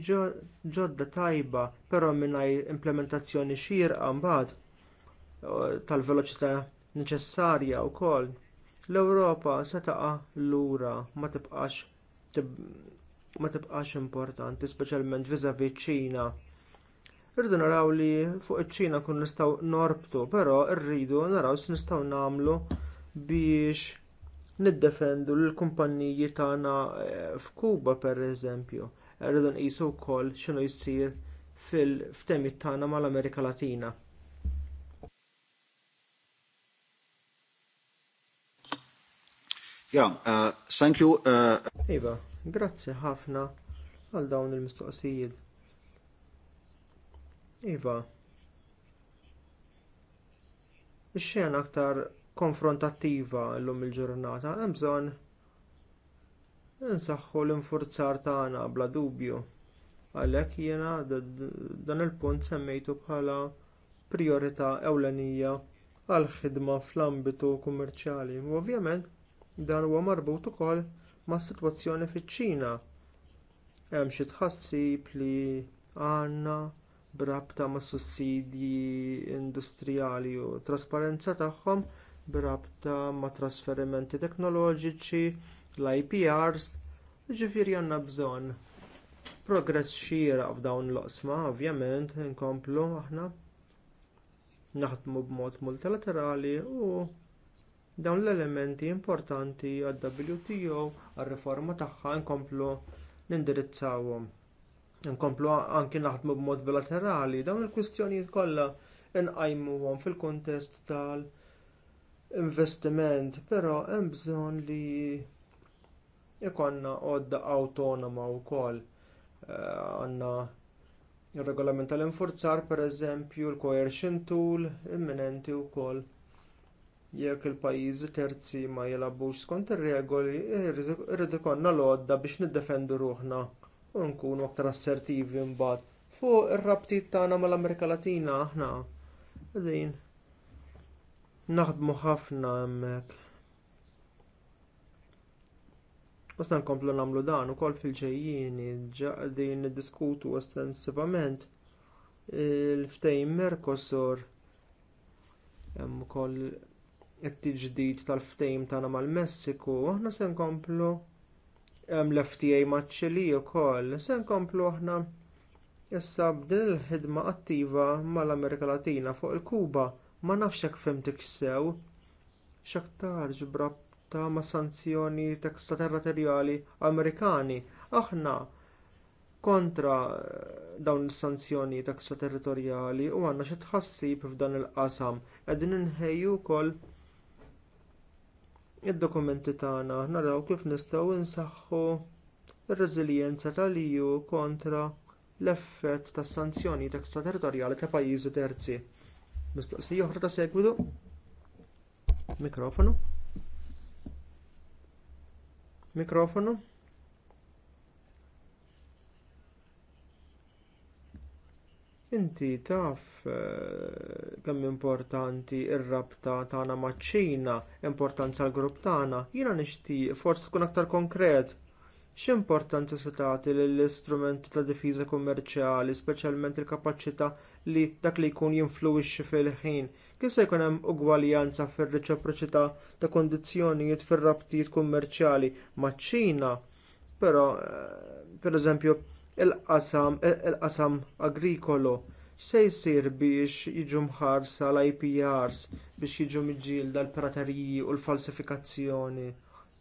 ġodda tajba, però mingħajr implementazzjoni xierqa mbagħad uh, tal-veloċità neċessarja wkoll, l-Ewropa se taqa' lura ma tibqax ma tibqax importanti, speċjalment viżavi ċina Irridu naraw li fuq iċ-Ċina kun nistgħu norbtu, però rridu naraw se nistgħu nagħmlu biex niddefendu lill kumpanniji tagħna eh, f'Kuba pereżempju rridu nqisu wkoll x'inhu jsir fil-ftemi tagħna mal-Amerika Latina. Yeah, uh, thank you. Uh... Iva, grazzi ħafna għal dawn il-mistoqsijiet. Iva, ix-xena aktar konfrontattiva llum il-ġurnata, hemm bżonn nsaħħu l-infurzar tagħna bla dubju. Għalhekk jiena dan il-punt semmejtu bħala priorità ewlenija għall ħidma fl-ambitu kummerċjali. U ovvjament dan huwa marbut ukoll mas-sitwazzjoni fiċ-Ċina. Hemm xi tħassib li għandna brabta mas sussidji industrijali u trasparenza tagħhom brabta ma' trasferimenti teknoloġiċi l-IPRs, ġifiri għandna bżonn progress xira f'dawn l-oqsma, ovvjament, inkomplu aħna naħdmu b'mod multilaterali u dawn l-elementi importanti għad-WTO għar-riforma tagħha nkomplu nindirizzawhom. Nkomplu anki naħdmu b'mod bilaterali dawn il-kwistjonijiet kollha nqajmuhom fil-kuntest tal-investiment, però hemm bżonn li ikonna għodda awtonoma wkoll eh, għandna ir regolament tal-infurzar pereżempju l-coercion tool imminenti wkoll jekk il-pajjiżi terzi ma jilabux skont ir-regoli irridu ikonna l-għodda biex niddefendu ruħna u nkunu aktar assertivi mbagħad fuq ir-rabtiet tagħna mal-Amerika Latina aħna din naħdmu ħafna hemmhekk U se nkomplu nagħmlu dan ukoll fil-ġejjieni din niddiskutu estensivament il-ftejn Mercosur hemm ukoll it-tiġdid tal-ftejm tagħna mal-Messiku, aħna se nkomplu hemm l-FTA maċ-Ċili wkoll, se nkomplu aħna issa b'din il-ħidma attiva mal-Amerika Latina fuq il-Kuba ma nafx hekk fim tiksew x'aktar ġbra ta' ma' sanzjoni ekstraterritorjali Amerikani. Aħna kontra eh, dawn is-sanzjoni ekstraterritorjali u għandna xi tħassib f'dan il-qasam qegħdin inħejju wkoll id-dokumenti tagħna naraw kif nistgħu insaħħu ir-reżiljenza tal-EU kontra l-effett tas sanzjoni ekstraterritorjali ta' pajjiżi terzi. Mistoqsija oħra ta' segwitu? Mikrofonu. Mikrofonu? Inti taf eh, kemm importanti r rabta tagħna maċ-Ċina, importanza l grupp tagħna, jiena nixtieq forsi tkun aktar konkret X'importanti se tagħti lill-istrumenti ta' difiża kummerċjali, speċjalment il-kapaċità li dak li jkun jinfluwixxi fil-ħin, kif se jkun hemm ugwaljanza fir-reċiproċità ta' kundizzjonijiet fir-rabtijiet kummerċjali maċ-Ċina. Però eh, pereżempju il-qasam agrikolo se jsir biex jiġu mħarsa l-IPRs biex jiġu miġġielda l-prateriji u l-falsifikazzjoni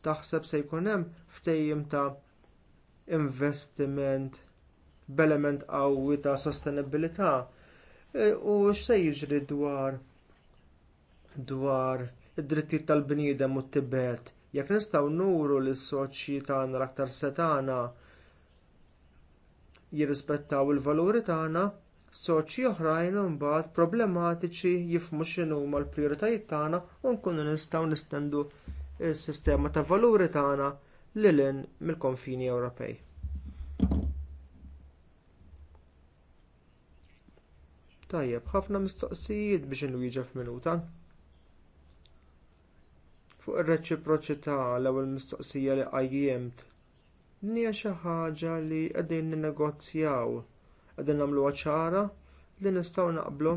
taħseb se jkun hemm ftehim ta' investiment b'element qawwi ta' sostenibilità e, u x'se jiġri dwar dwar id-drittijiet tal-bniedem u t-Tibet jekk nistgħu nuru lis soċji tagħna l-aktar setana jirrispettaw il-valuri tagħna, soċi oħrajn imbagħad problematiċi jifhmu x'inhuma l-prijoritajiet tagħna u nkunu nistgħu nistendu il-sistema ta' valuri tagħna lilin mill-konfini Ewropej. Tajjeb, ħafna mistoqsijiet biex inwieġa f'minuta. Fuq ir-reċiproċità l-ewwel mistoqsija li qajjimt hija xi ħaġa li qegħdin ninnegozjaw qegħdin nagħmlu ċara li nistgħu naqblu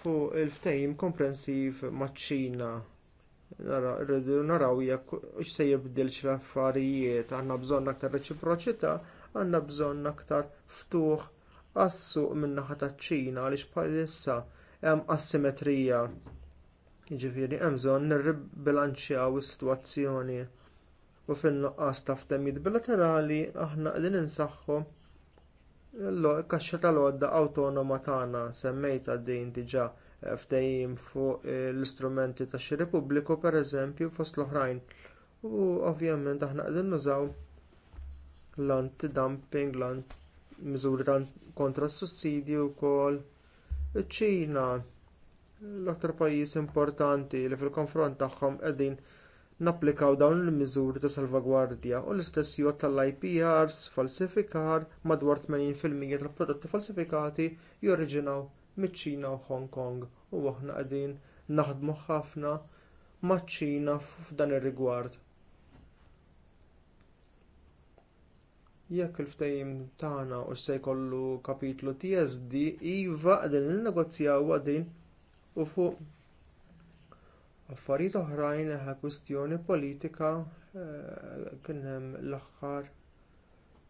fuq il-ftehim komprensiv maċ-Ċina Rridu naraw jekk se jibdil l-affarijiet, għandna bżonn aktar reċiproċità, għandna bżonn aktar ftuħ għas-suq min-naħa taċ-Ċina għaliex bħalissa hemm asimetrija. Jiġifieri hemm bżonn nirribilanċjaw is-sitwazzjoni u fin-nuqqas ta' ftehmiet bilaterali aħna qegħdin insaħħu l-kaxxa tal-għodda awtonoma tagħna semmejta din diġà fdejjim fuq l-istrumenti tax xiri pubbliku pereżempju fost l-oħrajn. U ovvjament aħna qegħdin nużaw l-antidumping, l-miżuri kontra s-sussidju wkoll iċ-Ċina l-aktar pajjiż importanti li fil-konfront tagħhom qegħdin napplikaw dawn il-miżuri ta' salvagwardja u l-istess jgħod tal-IPRs falsifikar madwar 80% tal-prodotti falsifikati joriġinaw miċ-Ċina u Hong Kong u aħna qegħdin naħdmu ħafna maċ-Ċina f'dan ir-rigward. Jekk il-ftehim tagħna u se jkollu kapitlu TSD iva qegħdin innegozjaw għadin u fuq affarijiet oħrajn ħa eh, kwistjoni politika eh, kien hemm l-aħħar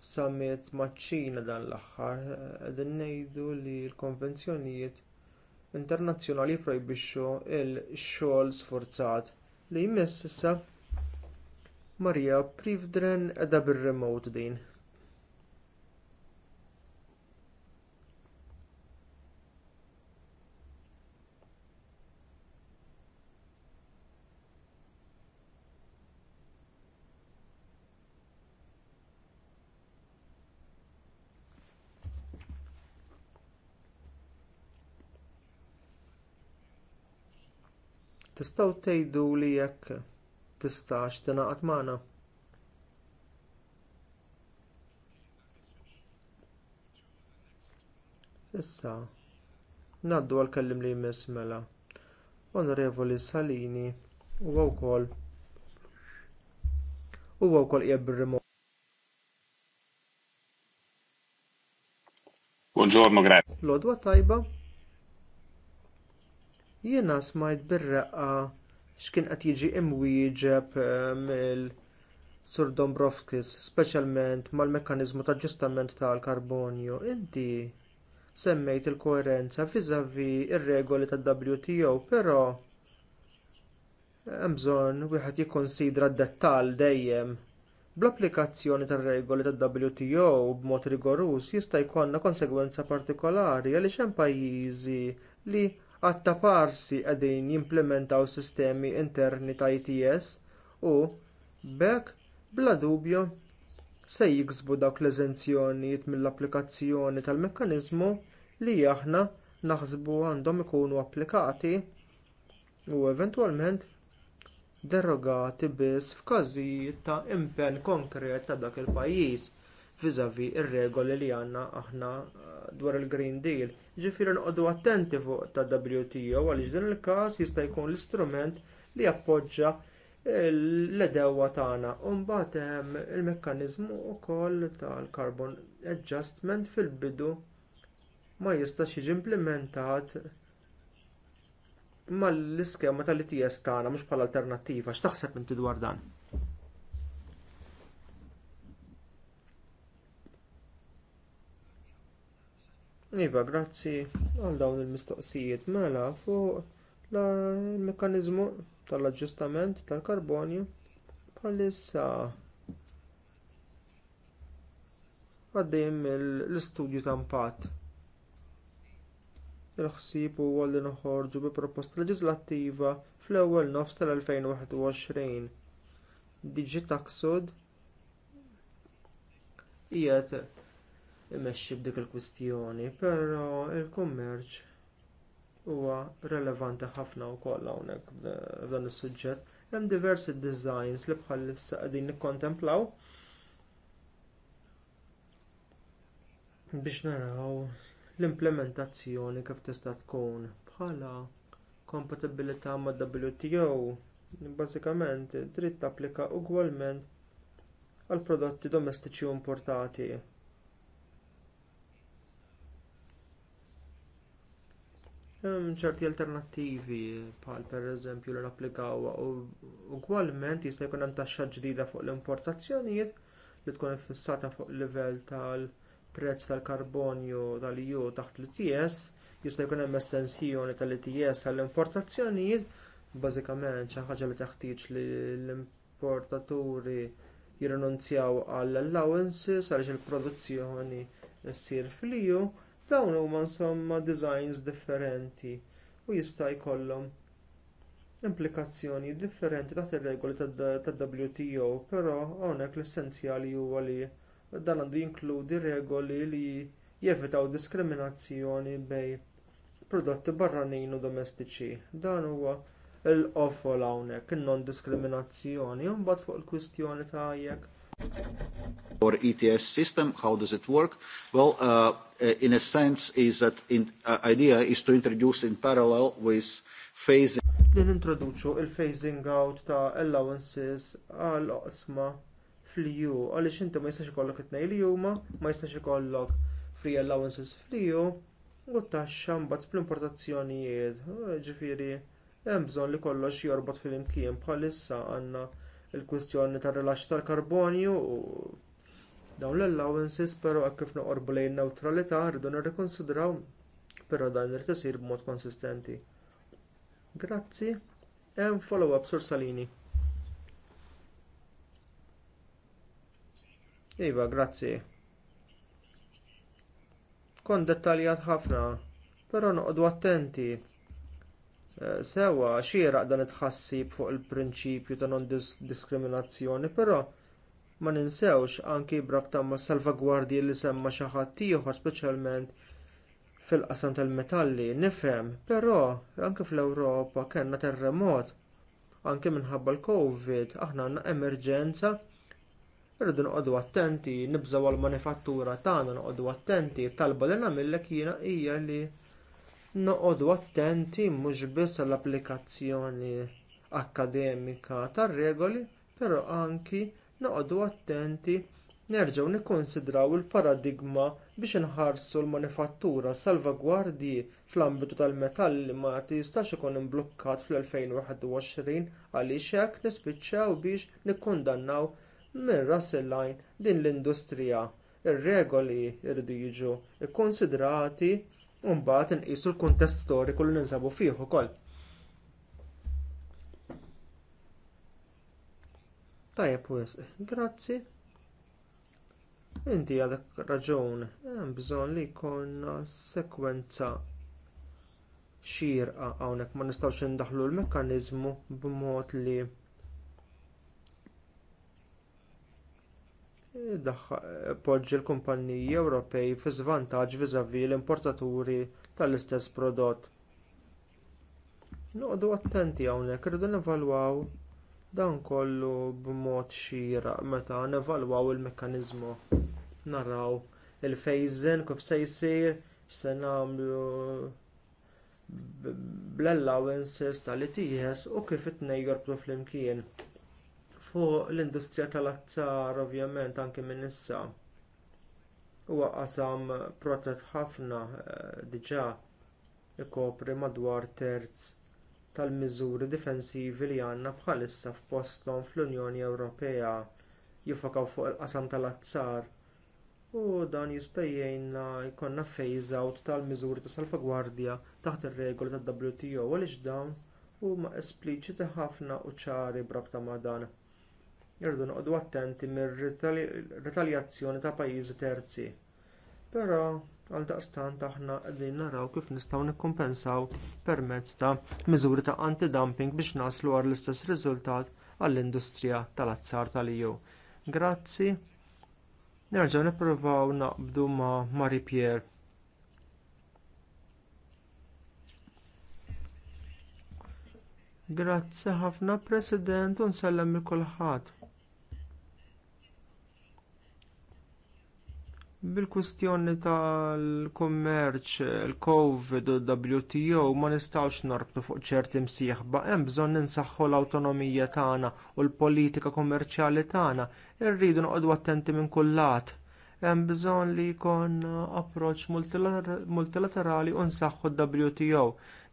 summit maċ-Ċina dan l-aħħar qegħdin ngħidu li l-konvenzjonijiet internazzjonali jipprojbixxu l-xogħol sforzat li jmiss issa Marija Privdren qiegħda bir-remote din. Tistgħu tgħidu li jekk tistax tinaqat magħna. Issa, ngħaddu għal-kellim li jmiss mela. Onorevoli Salini, u wkoll U wkoll qiegħed bir-remot. Buongiorno, grazie. Lodwa tajba, Jiena smajt bir-reqqa x'kien qed jiġi imwieġeb eh, mill Sur Dombrovskis, speċjalment mal-mekkaniżmu ta' ġustament tal-karbonju. Inti semmejt il-koerenza viżavi r regoli tad WTO, però hemm bżonn wieħed jikkonsidra d-dettall dejjem. Bl-applikazzjoni tar regoli tad WTO b'mod rigoruż jista' jkollna konsegwenza partikolari għaliex hemm pajjiżi li għatta parsi qegħdin jimplementaw sistemi interni ta' ITS u b'hekk bla dubju se jiksbu dawk l-eżenzjonijiet mill-applikazzjoni tal mekkaniżmu li aħna naħsbu għandhom ikunu applikati u eventwalment derogati biss f'każijiet ta' impenn konkret ta' dak il-pajjiż vizavi ir-regoli li għandna aħna eh, dwar il-Green Deal. Ġifieri noqogħdu attenti fuq ta' WTO għaliex din il-każ jista' jkun l-istrument li jappoġġa l-edewa tagħna. u mbagħad hemm il-mekkaniżmu wkoll tal-carbon adjustment fil-bidu ma jistax jiġi implementat mal-iskema tal-ITS tagħna mhux bħala alternattiva. X'taħseb inti dwar dan? Iva, grazzi għal dawn il-mistoqsijiet mela fuq l-mekanizmu tal-aġġustament tal-karbonju bħalissa għaddejjem l-istudju ta' impatt. Il-ħsieb huwa li noħorġu bi proposta leġislattiva fl-ewwel nofs tal-2021. Diġi Taxud qiegħed imexxi b'dik il-kwistjoni, però l kummerċ huwa relevanti ħafna wkoll hawnhekk f'dan is-suġġett. Hemm diversi designs li bħalissa qegħdin nikkontemplaw biex naraw l-implementazzjoni kif tista' tkun bħala kompatibilità mad WTO. Bażikament trid tapplika ugwalment għal prodotti domestiċi importati ċerti alternattivi bħal pereżempju li napplikaw ugwalment jista' jkun hemm taxxa ġdida fuq l-importazzjonijiet li tkun fissata fuq livell tal-prezz tal-karbonju tal-EU taħt l-ITS jista' jkun hemm estensjoni tal-ITS għall-importazzjonijiet bażikament xi ħaġa li teħtieġ li l-importaturi jirrinunzjaw għall allowances għaliex il-produzzjoni ssir fl-EU Dawn huma insomma designs differenti u jista' jkollhom implikazzjoni differenti taħt ir-regoli tad-WTO, però hawnhekk l-essenzjali huwa li dan għandu jinkludi regoli li jevitaw diskriminazzjoni bejn prodotti barranin u domestiċi. Dan huwa l ofol hawnhekk in non diskriminazzjoni imbagħad fuq il-kwistjoni ta' jekk Or ETS system, how does it work? Well, uh, uh, in a sense, is that in, uh, idea is to introduce in parallel with phasing. Li nintroduċu il-phasing out ta' allowances għal oqsma fl-EU, għaliex inti ma jistax ikollok it li huma, ma jistax ikollok free allowances fl-EU, u taxxa mbagħad fl-importazzjonijiet, ġifieri hemm bżonn li kollox jorbot fil-imkien bħalissa għandna il-kwistjoni tar rilaxx tal-karbonju u dawn l-allowances però hekk kif noqorbu lejn neutralità rridu nirrikonsidraw però dan irid isir b'mod konsistenti. Grazzi, hemm follow-up sur Salini. Iva, grazzi. Kont dettaljat ħafna, però noqogħdu attenti sewa xieraq dan it-ħassib fuq il-prinċipju ta' non-diskriminazzjoni, però ma ninsewx anki brabta ma' salvagwardji li semma xi ħadd ieħor speċjalment fil-qasam tal-metalli, nifhem, però anke fl-Ewropa kellna terremot, anke minħabba l-Covid, aħna għandna emerġenza rridu noqogħdu attenti, nibżgħu għall manifattura tagħna noqogħdu attenti, talba li nagħmilek jiena hija li noqogħdu attenti mhux biss għall-applikazzjoni akkademika tar-regoli, però anki noqogħdu attenti nerġgħu nikkonsidraw il-paradigma biex inħarsu l-manifattura salvagwardji fl-ambitu tal-metalli ma jistax ikun imblukkat fl-2021 għaliex hekk nispiċċaw biex nikkundannaw minn ras il din l-industrija. Ir-regoli jridu jiġu ikkonsidrati u mbagħad inqisu l-kuntest storiku li ninsabu fih ukoll. Tajjeb wisq, grazzi. Inti għadek raġun, hemm bżonn li jkollna sekwenza xierqa hawnhekk ma nistgħux indaħħlu l mekkaniżmu b'mod li poġġi l-kumpanniji Ewropej fi żvantaġġ viżavi l-importaturi tal-istess prodott. Noqdu attenti hawnhekk irridu nevalwaw dan kollu b'mod xieraq meta nevalwaw il-mekkaniżmu. Naraw il-fejżen kif se jsir x'se nagħmlu bl-allowances tal-ITS u kif it flimkien fuq l-industrija tal-azzar ovvjament anke minn issa huwa qasam protett ħafna eh, diġà ikopri madwar terz tal-miżuri difensivi li għandna bħalissa f'posthom fl-Unjoni Ewropea jifokaw fuq il-qasam tal-azzar u dan jista' jgħinna jkollna phase out tal-miżuri ta' salvagwardja taħt ir-regoli tad-WTO għaliex dawn huma espliċiti ħafna u ċari brabta ma' dan irridu noqogħdu attenti mir-retaljazzjoni ta' pajjiżi terzi. Però għaldaqstant aħna qegħdin naraw kif nistgħu nikkumpensaw permezz ta' miżuri ta' antidumping biex naslu għal l-istess riżultat għall-industrija tal-azzar tal-EU. Grazzi. Nerġgħu nippruvaw naqbdu ma' Marie Pierre. Grazzi ħafna President u nsellem il kulħadd. Bil-kwistjoni tal-kummerċ, il-COVID u WTO ma nistawx narbtu fuq ċerti msieħba, hemm bżonn ninsaħħu l-awtonomija tagħna u l-politika kummerċjali tagħna, irridu noqogħdu attenti minn lat. Hemm bżonn li jkollna approċċ multilaterali u nsaħħu WTO.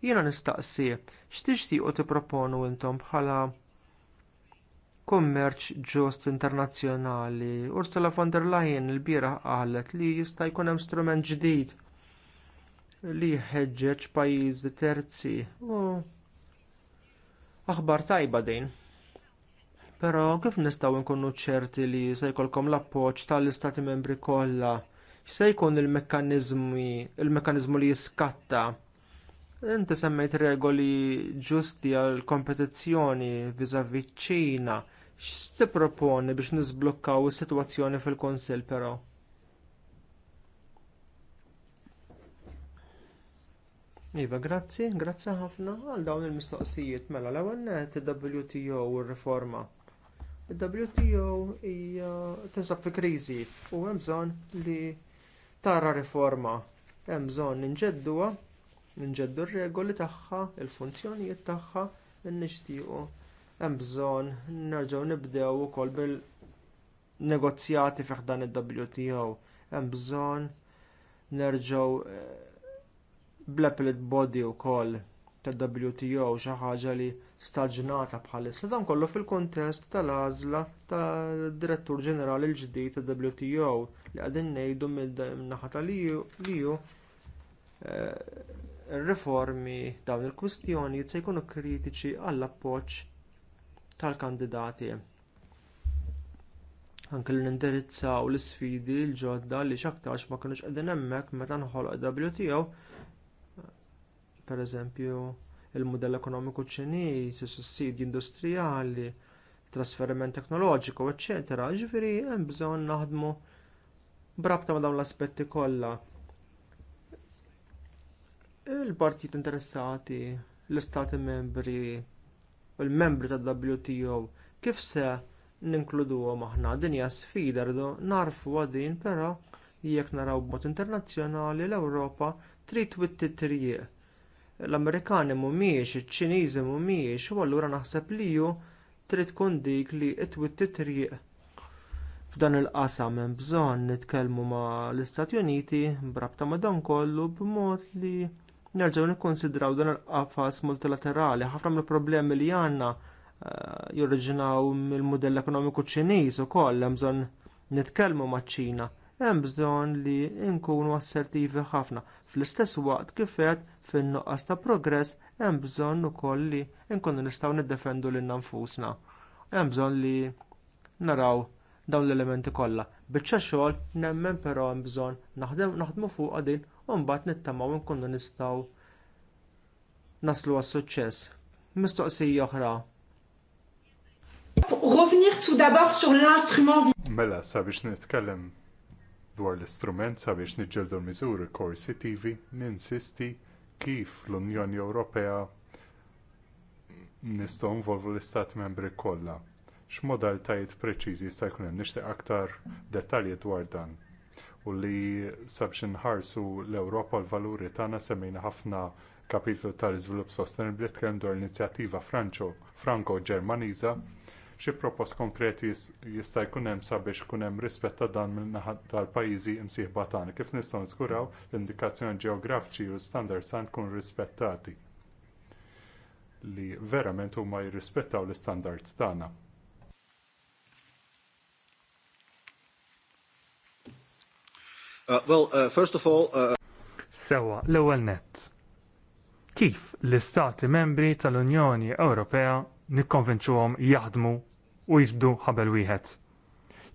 Jiena nistaqsi, x'tixtiequ tipproponu intom bħala kummerċ ġust internazzjonali. Ursula von der Leyen il-bieraħ qalet li jista' jkun hemm strument ġdid li jħeġġeġ pajjiżi terzi. U aħbar tajba din. Però kif nistgħu nkunu ċerti li se jkollkom l-appoġġ tal-Istati Membri kollha? X'se jkun il-mekkaniżmi, il-mekkaniżmu li jiskatta Inti semmejt regoli ġusti għall kompetizzjoni viżavi ċ-Ċina X'ste proponi biex nizblokkaw is-sitwazzjoni fil-Kunsill però? Iva, grazzi, grazzi ħafna għal dawn il-mistoqsijiet. Mela, l-ewwel net il-WTO u r-riforma. Il-WTO hija tinsab fi kriżi u hemm bżonn li tara riforma. Hemm bżonn inġedduha, inġeddu r-regoli tagħha, il-funzjonijiet tagħha, n-nixtiequ hemm bżonn nerġgħu nibdew ukoll bil-negozjati fih dan il-WTO. Hemm bżonn nerġgħu eh, bl-appellate body wkoll tal-WTO xi ħaġa li staġnata bħalissa dan kollu fil-kuntest tal-għażla tad-Direttur Ġenerali l-ġdid tal-WTO li qegħdin ngħidu min-naħa tal-EU eh, riformi dawn il-kwistjoni se jkunu kritiċi għall appoġġ tal-kandidati. Anke li nindirizzaw l isfidi l-ġodda li xaktarx ma kinux qegħdin hemmhekk meta nħoloq WTO, pereżempju il mudell ekonomiku ċiniż, is-sussidji industrijali, trasferiment teknoloġiku, eċċetera, Ġifieri hemm bżonn naħdmu brabta ma dawn l-aspetti kollha. Il-partit interessati, l-istati membri, u l-membri tad-WTO kif se ninkluduhom aħna din hija sfida rridu narfu din però jekk naraw b'mod internazzjonali l-Ewropa trid twitti triq. L-Amerikani mhumiex, iċ-Ċiniżi mhumiex, u allura naħseb li ju trid tkun dik li twitti triq. F'dan il-qasam hemm bżonn nitkellmu mal istati Uniti brabta madan kollu b'mod li nerġgħu nikkonsidraw dan il-qafas multilaterali. Ħafna mill-problemi li għandna eh, jorriġinaw mill-modell ekonomiku ċiniż ukoll hemm bżonn nitkellmu maċ-Ċina hemm bżonn li nkunu assertivi ħafna. Fl-istess waqt kif fin-nuqqas ta' progress hemm bżonn ukoll li nkunu nistgħu niddefendu lil nfusna. Hemm bżonn li naraw dawn l-elementi kollha. Biċċa xogħol nemmen però hemm bżonn naħdmu fuq din u mbagħad nittamaw nkunu nistgħu naslu għas-suċċess. Mistoqsija oħra. Revenir tout d'abord sur l'instrument. Mela, sabiex nitkellem dwar l-istrument sabiex niġġeldu l korsi TV, ninsisti kif l-Unjoni Ewropea nistgħu involvu l-Istat membri kollha. X'modaltajiet preċiżi jista' jkun hemm nixtieq aktar dettalji dwar dan u li sabxin ħarsu l-Ewropa l-valuri tagħna semmejna ħafna kapitlu tal-iżvilupp sostenibbli tkellem dwar inizjattiva Franco-Ġermaniża xi propost konkreti jista' jkun hemm sabiex ikun hemm rispett ta' dan min-naħa tal-pajjiżi msieħba tagħna. Kif nistgħu nżguraw l-indikazzjoni ġeografiċi u l-standards għand kun rispettati li verament huma jirrispettaw l-istandards tagħna. Uh, well, uh, first of all... Uh... Sewa, l-ewwel nett. Kif l-istati membri tal-Unjoni Ewropea nikkonvinċuhom jaħdmu u jibdu ħabel wieħed.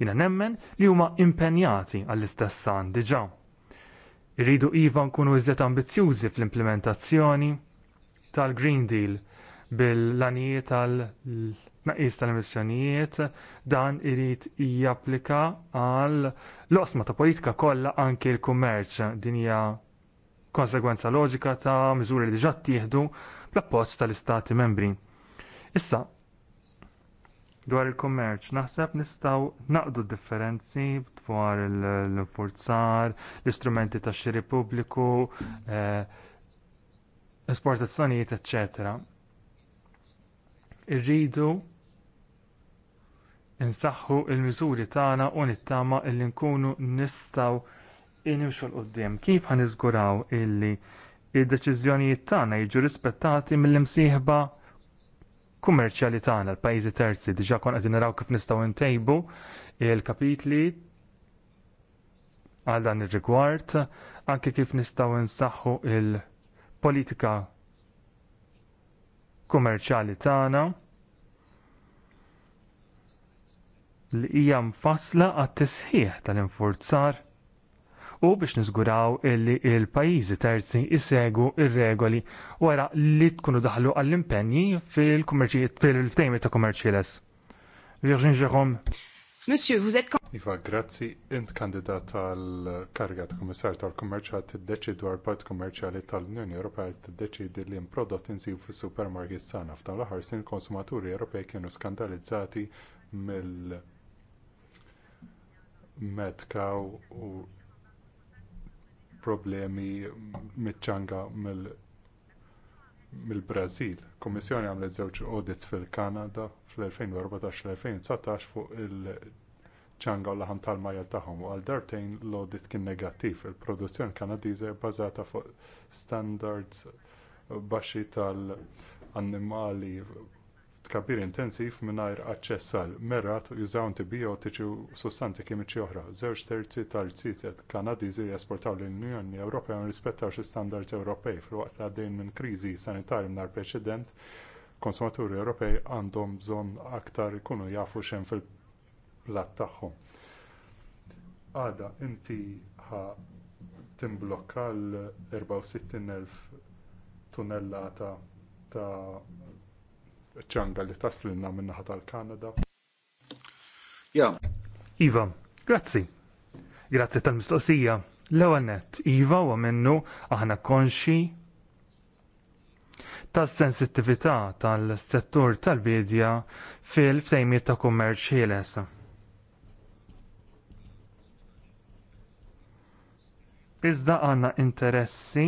Jina nemmen li huma impenjati għall-istess san diġà. Irridu iva nkunu iżet ambizzjużi fl-implementazzjoni tal-Green Deal bil-lanijiet tal naqis tal-emissjonijiet dan irid japplika għal l-osma ta' politika kollha anke l-kummerċ din hija konsegwenza loġika ta' miżuri li diġà tieħdu bl-appoġġ tal-istati membri. Issa, dwar il-kummerċ, naħseb nistgħu naqdu d differenzi dwar l forzar l-istrumenti tax xiri pubbliku, eh, esportazzjonijiet, eccetera irridu insaħħu l-miżuri tagħna u nittama illi nkunu nistgħu nimxu l qudiem Kif ħan niżguraw illi id-deċiżjonijiet tagħna jiġu rispettati mill-imsieħba kummerċjali tagħna l-pajjiżi terzi diġà kon qed naraw kif nistgħu ntejbu il-kapitli għal dan ir-rigward anke kif nistgħu nsaħħu il-politika kummerċjali tagħna li hija mfassla għat-tisħiħ tal-infurzar u biex niżguraw illi l pajjiżi terzi jissegu r regoli wara li tkunu daħlu għall-impenji fil-ftejmi ta' kummerċieles. Virgin Jerome. Monsieur, vous êtes... Iva, grazzi, int kandidat tal-karga ta' kummissar tal-kommerċjal tiddeċi dwar pat kommerċjali tal-Unjoni Ewropea tiddeċidi li prodott insib fis-supermarket sana f'dan l-aħħar sin konsumaturi Ewropej kienu skandalizzati mill- metkaw u problemi miċċanga mill brażil Kummissjoni għamlet żewġ audits fil-Kanada fl-2014-2019 fuq il-ċanga u laħam tal-majja tagħhom u għal dartejn l-audit kien negattiv. Il-produzzjoni Kanadiża bbażata fuq standards baxxi tal-annimali tkabbir intensiv mingħajr aċċess għal merat jużaw antibiotiċi u sustanzi kimiċi oħra. Żewġ terzi tal-ċitet Kanadiżi jesportaw l-Unjoni Ewropea ma rispettawx standards Ewropej filwaqt li għaddejn minn kriżi sanitarja mingħajr preċedent. Konsumaturi Ewropej għandhom bżonn aktar ikunu jafu xejn fil-platt tagħhom. Għada, inti ħa timblokka l-64,000 tunnellata ta' ċanga li taslilna minnaħat tal-Kanada. Ja. Iva, grazzi. Grazzi tal-mistoqsija. L-ewanet, Iva u minnu aħna konxi tas sensittività tal-settur tal-bidja fil-ftejmiet ta' kummerċ ħieles. Iżda għandna interessi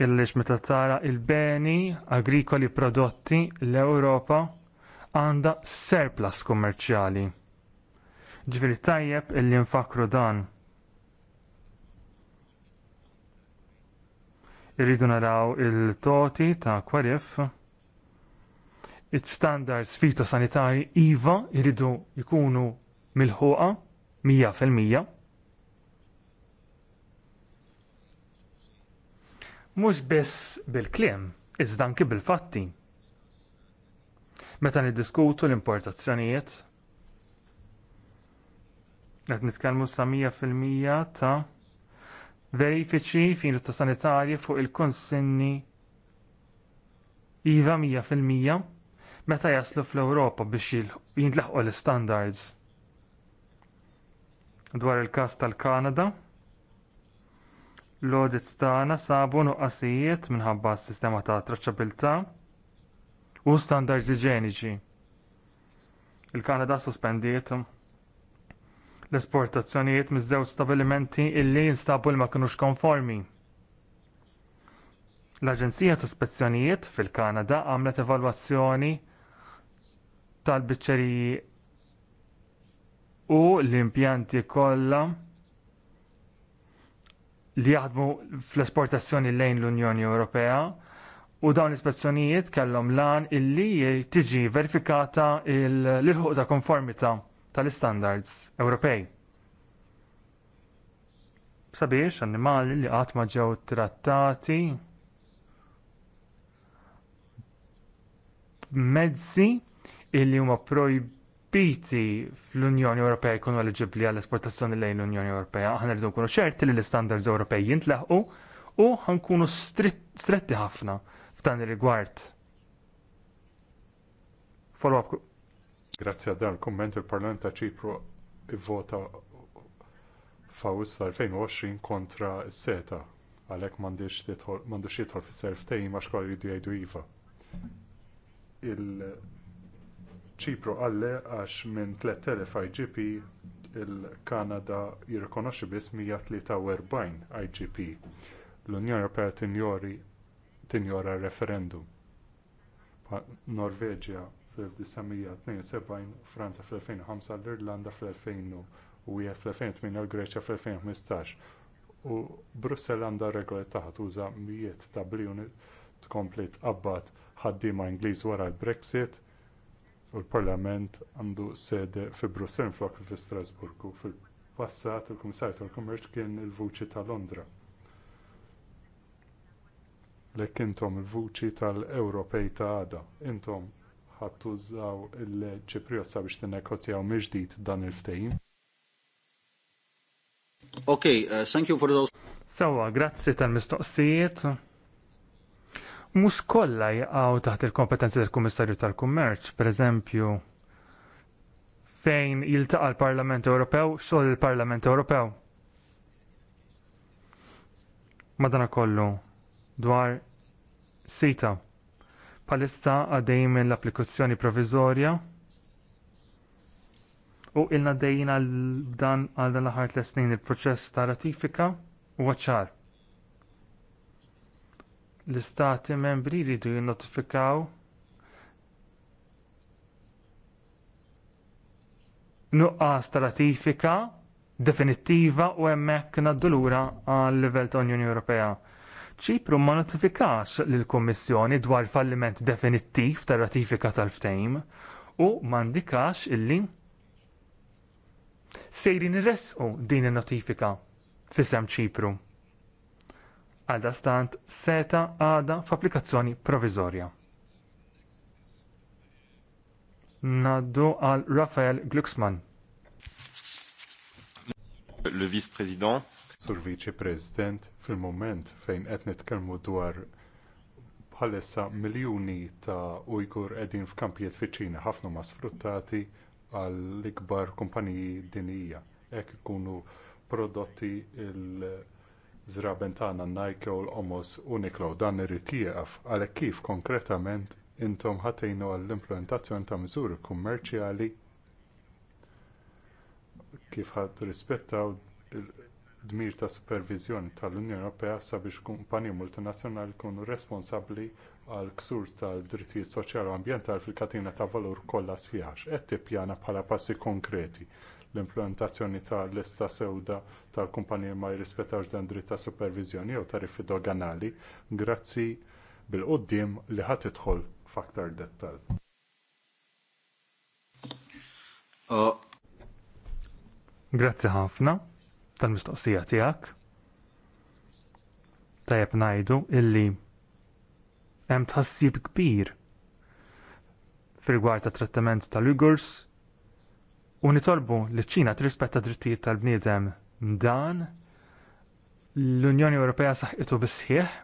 Illiġ meta tara il-beni agrikoli prodotti l-Ewropa għandha surplus kummerċjali. Ġifieri tajjeb illi nfakru dan. Irridu naraw il-toti ta' kwarif. It-standards fitosanitari IVA jridu jkunu milħuqa 100%. mhux biss bil-kliem, iżda anki bil-fatti. Meta niddiskutu l-importazzjonijiet, qed nitkellmu sa 100% ta' verifiċi fin ta' sanitarji fuq il-konsinni iva 100% meta jaslu fl-Ewropa biex jintlaħqu l-standards. Dwar il-każ tal-Kanada, l-audits tagħna sabu nuqqasijiet minħabba s-sistema ta' traċċabilità u standards iġeniċi. Il-Kanada suspendiet l-esportazzjonijiet miż-żewġ stabilimenti illi jinstabu li ma kinux konformi. L-Aġenzija ta' Spezzjonijiet fil-Kanada għamlet evalwazzjoni tal-biċċeriji u l-impjanti kollha li jaħdmu fl-esportazzjoni lejn l-Unjoni Ewropea u dawn l-ispezzjonijiet kellhom lan illi tiġi verifikata l-ħuq ta' konformità tal-istandards Ewropej. Sabiex annimali li qatt ma ġew trattati mezzi illi huma projbi biti fl-Unjoni Ewropea jkunu eliġibbli għall-esportazzjoni lejn l-Unjoni Ewropea, aħna rridu nkunu ċerti li l-istandards Ewropej jintlaħqu u ħankunu stretti ħafna f'dan ir-rigward. Follow-up. Grazzi għal dan il il-Parlament ta' Ċipru ivvota fawissa 2020 kontra s-seta għalhekk m'għandux jidħol fis-serf tejn ma jridu jgħidu iva ċipru għalle għax minn 3000 IGP il-Kanada jirrikonoxxi biss 143 IGP. L-Unjoni Ewropea tinjori tinjora referendum. Norveġja fl-1972, Franza fl-2005, l-Irlanda fl-2000 u fl-2008 l-Greċja fl-2015. U Brussel għandha regoli taħt tuża mijiet ta' bliuni tkompli tqabbad ħaddiema Ingliż wara l-Brexit u l-Parlament għandu sede fi Brussell flok fi Strasburgu. Fil-passat il-Kummissarju tal-Kummerċ kien il-vuċi ta' Londra. Lekk intom il-vuċi tal-Ewropej ta' għada, intom ħattużaw il-Ċipriot biex tinnegozjaw miġdid dan il-ftehim. Ok, uh, thank you for those. Sawa, grazzi tal-mistoqsijiet mhux kollha jgħaw taħt il-kompetenzi tal-Kummissarju tal-Kummerċ, pereżempju fejn jiltaqa' l-Parlament Ewropew xol il-Parlament Ewropew. kollu, dwar sita palissa għaddej l-applikazzjoni proviżorja u ilna dejjin l dan għal dan l ħart l snin il-proċess ta' ratifika huwa ċar l-istati membri jridu jinnotifikaw nuqqas ta' ratifika definittiva u hemmhekk ngħaddu lura għal livell ta' Unjoni Ewropea. Ċipru ma notifikax lill kummissjoni dwar falliment definittiv tar ratifika tal-ftejm u mandikax illi sejrin irresqu din in-notifika fisem Ċipru għaldastant seta għadha f'applikazzjoni proviżorja. Naddu għal Rafael Glucksmann. Le vice-president. Sur viċi president, fil mument fejn qed nitkellmu dwar bħalissa miljuni ta' Ujgur qegħdin f'kampijiet fiċ-Ċina ħafna ma sfruttati għall ikbar kumpaniji dinija. Hekk ikunu prodotti il- zraben tagħna Nike u l-Omos Uniqlo dan irid jieqaf għalhekk kif konkretament intom ħatejnu għall-implementazzjoni ta' miżuri kummerċjali kif ħadd rispettaw dmir ta' superviżjoni tal-Unjoni Ewropea sabiex kumpaniji multinazzjonali jkunu responsabbli għal ksur tal-drittijiet soċjali u ambjentali fil-katina ta' valur kollha sħiħax qed tippjana bħala passi konkreti l-implementazzjoni tal-lista sewda tal-kumpanija ma jirrispettax dan dritt ta' supervizjoni jew tariffi doganali grazzi bil-qoddim li ħadd idħol f'aktar dettall. Uh, grazzi ħafna tal-mistoqsija tiegħek. Tajjeb ngħidu illi hemm tħassib kbir fir-rigward ta' trattament tal-Uyghurs u nitolbu li ċina tirrispetta drittijiet tal-bniedem dan l-Unjoni Ewropea saħqitu bisħieħ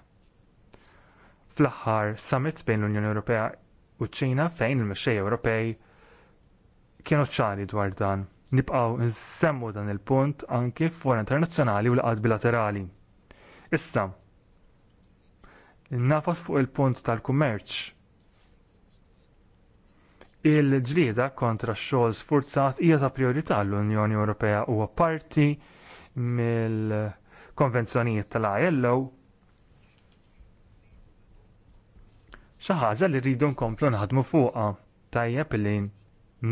fl-aħħar summit bejn l-Unjoni Ewropea u ċina fejn il-mexxej Ewropej kienu ċari dwar dan. Nibqgħu nsemmu dan il-punt anki fora internazzjonali u laqgħat bilaterali. Issa, nafas fuq il-punt tal-kummerċ il-ġlieda kontra x-xogħol sfurzat hija ta' priorità l-Unjoni Ewropea huwa parti mill-konvenzjonijiet tal-ILO xi ħaġa li rridu nkomplu naħdmu fuqha tajjeb li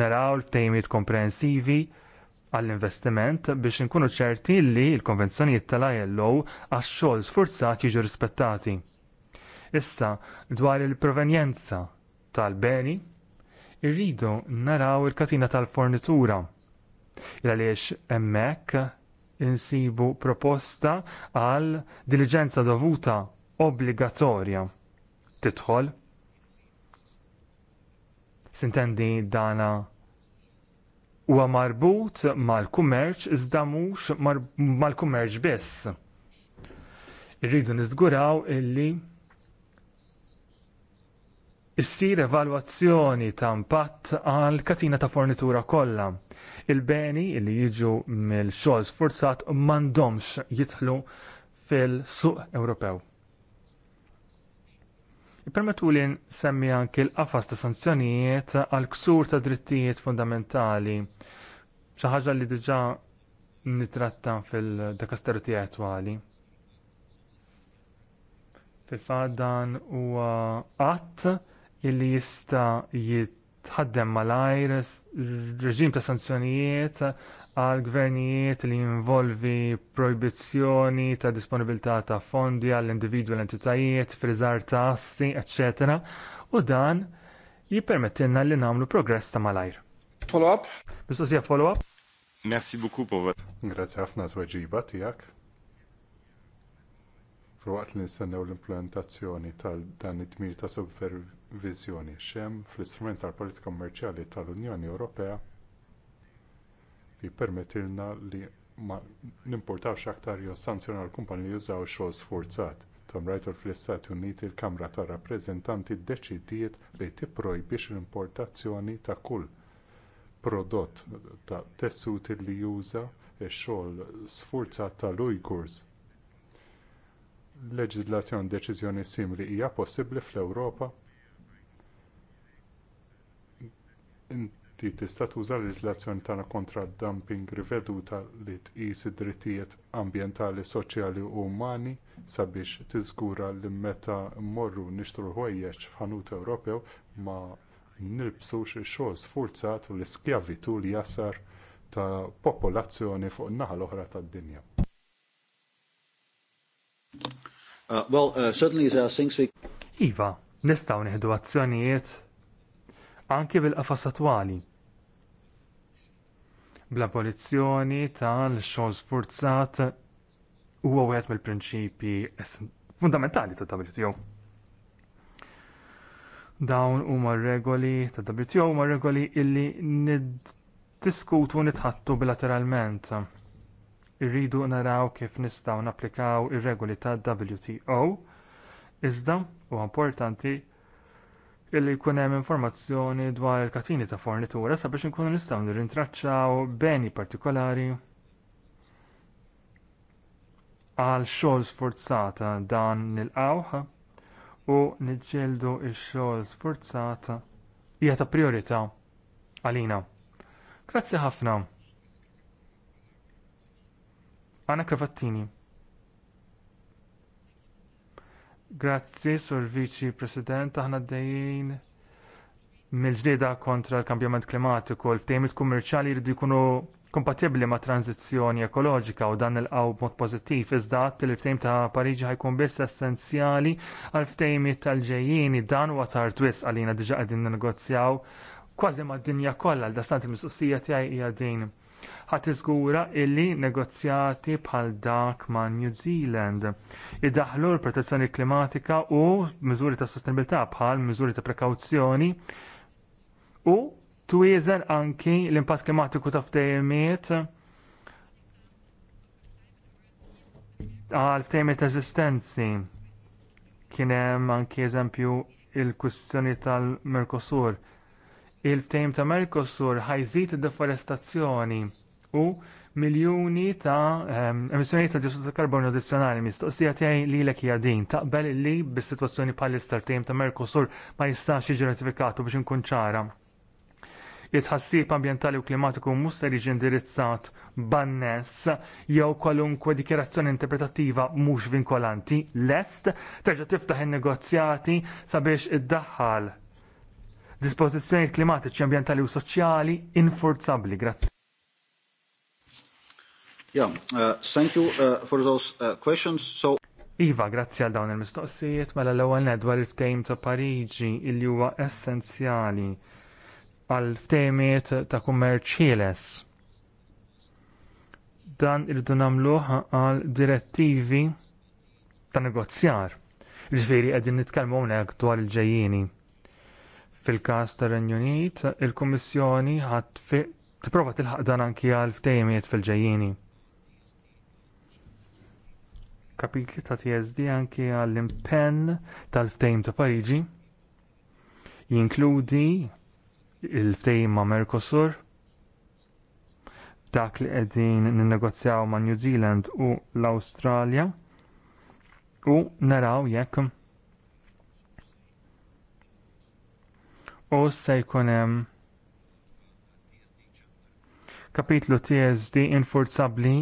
naraw l-tejmiet komprensivi għall-investiment biex inkunu ċerti li l-konvenzjonijiet tal-ILO għax-xogħol sfurzat jiġu rispettati. Issa dwar il-provenjenza tal-beni irridu naraw il-katina tal-fornitura. Il-għaliex emmek insibu proposta għal diligenza dovuta obbligatorja titħol. Sintendi dana huwa marbut mal-kummerċ iżda mhux mal-kummerċ biss. Irridu niżguraw illi issir evalwazzjoni ta' impatt għal katina ta' fornitura kollha. Il-beni li jiġu mill-xogħol sforzat m'għandhomx jidħlu fil-suq Ewropew. Permetu li nsemmi anki l-qafas ta' sanzjonijiet għal ksur ta' drittijiet fundamentali. Xi ħaġa li diġà nitratta fil-dekasteru tiegħi attwali. Fil-fadan huwa qatt illi jista jitħaddem malajr reġim ta' sanzjonijiet għal gvernijiet li jinvolvi proibizzjoni ta' disponibilità ta' fondi għall individwi l-entitajiet, friżar ta' assi, eccetera, U dan jippermettilna li nagħmlu progress ta' malajr. Follow-up? Mistoqsija follow-up? Merci beaucoup, Povet. Grazie ħafna tweġiba tiegħek fil-waqt li nistennew l-implementazzjoni tal dan it-tmir ta' superviżjoni xem fl-istrument tal-politika kummerċjali tal-Unjoni Ewropea li permettilna li ma nimportawx aktar jew sanzjonaw l-kumpaniji jużaw xogħol sforzat. Tamrajtu fl-Istati Uniti il-Kamra tar Rappreżentanti ddeċidiet li tipprojbix l-importazzjoni ta' kull prodott ta' tessuti li juża x-xogħol sfurzat tal-Ujgurs leġizlazzjoni deċiżjoni simili hija possibbli fl-Ewropa inti tista' tuża l-leġizlazzjoni tagħna kontra d dumping riveduta li tqis id-drittijiet ambjentali, soċjali u umani sabiex tiżgura li meta mmorru nixtru ħwejjeġ f'ħanut Ewropew ma nilbsux ix-xogħol sfurzat u l-iskjavitu li jasar ta' popolazzjoni fuq in-naħa l-oħra tad-dinja. Uh, well, uh, certainly there are things we... Iva, nistaw neħdu azzjonijiet anki bil-qafas attwali. Bl-abolizzjoni tal-xogħol sforzat huwa wieħed mill-prinċipji fundamentali ta' WTO. Dawn huma regoli ta' WTO u regoli illi niddiskutu nitħattu bilateralment irridu naraw kif nistgħu napplikaw ir-regoli ta' wto iżda huwa importanti illi jkun hemm informazzjoni dwar il-katini ta' fornitura sabiex inkunu nistgħu nirrintraċċaw beni partikolari għal xogħol sforzata dan nilqawh u niġġieldu x-xogħol sforzata hija ta' priorità għalina. Grazzi ħafna. Anna Cravattini. Grazzi, Sur Vici President, aħna d-dajin mill-ġlieda kontra l-kambjament klimatiku, l-tejmit kummerċali jridu jkunu kompatibbli ma' tranzizjoni ekoloġika u dan il-qaw mod pożittiv iżda l ftejm ta' Pariġi ħajkun biss essenzjali għal ftejmit tal-ġejjini dan huwa għatar twiss għalina diġa qegħdin negozjaw kważi mad dinja kollha l-dastant il-mistoqsija tiegħi hija din ħat iżgura illi negozjati bħal dak ma' New Zealand Idaħħlu l-protezzjoni klimatika u miżuri ta' sostenibilità bħal miżuri ta' prekawzjoni u twieżen anki l-impatt klimatiku ta' ftehimiet għal ftehimiet eżistenzi. Kien hemm anki eżempju il-kwistjoni tal-Mercosur il-ftehim ta' Mercosur ħajżit id-deforestazzjoni u miljuni ta' ehm, emissjonijiet ta' ġessu ta' karbonju addizzjonali mistoqsija tiegħi lilek hija din taqbel li bis-sitwazzjoni bħalissa l-ftehim ta' Mercosur ma jistax jiġi ratifikatu biex inkun ċara it-ħassib ambjentali u klimatiku mhux se jiġi indirizzat banness jew kwalunkwe dikjerazzjoni interpretattiva mhux vinkolanti lest terġa' tiftaħ in-negozjati sabiex iddaħħal dispożizzjonijiet klimatiċi, ambjentali u soċjali infurzabbli. Grazzi. Yeah, uh, thank you uh, for those uh, questions. So Iva, grazzi għal dawn il-mistoqsijiet, mela l-ewwel nedwar il-ftehim ta' Pariġi li huwa essenzjali għal ftehimiet ta' kummerċ ħieles. Dan irridu nagħmluh għal direttivi ta' negozjar. Ġifieri qegħdin nitkellmu hawnhekk dwar il-ġejjieni. Fil-każ tar-Renju Unit, il-Kummissjoni ħadd tipprova tilħaq dan anki għal ftehimiet fil-ġejjieni. Kapitli ta' TSD anki għall impenn tal-ftehim ta' Pariġi jinkludi il-ftehim ma' Mercosur, dak li qegħdin ninnegozjaw ma' New Zealand u l-Awstralja u naraw jekk u se jkun hemm kapitlu TSD infurzabbli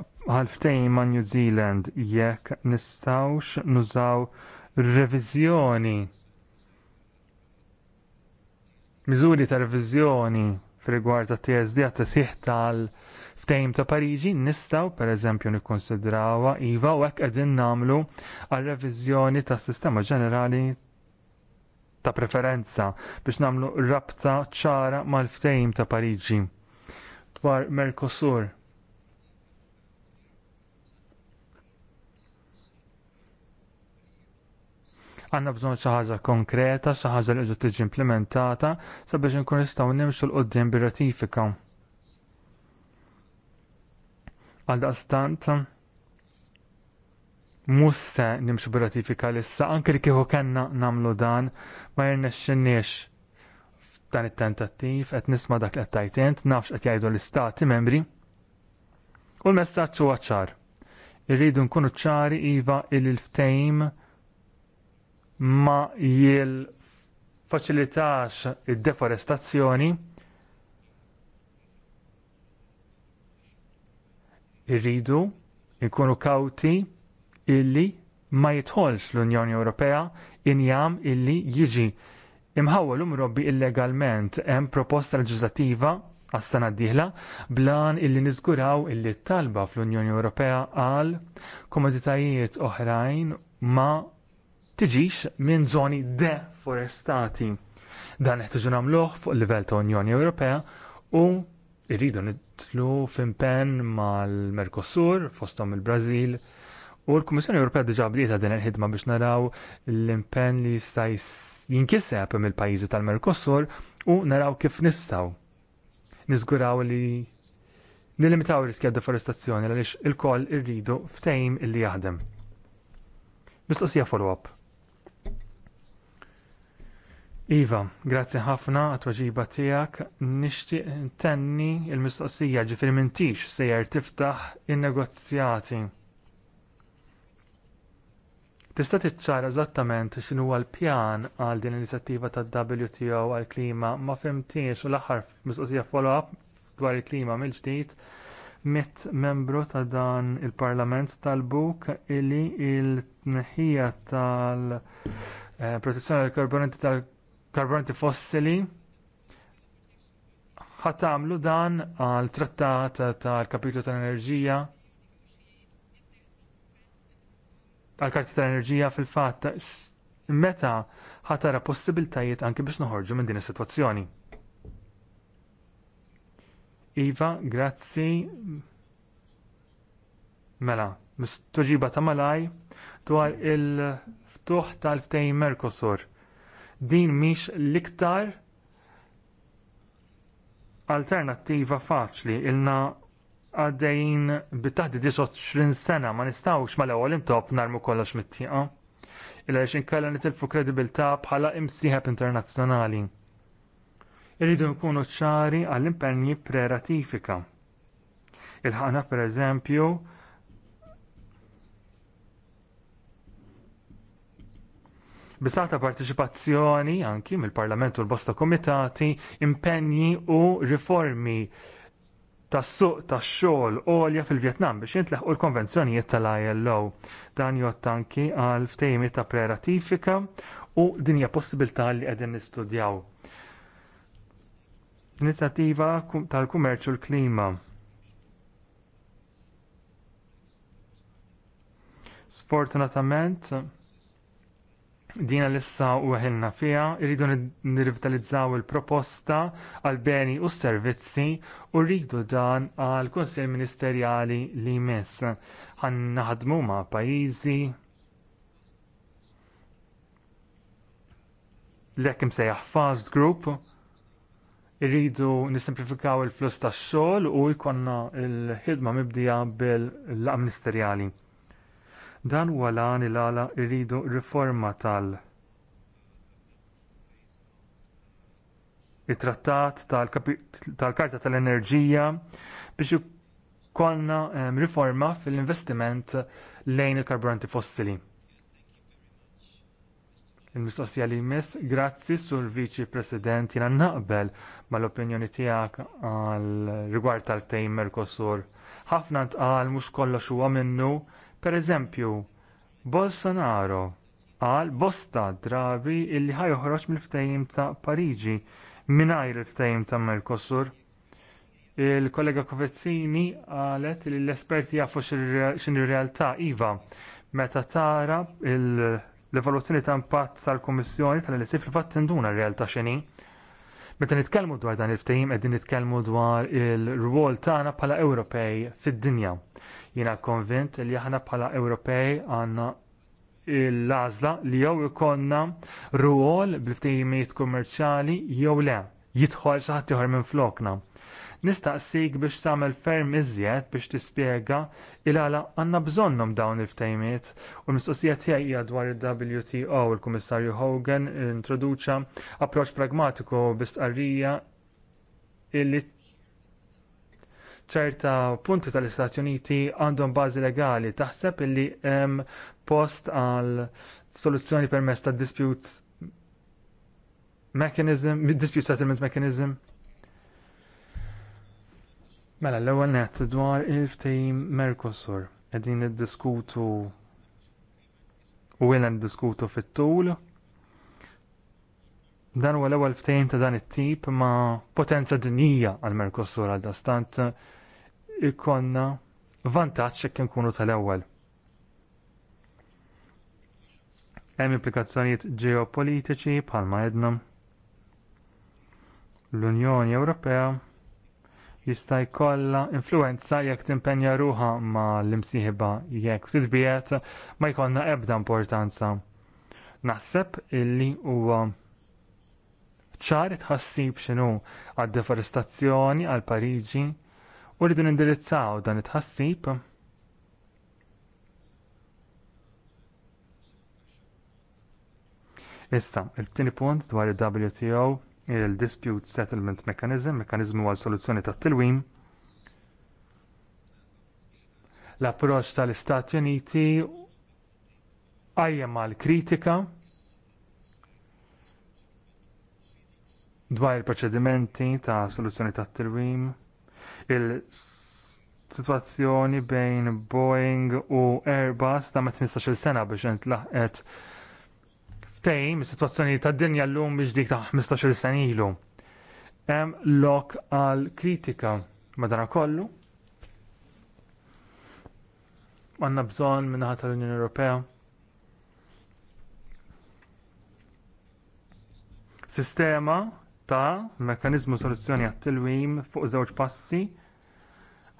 għalftejn ma' New Zealand jekk nistgħux nużaw reviżjoni miżuri ta' reviżjoni fil-rigward ta' TSD għat tesħiħ tal-ftejm ta' Pariġi nistgħu pereżempju nikkonsidrawha iva u hekk qegħdin nagħmlu għal reviżjoni tas sistema ġenerali ta' preferenza biex nagħmlu rabta ċara mal-ftehim ta' Pariġi dwar Mercosur. Għanna bżonn xi ħaġa konkreta, xi ħaġa li qiegħda tiġi implementata sabiex inkun nistgħu nimxu l qudiem bir-ratifika. Għaldaqstant mhux se nimxu bil ratifika issa anke li kieku kellna nagħmlu dan ma xinniex dan it-tentattiv qed nisma' dak li qed nafx qed jgħidu l-istati membri. U l-messaġġ huwa ċar. Irridu nkunu ċari iva il-ftejm ma jil faċilitax id-deforestazzjoni irridu nkunu kauti illi ma jidħolx l-Unjoni Ewropea injam illi jiġi imħawwel umrobbi illegalment hemm proposta leġislattiva għas-sena d-dieħla blan illi niżguraw illi talba fl-Unjoni Ewropea għal komoditajiet oħrajn ma tiġix minn żoni deforestati. Dan neħtieġu nagħmluh fuq livell ta' Unjoni Ewropea u rridu nitlu f'impenn mal-Merkosur fosthom il-Brażil, il brażil U l-Kummissjoni Ewropea diġà bdiet din il-ħidma biex naraw l-impenn li jista' jinkiseb mill-pajjiżi tal-Merkosur u naraw kif nistgħu. Niżguraw li nilimitaw għad deforestazzjoni għaliex il-koll irridu ftejm illi jaħdem. Mistoqsija follow-up. Iva, grazzi ħafna għat-tweġiba tiegħek. Nixtieq tenni l mistoqsija ġifir m'intix sejjer tiftaħ in-negozjati Tista' tiċċara eżattament x'inhu huwa l-pjan għal din l-inizjattiva tad-WTO għall klima ma fimtiex u l-aħħar mistoqsija follow-up dwar il-klima mill-ġdid mit membru ta' dan il-Parlament talbuk illi l tneħħija tal-protezzjoni tal-karburanti tal Ħa eh, fossili ħatamlu dan għal trattat tal-kapitlu tal-enerġija tal-karti tal-enerġija fil-fatt meta ħatara possibiltajiet anki biex noħorġu minn din is-sitwazzjoni. Iva, grazzi. Mela, mistoġiba ta' malaj dwar il-ftuħ tal-ftejn Mercosur. Din miex l-iktar alternattiva faċli ilna għaddejn bitaħdi 20 sena ma nistawx mal ewwel imtop narmu kollox mit-tieqa. Illa għax inkella nitilfu kredibilità bħala imsieħeb internazzjonali. Irridu nkunu ċari għall-impenji pre-ratifika. Il-ħana per eżempju bisata partiċipazzjoni anki mill-Parlament u l-Bosta Komitati impenji u riformi tas-suq tax-xogħol għolja fil-Vjetnam biex jintlaħqu l-konvenzjonijiet tal-ILO. Dan jgħod anki għal ftehimiet ta' preratifika u din hija possibilità li qegħdin nistudjaw. Inizjattiva tal kummerċu u l-klima. Sfortunatament, Dina l-issa u għahilna fija, irridu nirvitalizzaw il-proposta għal beni u s servizzi u rridu dan għal konsil ministerjali li jmiss. Għanna ħadmu ma' pajizi, l-ekim sejjaħ fast group, irridu nisimplifikaw il-flus tax xogħol u jkollna l ħidma mibdija bil-ministerjali. Dan huwa lan il għala rridu riforma tal it-trattat tal-Karta tal-Enerġija biex ikollna riforma fil-investiment lejn il-karburanti fossili. Il-mistoqsija li jmiss, grazzi sur viċi president jina naqbel mal-opinjoni tijak għal rigward tal-tejn Merkosur. ħafna tqal mux kollox huwa minnu Pereżempju, Bolsonaro qal bosta drabi illi ħajoħroġ mill-ftehim ta' Pariġi mingħajr il-ftehim ta' Mercosur. Il-kollega Kovezzini qalet li l-esperti jafu x'inhi realtà iva meta tara l-evoluzzjoni ta' impatt tal-Kummissjoni tal-Elisif fil-fatt tinduna r-realtà x'inhi. Meta nitkellmu dwar dan il-ftehim qegħdin nitkellmu dwar il-rwol tagħna bħala Ewropej fid-dinja Jiena konvint li aħna bħala Ewropej għandna l-għażla li jew ikollna ruol bil-ftehimiet kummerċjali jew le jidħol xi ieħor minn flokna. Nistaqsik biex tagħmel ferm iżjed biex tispjega il għala għandna bżonnhom dawn il-ftejmiet u l-mistoqsija tiegħi hija dwar il-WTO il kummissarju Hogan introduċa approċċ pragmatiku bistqarrija illi ċerta punti tal-Istati Uniti għandhom bażi legali taħseb illi hemm post għal soluzzjoni permezz ta' dispute mechanism, dispute settlement mechanism. Mela, l-ewwel nett dwar il-ftehim Mercosur qegħdin niddiskutu u għilna niddiskutu fit-tul. Dan huwa l-ewwel ftehim ta' dan it-tip ma' potenza dinjija għal Mercosur għal dastant. Uh, ikonna vantaġġ jekk inkunu tal-ewwel. Hemm implikazzjonijiet ġeopolitiċi bħalma għedna. L-Unjoni Ewropea jista' jkollha influwenza jekk timpenja ruha ma' l-imsieħba jekk titbiet ma jkollna ebda importanza. Naħseb illi huwa ċar tħassib x'inhu għad-deforestazzjoni għal Pariġi u rridu nindirizzaw dan it-ħassib Issa, il-tieni punt dwar il-WTO il-Dispute Settlement Mechanism, mekanizmu għal soluzzjoni ta' tilwim l-approċ tal-Istati Uniti għajjem għal kritika dwar il-proċedimenti ta' soluzzjoni ta' tilwim il-situazzjoni bejn Boeing u Airbus ta' 15-il sena biex laħqet ftejn is-sitwazzjoni tad-dinja llum biex dik ta' 15-il sen ilu. Hemm lok għal kritika madanakollu. Għandna bżonn min-naħa tal-Unjoni Ewropea. Sistema ta' mekkaniżmu soluzzjoni għat-tilwim fuq żewġ passi.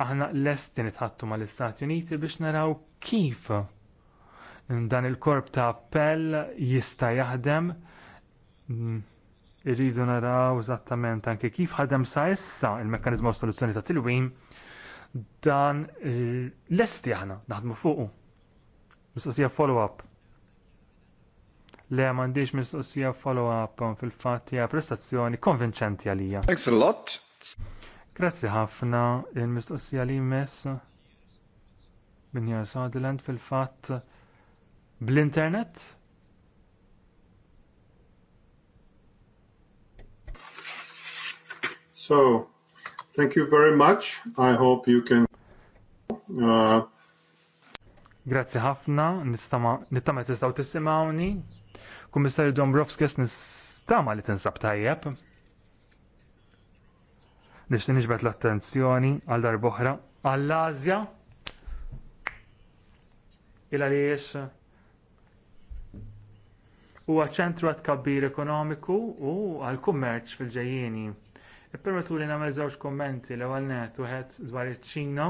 Aħna lesti nitħattu mal-Istati Uniti biex naraw kif dan il-korp ta' appell jista' jaħdem mm, irridu naraw eżattament anke kif ħadem sa issa il-mekkaniżmu soluzzjoni ta' tilwim dan eh, lesti aħna naħdmu fuqu. Mistoqsija follow-up. Le mandiġ mistoqsija follow-up fil-fatt hija prestazzjoni konvinċenti għalija. Thanks a lot. Grazzi ħafna il-mistoqsija li mess minn Jar Sutherland fil-fatt bl-internet. So, thank you very much. I hope you can uh... Grazie ħafna, nittama tistaw tissimawni. Kummissarju Dombrovskis nistama li tinsab tajjeb. Nix nixbet l-attenzjoni għal darboħra għall-Azja. Il jiex huwa ċentru għat kabbir ekonomiku u għal kummerċ fil-ġejjieni. Ippermetu li nagħmel żewġ kummenti li għal net wieħed dwar iċ-Ċina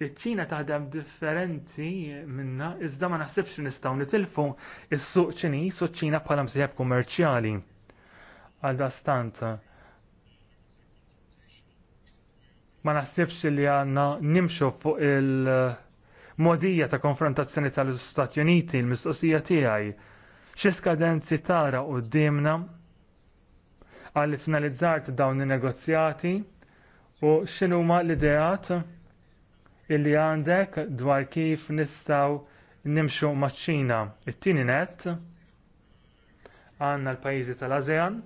Iċ-Ċina taħdem differenti minna, iżda ma naħsibx li nistgħu nitilfu is-suq Ċiniż u ċ-Ċina bħala msieħeb kummerċjali. Għal stant. Ma naħsibx li għandna nimxu fuq il-modija ta' konfrontazzjoni tal-Istati Uniti, l-mistoqsija tiegħi. Xi skadenzi tara quddiemna għal finalizzar dawn in-negozjati u x'inhuma l-ideat illi għandek dwar kif nistgħu nimxu maċ-Ċina. It-tieni net għandna l-pajjiżi tal-ASEAN.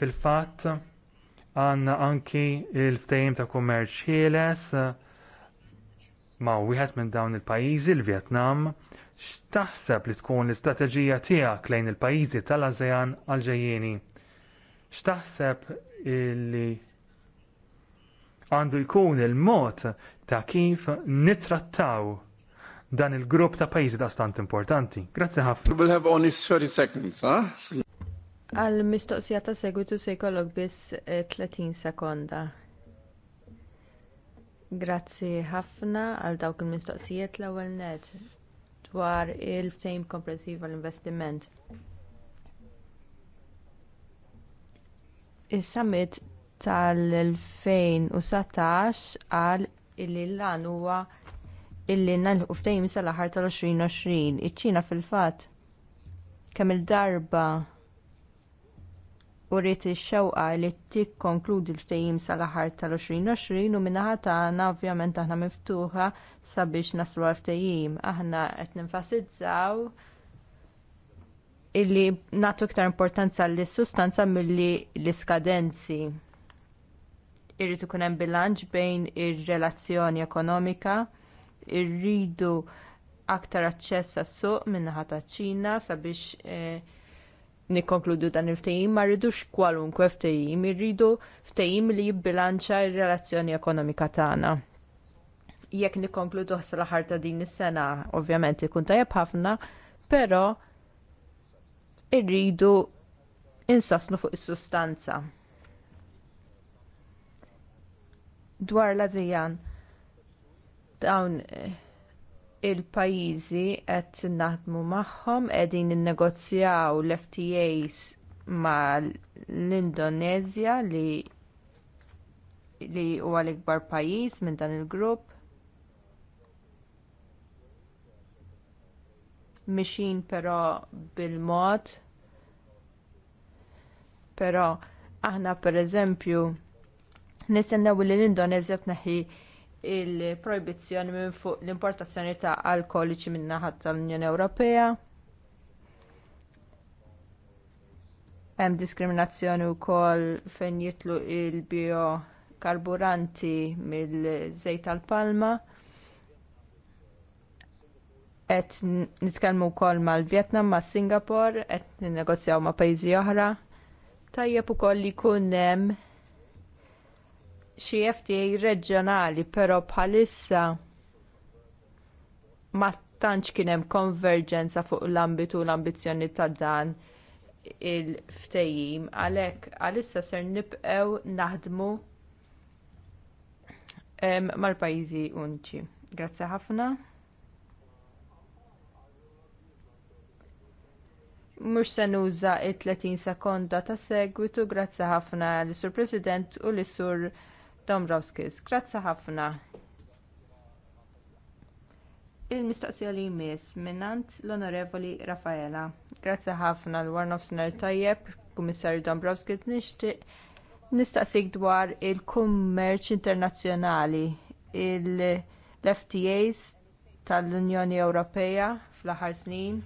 Fil-fatt għandna anki l-ftehim ta' kummerċ ħieles ma' wieħed minn dawn il-pajjiżi l-Vjetnam x'taħseb li tkun l-istrateġija tiegħek lejn il-pajjiżi tal-ASEAN għal ġejjieni. X'taħseb illi għandu jkun il-mod ta' kif nitrattaw dan il-grupp ta' pajjiżi ta' stant importanti. Grazzi ħafna. We'll have only 30 seconds, huh? Għal mistoqsija ta' segwitu se jkollok biss 30 eh, sekonda. Grazzi ħafna għal dawk il-mistoqsijiet l-ewwel net dwar il fame komprensiv għall-investiment. Is-summit tal-2017 qal illi l-għan huwa illi nalħu ftehim sal-aħħar tal-2020. Iċ-Ċina fil-fatt kemm il-darba uriet ix-xewqa li tikkonkludi l-ftehim sal-aħħar tal-2020 u min tagħna ovvjament aħna miftuħa sabiex naslu għal ftehim. Aħna qed nenfasizzaw illi nagħtu iktar importanza lis sustanza milli l-iskadenzi irrid ikun hemm bilanċ bejn ir-relazzjoni ekonomika, irridu aktar aċċess għas-suq min-naħa taċ Ċina sabiex eh, nikkonkludu dan il-ftehim ma rridux kwalunkwe ftehim, irridu ftehim li jibbilanċa r-relazzjoni ekonomika tagħna. Jekk nikkonkludu l-aħħar ta' din is-sena, ovvjament ikun tajjeb ħafna, però irridu insostnu fuq is-sustanza. dwar l-ASEAN dawn eh, il-pajjiżi qed naħdmu magħhom qegħdin innegozjaw l-FTAs mal l-Indonezja li li huwa l-ikbar pajjiż minn dan il-grupp. Mixin però bil-mod. Però aħna pereżempju nistennew li l-Indonezja tneħħi il-proibizzjoni minn fuq l-importazzjoni ta' alkoliċi minn naħat tal-Unjoni Ewropea. Hemm diskriminazzjoni wkoll fejn jitlu l biokarburanti mill-żejt tal-palma. Et nitkellmu wkoll mal-Vjetnam, mas Singapore, qed ninnegozjaw ma' pajjiżi oħra. Tajjeb ukoll li jkun hemm xi FTA reġjonali, però bħalissa ma tantx kien hemm konverġenza fuq l-ambitu u l-ambizzjoni ta' dan il-ftejjim għalhekk għalissa ser nibqgħu naħdmu mal-pajjiżi unċi. Grazzi ħafna. Mhux se nuża t 30 sekonda ta' segwitu, grazzi ħafna lis sur President u lis sur Dombrowskis, Grazzi ħafna. Il-mistoqsija li jmiss minnant l-Onorevoli Raffaela. Grazzi ħafna l-Warnof Snar Tajjeb, Kummissarju Dombrovskis, nixtieq nistaqsik dwar il-kummerċ internazzjonali, il-FTAs tal-Unjoni Ewropea fl-aħħar snin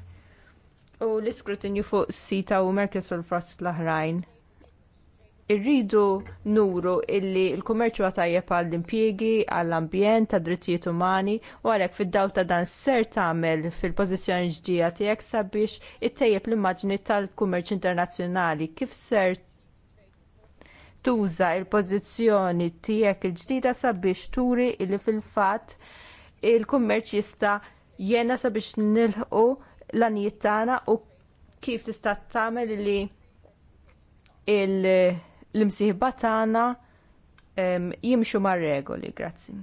u l-iskrutinju fuq sita u Mercosur fost l ħrajn irridu nuru illi l-kummerċu għatajjeb għall impjiegi għall-ambjent, għad drittijiet umani u għalhekk fid-daw ta' dan ser tagħmel fil-pożizzjoni ġdija tiegħek sabiex it-tajjeb l-immaġni tal-kummerċ internazzjonali kif ser tuża l pożizzjoni tiegħek il-ġdida sabiex turi illi fil-fatt il-kummerċ jista' jena sabiex nilħqu l-anijiet tagħna u kif tista' tagħmel li il- l-imsiħba tagħna jimxu mar-regoli, grazzi.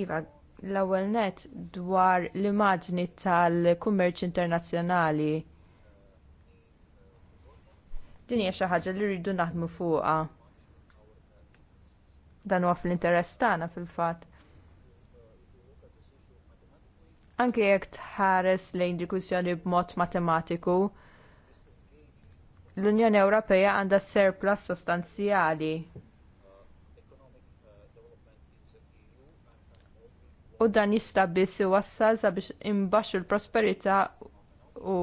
Iva, l-ewwel net dwar l-immaġni tal-kummerċ internazzjonali. Din hija xi ħaġa li rridu naħdmu fuqha. Dan huwa fl-interess tagħna fil-fatt anke jekk tħares lejn diskussjoni b'mod matematiku, l-Unjoni Ewropea għandha surplus sostanzjali. U dan jista' biss iwassal sabiex imbaxxu l-prosperità u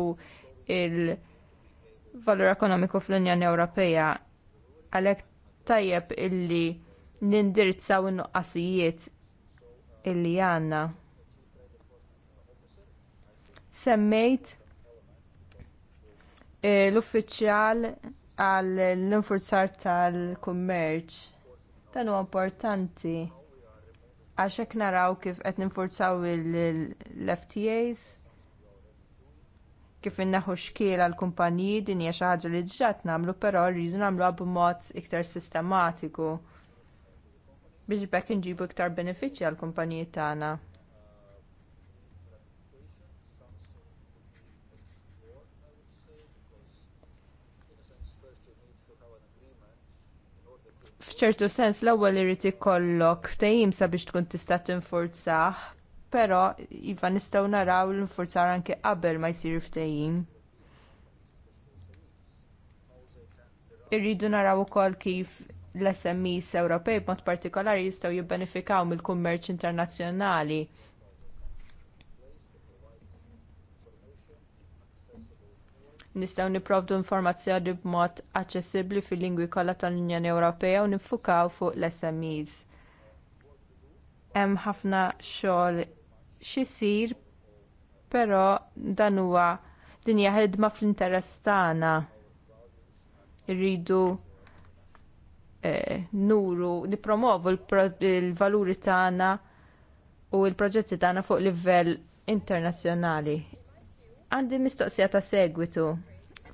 l valur ekonomiku fl-Unjoni Ewropea. Għalhekk tajjeb illi nindirizzaw in-nuqqasijiet illi għandna semmejt eh, l-uffiċjal għal l-infurzar tal-kummerċ. Dan huwa importanti għax hekk naraw kif qed ninfurzaw l-FTAs kif inneħu xkiel għal kumpaniji din hija xi ħaġa li ġġat nagħmlu però rridu nagħmluha b'mod iktar sistematiku biex bekk inġibu iktar benefiċċji għall kumpaniji tagħna. f'ċertu sens l-ewwel irid ikollok ftehim sabiex tkun tista' tinfurzah, però iva nistgħu naraw l-infurzar anke qabel ma jsir ftehim. Irridu naraw ukoll kif l-SMEs Ewropej b'mod partikolari jistgħu jibbenefikaw mill-kummerċ internazzjonali nistgħu nipprovdu informazzjoni b'mod aċċessibbli fil-lingwi kollha tal-Unjoni Ewropea u niffukaw fuq l-SMEs. Hemm ħafna xogħol xisir, però dan huwa din hija fl-interess tagħna. Irridu eh, nuru, nippromovu l-valuri tagħna u l-proġetti tagħna fuq livell internazzjonali. Għandi mistoqsija ta' segwitu.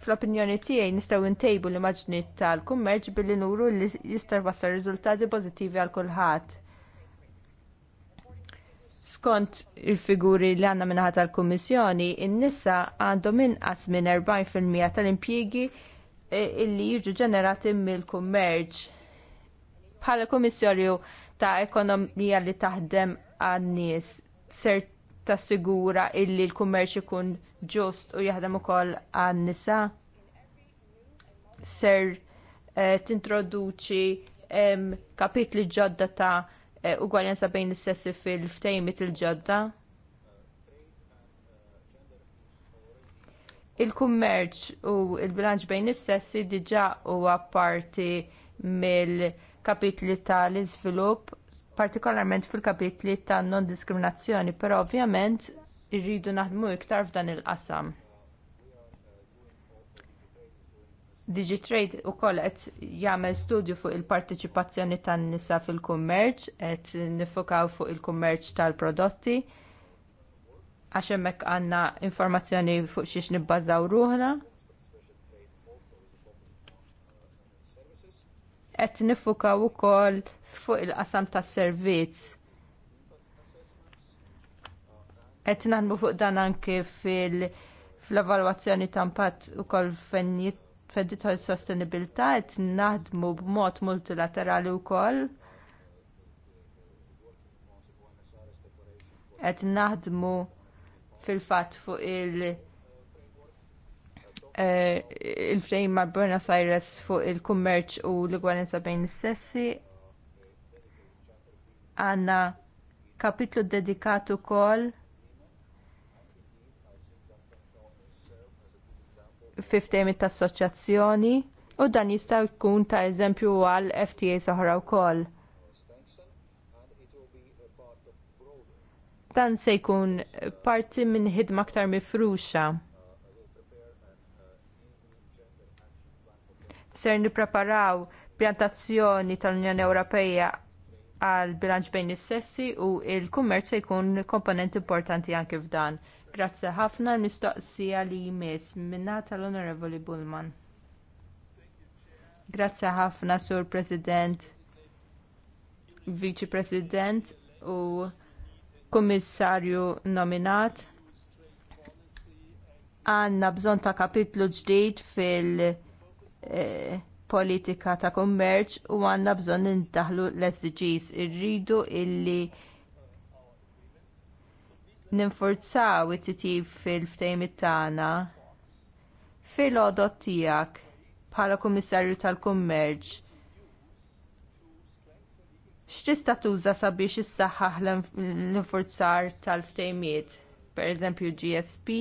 Fl-opinjoni tiegħi nistgħu ntejbu l-immaġni tal-kummerċ billi nuru li jista' wassal riżultati pożittivi għal kulħadd. Skont il-figuri li għandna minnaħat tal-Kummissjoni, in-nisa għandhom inqas minn 40% tal-impjiegi eh, illi jiġu ġenerati mill-kummerċ. Bħala Kummissarju ta' ekonomija li taħdem għan-nies, sigura illi l-kummerċ ikun ġust u jaħdem ukoll għan-nisa? Ser eh, tintroduċi kapitli ġodda ta' eh, ugwaljanza bejn is-sessi fil-ftejmit il-ġodda? Il-kummerċ u l bilanċ bejn is-sessi diġà huwa parti mill-kapitli tal-iżvilupp partikolarment fil-kapitli ta' non-diskriminazzjoni, però ovvjament irridu naħdmu iktar f'dan il-qasam. Digitrade ukoll qed jagħmel studju fuq il-partiċipazzjoni tan-nisa fil-kummerċ, qed nifokaw fuq il-kummerċ tal-prodotti, għax hemmhekk għandna informazzjoni fuq xiex nibbażaw ruħna qed nifukaw ukoll fuq il-qasam tas-servizz. Qed naħdmu fuq dan anke fil- fl-evalwazzjoni ta' impatt ukoll fejn jitħol sostenibilità qed naħdmu b'mod multilaterali wkoll. Qed naħdmu fil-fatt fuq il- Eh, il-frame ma' Buenos Aires fuq il-kummerċ u l-igwalenza bejn is-sessi. Għanna kapitlu dedikatu kol 50 ta' assoċjazzjoni u dan jista' jkun ta' eżempju għal FTA soħra wkoll. Dan se jkun parti minn ħidma aktar mifruxa. ser nippreparaw pjantazzjoni tal-Unjoni Ewropea għal bilanċ bejn is-sessi u l kummerċ se jkun komponent importanti anke f'dan. Grazzi ħafna mistoqsija li jmiss minna tal-Onorevoli Bullman. Grazzi ħafna Sur President, Viċi President u Kummissarju nominat. Għanna bżon ta' kapitlu ġdid fil- politika ta' kummerċ u għandna bżonn nindaħħlu l-SDGs irridu illi ninforzaw it-titib fil ftejmi tagħna fil-għodot tiegħek bħala kummissarju tal-kummerċ. X'tista' tuża sabiex issaħħaħ l-infurzar tal-ftejmiet, pereżempju GSP?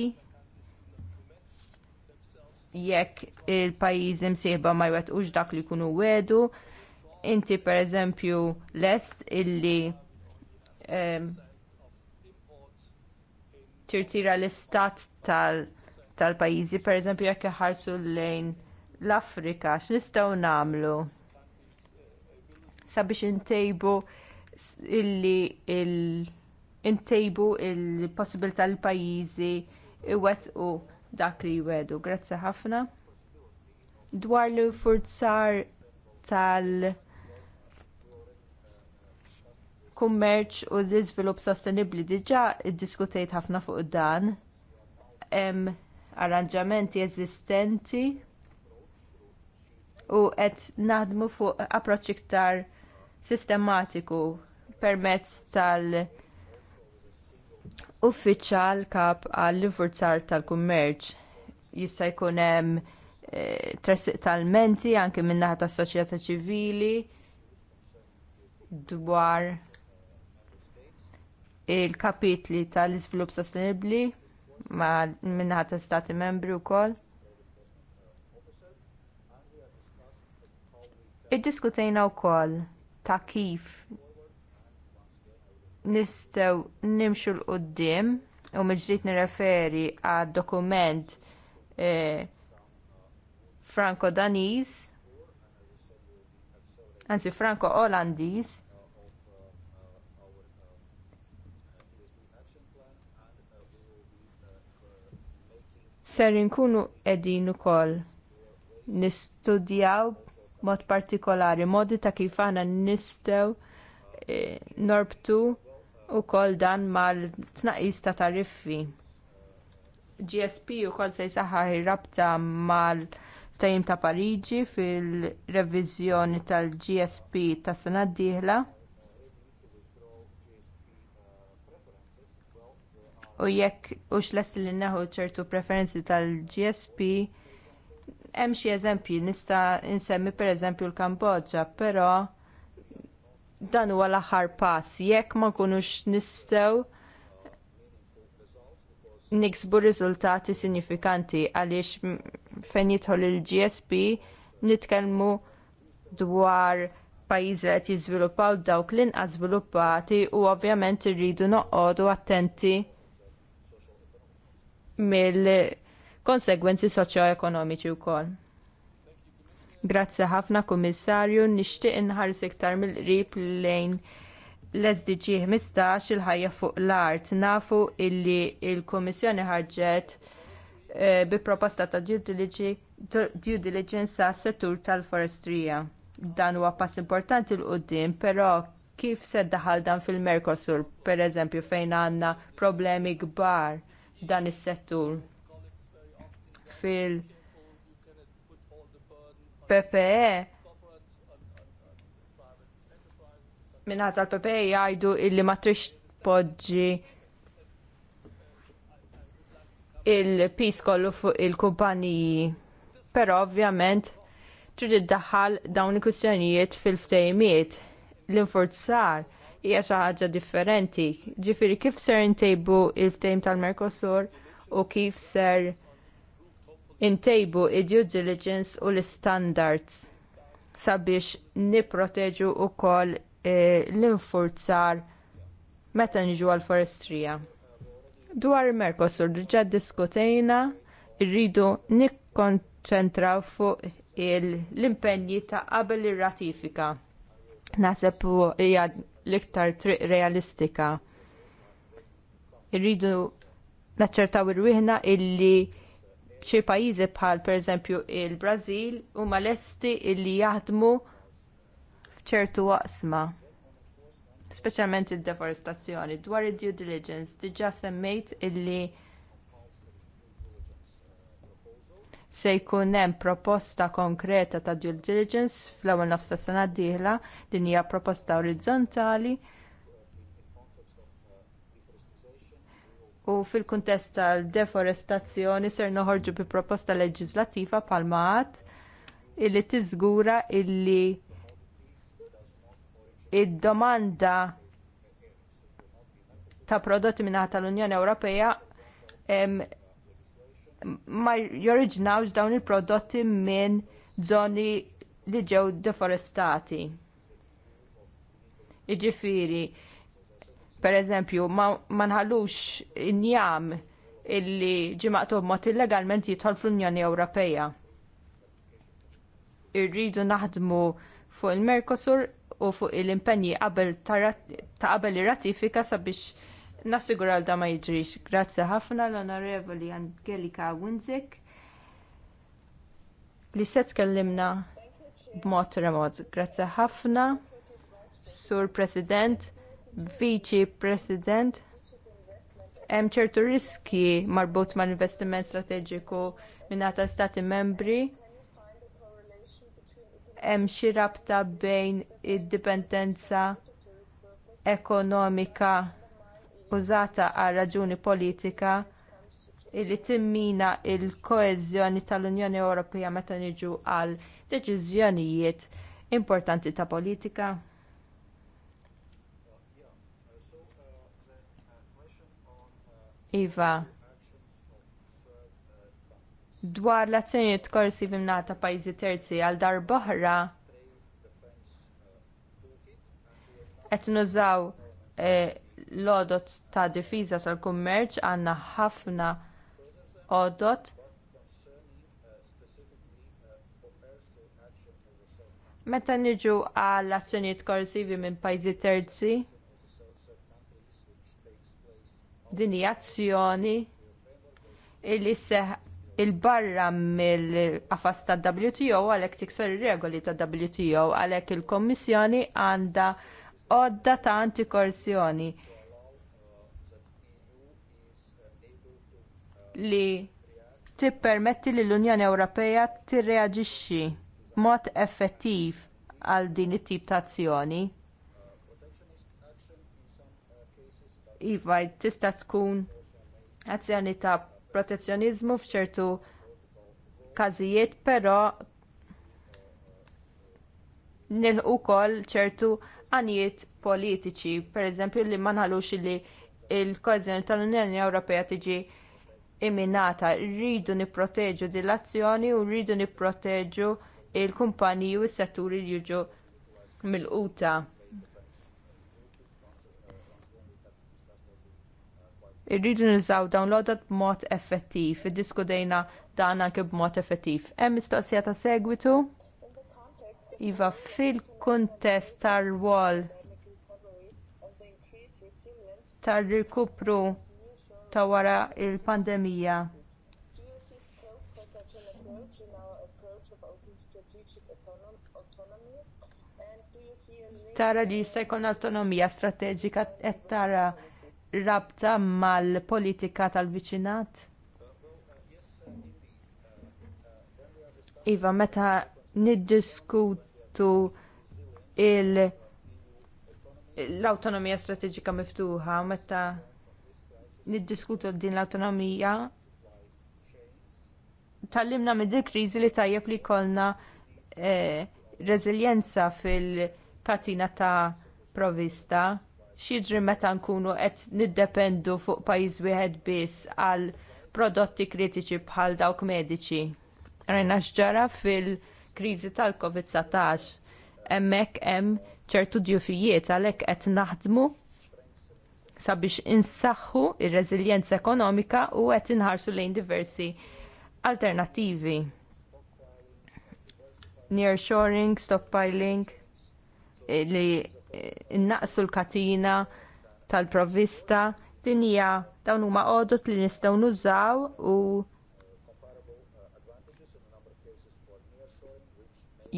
jekk il-pajjiżi msieħba ma jwettqux dak li jkunu wedu, inti pereżempju lest illi tirtira l-istat tal-pajjiżi, pereżempju jekk iħarsu lejn l-Afrika, x'nistgħu nagħmlu? Sabiex intejbu illi il intejbu il-possibilità l-pajjiżi iwettqu dak li jwedu. Grazzi ħafna. Dwar li furzar tal- kummerċ u l-iżvilupp sostenibbli diġà iddiskutejt ħafna fuq dan. Hemm arranġamenti eżistenti u qed naħdmu fuq approċċ iktar sistematiku permezz tal- uffiċjal kap għall-infurzar tal-kummerċ jista' jkun hemm e, tal-menti anke min-naħa tas-soċjetà ċivili dwar il-kapitli tal-iżvilupp sostenibbli ma' min-naħa tas-stati membri wkoll. Iddiskutejna wkoll ta' kif nistgħu nimxu l qudiem u mill-ġdid nirreferi għad dokument eh, franco daniż anzi franco olandiż ser inkunu qegħdin ukoll nistudjaw mod partikolari modi ta' kif aħna nistgħu eh, norbtu ukoll dan mal-tnaqis ta' tariffi. GSP ukoll se jsaħħaħ rabta mal-tajim ta' Pariġi fil-reviżjoni tal-GSP tas sena d-dieħla. U jekk u xlest li neħu ċertu preferenzi tal-GSP, hemm xi eżempji nista' insemmi pereżempju l-Kambodġa, però dan huwa l-aħħar pass jekk ma nkunux nistgħu niksbu riżultati sinifikanti għaliex fejn jidħol il-GSP nitkellmu dwar pajjiżi qed jiżviluppaw dawk l-inqas żviluppati u ovvjament irridu noqogħdu attenti mill-konsegwenzi soċjoekonomiċi wkoll. Grazzi ħafna kummissarju, nixtieq inħares iktar mill-qrib lejn l-SDG 15 il-ħajja fuq l-art. Nafu illi il-Kummissjoni ħarġet eh, bi proposta ta' due diligence sa' settur tal-forestrija. Dan huwa pass importanti l qoddim però kif se daħal dan fil-Mercosur, pereżempju fejn għandna problemi kbar f'dan is-settur fil-Mercosur PPE minna tal-PPE jgħidu illi ma trix poġġi il-pis kollu fuq il-kumpaniji. Però ovvjament trid iddaħħal dawn il kustjonijiet fil-ftejmiet. L-infurzar hija xi ħaġa differenti. Ġifieri kif ser intejbu il-ftejm tal-Mercosur u kif ser intejbu id-due diligence u l-standards sabiex nipproteġu wkoll eh, l-infurzar meta nġu għall forestrija Dwar Mercosur diġà ddiskutejna rridu nikkonċentraw fuq l-impenji ta' qabel ir-ratifika. Naħseb hija l-iktar triq realistika. Irridu naċċertaw irwieħna illi ċi pajjiżi bħal pereżempju il-Brażil huma lesti li jaħdmu f'ċertu waqsma. Speċjalment id-deforestazzjoni dwar id-due diligence diġa' semmejt illi se jkun hemm proposta konkreta ta' due diligence fl-ewwel nofs tas sena d-dieħla din hija proposta orizzontali u fil-kuntest tal-deforestazzjoni ser noħorġu bi proposta leġislattiva palmat illi tiżgura illi id-domanda ta' prodotti minnaħa tal-Unjoni Ewropea ma joriġinawx dawn il-prodotti minn żoni li ġew deforestati. Jiġifieri Per eżempju, ma nħallux injam illi ġimaqtu mod illegalment jidħol fl-Unjoni Ewropea. Irridu naħdmu fuq il-Mercosur u fuq il-impenji qabel ta' qabel ir-ratifika sabiex nassigura l ma jiġrix. Grazzi ħafna l-Onorevoli Angelika Winzik li se tkellimna b'mod remot. Grazzi ħafna, Sur President Viċi President, hemm ċertu riski marbut mal investiment strateġiku mingħata stati membri hemm xi rabta bejn id-dipendenza ekonomika użata għal raġuni politika li timmina l koeżjoni tal-Unjoni Ewropea meta niġu għal deċiżjonijiet importanti ta' politika. Iva, dwar l azzjoni t korsi bimnata pajzi terzi għal dar boħra għet nużaw eh, l-odot ta' difiza tal-kummerċ għanna ħafna odot Meta niġu għal azzjonijiet korsivi minn pajzi terzi, Din hija azzjoni illi seħ il-barra mill-qafas ta' WTO għalhekk tiksar ir-regoli ta' WTO għalhekk il kummissjoni għandha għodda ta' antikorsjoni li tippermetti li l-Unjoni Ewropea tirreaġixxi b'mod effettiv għal din it-tip ta' azzjoni. iva tista' tkun azzjoni ta' protezzjoniżmu f'ċertu każijiet, però nilqu wkoll ċertu għanijiet politiċi, pereżempju li ma nħallux li l kozzjoni tal-Unjoni Ewropea tiġi imminata, rridu nipproteġu din l-azzjoni u rridu nipproteġu l kumpaniji u s-setturi li jiġu mill Irridu niżaw dawn l-odot b'mod effettiv, iddiskutejna dan anke b'mod effettiv. Hemm mistoqsija ta' segwitu? Iva fil-kuntest tar-rwol tar-rikupru ta' wara l pandemija Tara li jista' jkun autonomija strateġika qed tara rabta mal-politika tal-viċinat? Iva, meta niddiskutu il- l-autonomija strateġika miftuħa, meta niddiskutu din l-autonomija, tallimna minn din kriżi li tajjeb li jkollna eh, rezilienza fil-katina ta' provista xidri meta nkunu qed niddependu fuq pajjiż wieħed biss għal prodotti kritiċi bħal dawk mediċi. Rajna x'ġara fil-kriżi tal-COVID-19 hemmhekk hemm ċertu djufijiet għalhekk qed naħdmu sabiex insaħħu r reżiljenza ekonomika u qed inħarsu lejn diversi alternattivi. Nearshoring, stockpiling, eh, li innaqsu l-katina tal-provvista din hija dawn huma għodot li nistgħu nużaw u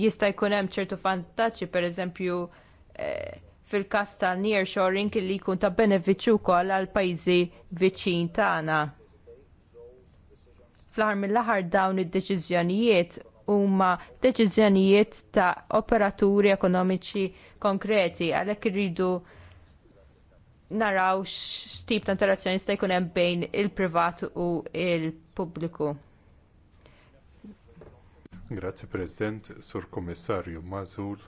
jista' jkun hemm ċertu vantaġġi pereżempju eh, fil-każ ta' nearshoring li jkun ta' benefiċċju wkoll għal pajjiżi viċin tagħna. Fl-aħħar mill-aħħar dawn id-deċiżjonijiet huma deċiżjonijiet ta' operaturi ekonomiċi konkreti għalhekk irridu naraw x'tip ta' interazzjoni jista' jkun hemm bejn il-privat u l pubbliku Grazzi President, Sur Kommissarju Mazul.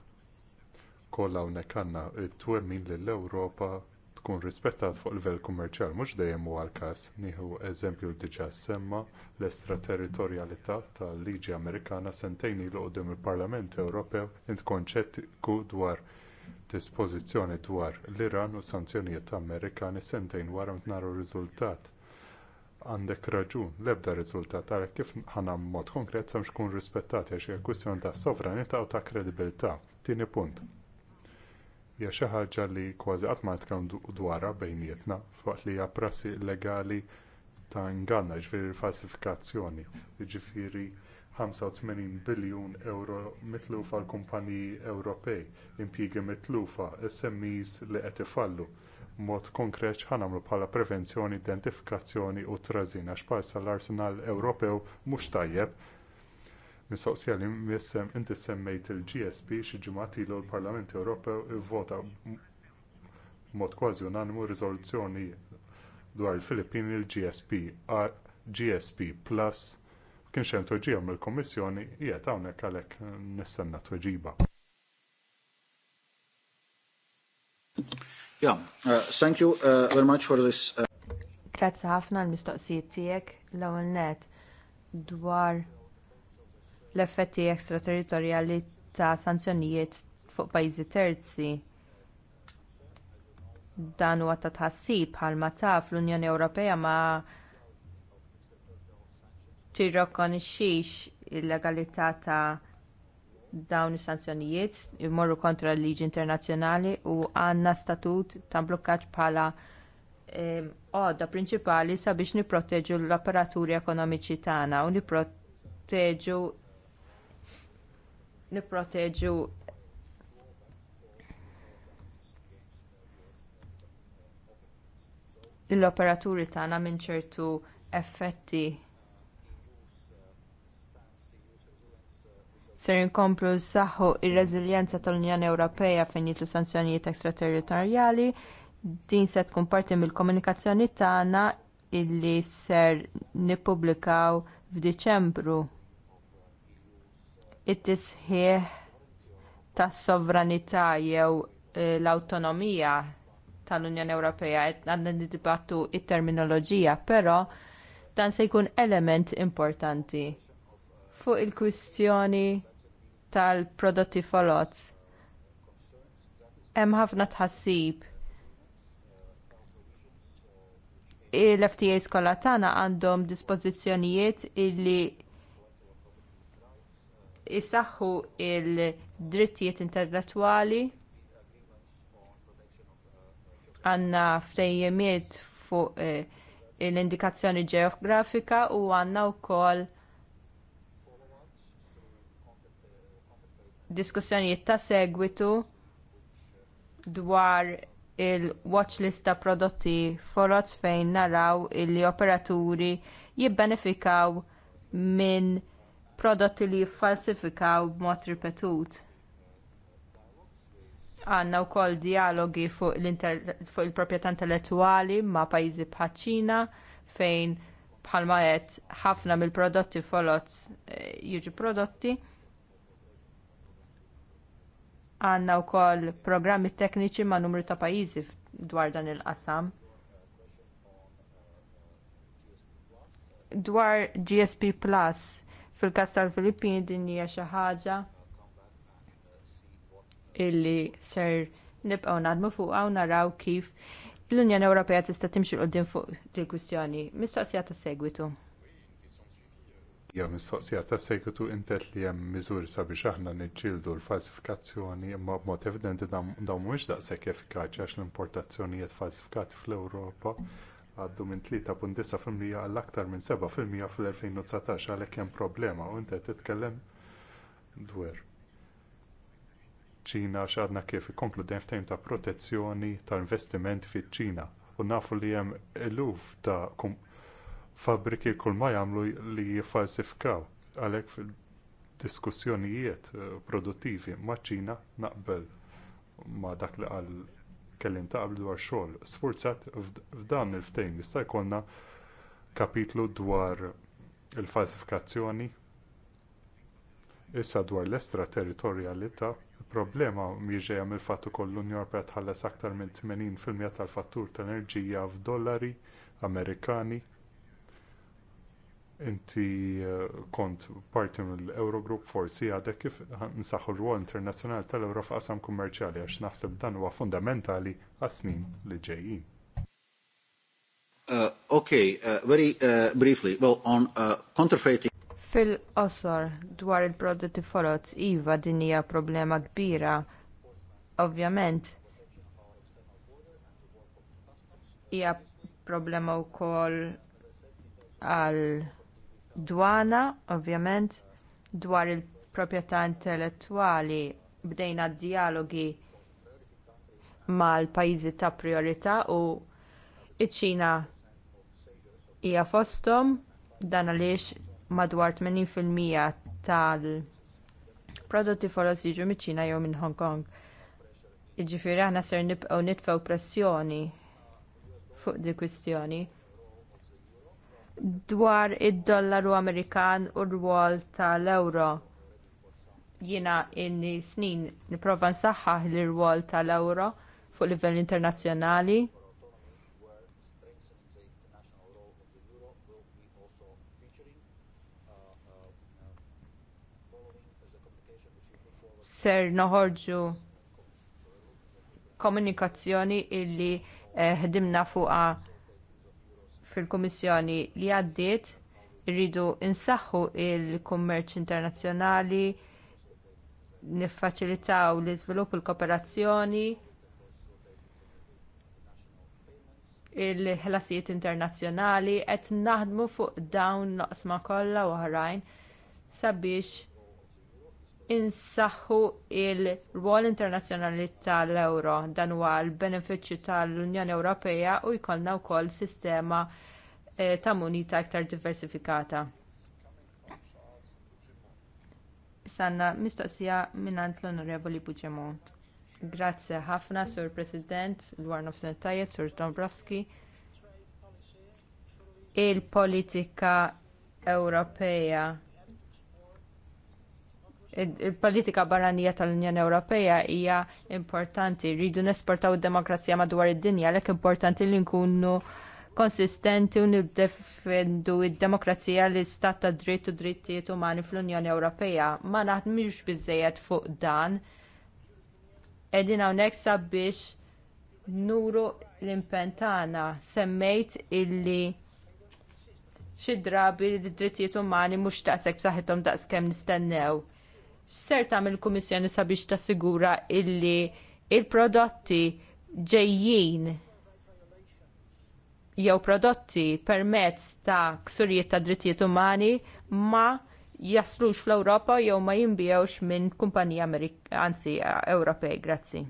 kollha hawnhekk għandna t-twemmin l ewropa tkun rispettat fuq livell kummerċjal mhux dejjem huwa l-każ. Nieħu eżempju li diġà semma l-estraterritorjalità tal-liġi Amerikana sentejn ilu qudiem il-Parlament Ewropew int dwar dispożizzjoni dwar l-Iran u sanzjonijiet Amerikani sentejn wara naru riżultat. Għandek raġun, l-ebda riżultat għalhekk kif ħana mod konkret sa mxkun rispettati għax hija kwistjoni ta' sovranità u ta' kredibilità. Tieni punt. Hija xi ħaġa li kważi qatt ma tkun dwarha bejnietna fuq li hija prassi illegali ta' inganna ġifieri falsifikazzjoni. Ġifieri 85 biljun euro mitlufa l kumpaniji Ewropej, impjiegi mitlufa, SMEs li qed ifallu. Mod konkret nagħmlu bħala prevenzjoni, identifikazzjoni u trażin għax bħalsa l-arsenal Ewropew mhux tajjeb Mistoqsija li missem inti semmejt il-GSP xi ġimgħat ilu l-Parlament Ewropew ivvota b'mod kważi unanimu riżoluzzjoni dwar il-Filippini il-GSP GSP Plus kienx hemm tweġiba mill-Kummissjoni qiegħed hawnhekk għalhekk nistenna tweġiba. Yeah, uh, thank you uh, very much for this. Uh, Grazzi ħafna l-mistoqsijiet tiegħek l-ewwel net dwar l-effetti ekstraterritorjali ta' sanzjonijiet fuq pajjiżi terzi dan huwa ta' tħassib bħalma taf l-Unjoni Ewropea ma' tirrokonixxix il-legalità ta' dawn is-sanzjonijiet imorru kontra l-liġi internazzjonali u għandna statut ta' blokkaġġ bħala ehm, għodda prinċipali sabiex nipproteġu l operaturi ekonomiċi tagħna u nipproteġu nipproteġu l-operaturi tagħna minn ċertu effetti ser inkomplu saħħu ir-reżiljenza tal-Unjoni Ewropea fejn jitlu sanzjonijiet ekstraterritorjali. Din se tkun parti mill-komunikazzjoni tagħna illi ser nippubblikaw f'Diċembru. It-tisħiħ tas-sovranità jew eh, l-awtonomija tal-Unjoni Ewropea għandna nidibattu t terminoloġija però dan se jkun element importanti fuq il-kwistjoni tal-prodotti folots. Hemm ħafna tħassib. L-FTA skola tagħna għandhom dispożizzjonijiet illi jisaxħu l drittijiet intellettwali għandna ftejjemiet fuq eh, l-indikazzjoni ġeografika u għandna wkoll diskussjonijiet ta' segwitu dwar il-watchlist ta' prodotti forot fejn naraw illi operaturi jibbenefikaw minn prodotti li jiffalsifikaw b'mod ripetut. u wkoll dijalogi fuq il proprjetà intellettwali ma' pajjiżi bħal Ċina fejn bħalma qed ħafna mill-prodotti folots eh, jiġu prodotti għandna wkoll programmi tekniċi ma' numru ta' pajjiżi dwar dan il-qasam. Dwar GSP Plus fil-kas tal-Filippini din hija xi ħaġa illi ser nibqgħu nadmu fuqha u naraw kif l-Unjoni Ewropea tista' timxi l-qudiem fuq il kwistjoni Mistoqsija ta' segwitu. Jew mistoqsija ta' segwitu intet li hemm miżuri sabiex aħna niġġieldu l-falsifikazzjoni imma b'mod evidenti dawn mhuwiex daqshekk effikaċi għax l-importazzjonijiet falsifikati fl-Ewropa għaddu minn 3.9% għall aktar minn 7% fl-2019 għalhekk hemm problema u inti titkellem dwar. Ċina x'għadna kif ikkonkludem f'tejm ta' protezzjoni tal investimenti fiċ-Ċina u nafu li hemm eluf ta' fabbriki kull ma jagħmlu li jiffalsifikaw għalhekk fil-diskussjonijiet eh, produttivi maċ ċina naqbel ma dak li qal kellim ta' qabel dwar xogħol. Sfurzat f'dan il-ftejn jista' jkollna kapitlu dwar il-falsifikazzjoni issa dwar l estrateritorjalità il-problema miġeja mill fattu kollu l-Unjoni Ewropea tħallas aktar minn 80% tal-fattur tal-enerġija f'dollari Amerikani inti eh, kont parti mill-Eurogroup forsi għadek kif nsaħħu l rwol internazzjonali tal-Euro f'qasam kummerċjali għax naħseb dan huwa fundamentali għas-snin li ġejjin. Uh, okay, uh, very uh, briefly, well, on uh, counterfeiting. Fil-qosor dwar il-prodotti forot, iva din hija problema kbira, ovvjament. Hija problema wkoll għal dwana, ovvjament, dwar il-proprjetà intellettwali bdejna d dialogi mal-pajjiżi ta' priorità u iċ-Ċina hija fosthom dan għaliex madwar 80% tal-prodotti foros jiġu miċ-Ċina jew minn Hong Kong. Jiġifieri aħna ser nibqgħu nitfgħu pressjoni fuq di kwistjoni dwar id-dollaru Amerikan u r-rwol tal-euro. Jiena inni snin nipprova nsaħħaħ l-rwol tal-euro fuq livell internazzjonali. ser noħorġu komunikazzjoni illi eh, ħdimna eh, fuqha fil-Kummissjoni li għaddiet irridu insaħħu l kummerċ internazzjonali, niffaċilitaw l-iżvilupp il-kooperazzjoni, il-ħlasijiet internazzjonali qed naħdmu fuq dawn noqsma kollha oħrajn sabiex insaħħu l rwol internazzjonali tal ewro dan huwa l-benefiċċju tal-Unjoni Ewropea u jkollna wkoll sistema eh, ta' munita iktar diversifikata. Sanna, mistoqsija minant l-Onorevoli Puġemont. Grazzi ħafna, Sur President, dwar nofsen Sur Dombrovski. Il-politika Ewropea il-politika barranija tal-Unjoni Ewropea hija importanti. Rridu nesportaw id-demokrazija madwar id-dinja, lek importanti li nkunu konsistenti u nibdefendu id-demokrazija li stat ta' dritt u drittijiet umani fl-Unjoni Ewropea. Ma naħdmux bizzejed fuq dan. Qegħdin hawnhekk sabiex nuru l-impentana semmejt illi xi drabi d drittijiet umani mhux taqsek b'saħħithom daqskemm nistennew ser tagħmel kummissjoni sabiex tassigura illi il-prodotti ġejjin jew prodotti permezz ta' ksurijiet ta' drittijiet umani ma jaslux fl-Ewropa jew ma jinbijawx minn kumpaniji anzi Ewropej. Grazzi.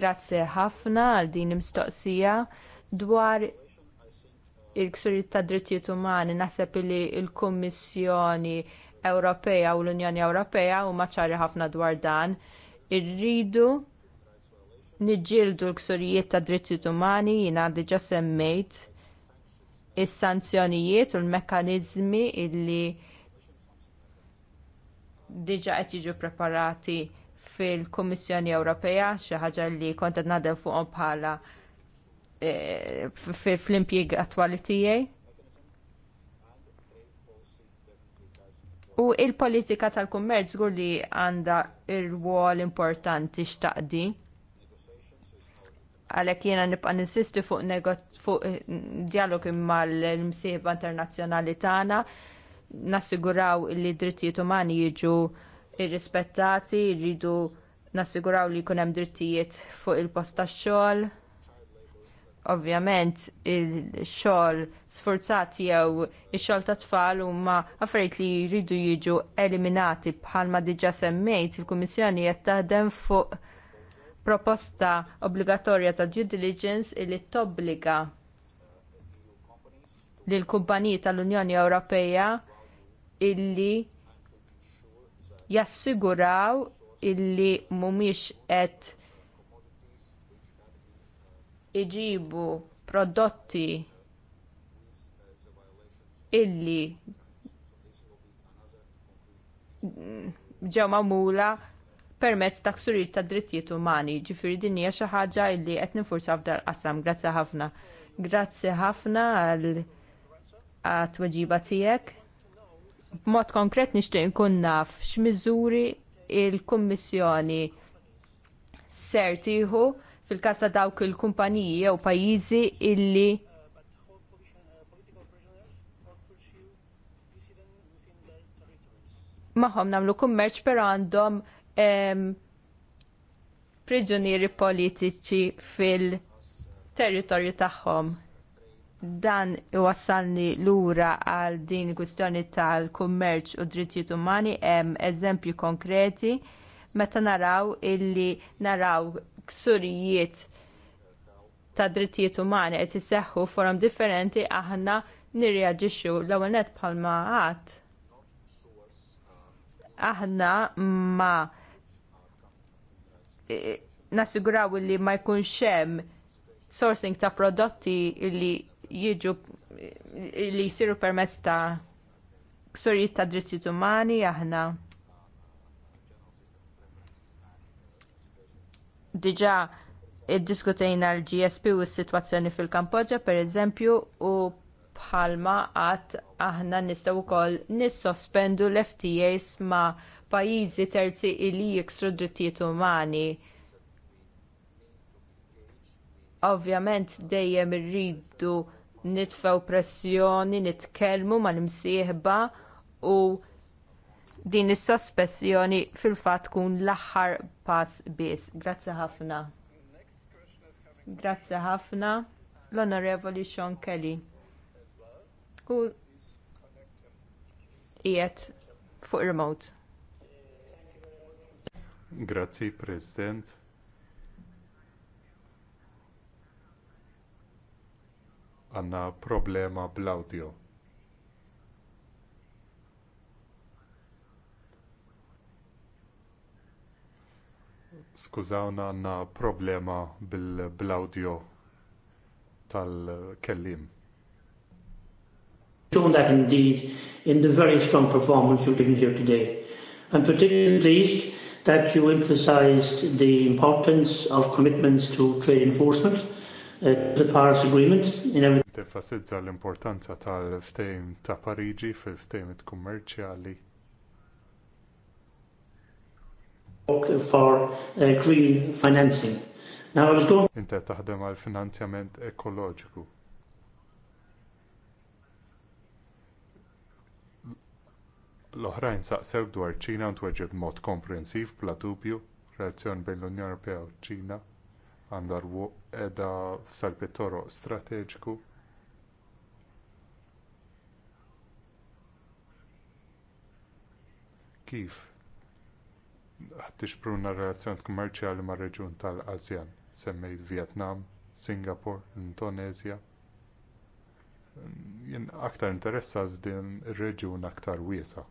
Grazzi ħafna għal din il-mistoqsija dwar il-ksurijiet ta' drittijiet umani naħseb li l-Kummissjoni Ewropea u l-Unjoni Ewropea huma ċari ħafna dwar dan. Irridu niġġieldu l-ksurijiet ta' drittijiet umani jiena diġà semmejt is-sanzjonijiet u l-mekkaniżmi li diġà qed jiġu preparati fil-Kummissjoni Ewropea xi ħaġa li kont qed fuqhom bħala Eh, fl-impjieg attwali tiegħi. U l politika tal kummerz żgur li għandha il rwol importanti x'taqdi. Għalhekk jiena nibqa' ninsisti fuq fuq eh, dialog mal-msieħba internazzjonali tagħna nassiguraw li drittijiet umani jiġu irrispettati, rridu nassiguraw li jkun hemm drittijiet fuq il posta xol. xogħol Ovvjament il-xogħol sforzat jew ix-xogħol ta' tfal huma affarijiet li jridu jiġu eliminati bħalma diġà semmejt il-Kummissjoni qed taħdem fuq proposta obbligatorja ta' due diligence li tobbliga lill kumpaniji tal-Unjoni Ewropea illi jassiguraw illi mhumiex qed iġibu prodotti illi ġew magħmula permezz ta' ksurijiet ta' drittijiet umani. Ġifieri din hija xi ħaġa li qed ninfursa f'dar qasam. Grazzi ħafna. Grazzi ħafna għal tweġiba tiegħek. B'mod konkret nixtieq nkun naf x'miżuri l kummissjoni ser tieħu fil-każ ta' dawk il-kumpaniji jew pajjiżi illi maħom nagħmlu kummerċ per għandhom priġunieri politiċi fil-territorju tagħhom. Dan iwassalni lura għal din il-kwistjoni tal-kummerċ u drittijiet umani hemm eżempji konkreti meta naraw illi naraw ksurijiet ta' drittijiet umani qed iseħħu forom differenti aħna nirreaġixxu l-ewwel nett bħalma għad. Aħna ma e, e, nassiguraw li ma jkunx hemm sourcing ta' prodotti li jiġu li jsiru permezz ta' ksurijiet ta' drittijiet umani aħna Diġà iddiskutejna l-GSP u s-sitwazzjoni fil-Kampoġġa pereżempju u bħalma qatt aħna nistgħu wkoll nissospendu l-FTAs ma' pajjiżi terzi li jiksru drittijiet umani. Ovvjament dejjem irridu nitfew pressjoni, nitkellmu mal-imsieħba u din is-sospessjoni fil-fatt kun l-aħħar pass biss. Grazzi ħafna. Grazzi ħafna l-Onorevoli Sean Kelly. U qiegħed fuq remote. Grazzi President. Għanna problema bl-audio. Skużawna għandna problema bil-audio tal-kellim. Shown that indeed in the very strong performance you've given here today. I'm particularly pleased that you emphasized the importance of commitments to trade enforcement, uh, the Paris Agreement in everything. l-importanza tal-ftejm ta' Parigi fil-ftejm kummerċjali for uh, green financing. Now I was going Inta taħdem għal finanzjament ekoloġiku. L-oħrajn saqsew dwar ċina u tweġib mod komprensiv bla dubju relazzjon bejn l-Unjoni Ewropea u ċina għandar edha f'salbi toroq strateġiku kif tixpruna relazzjoni kummerċjali mar reġjun tal-ASEAN, semmejt Vietnam, Singapore, Indonezja. Jien aktar interessat f'din ir-reġjun aktar wiesa.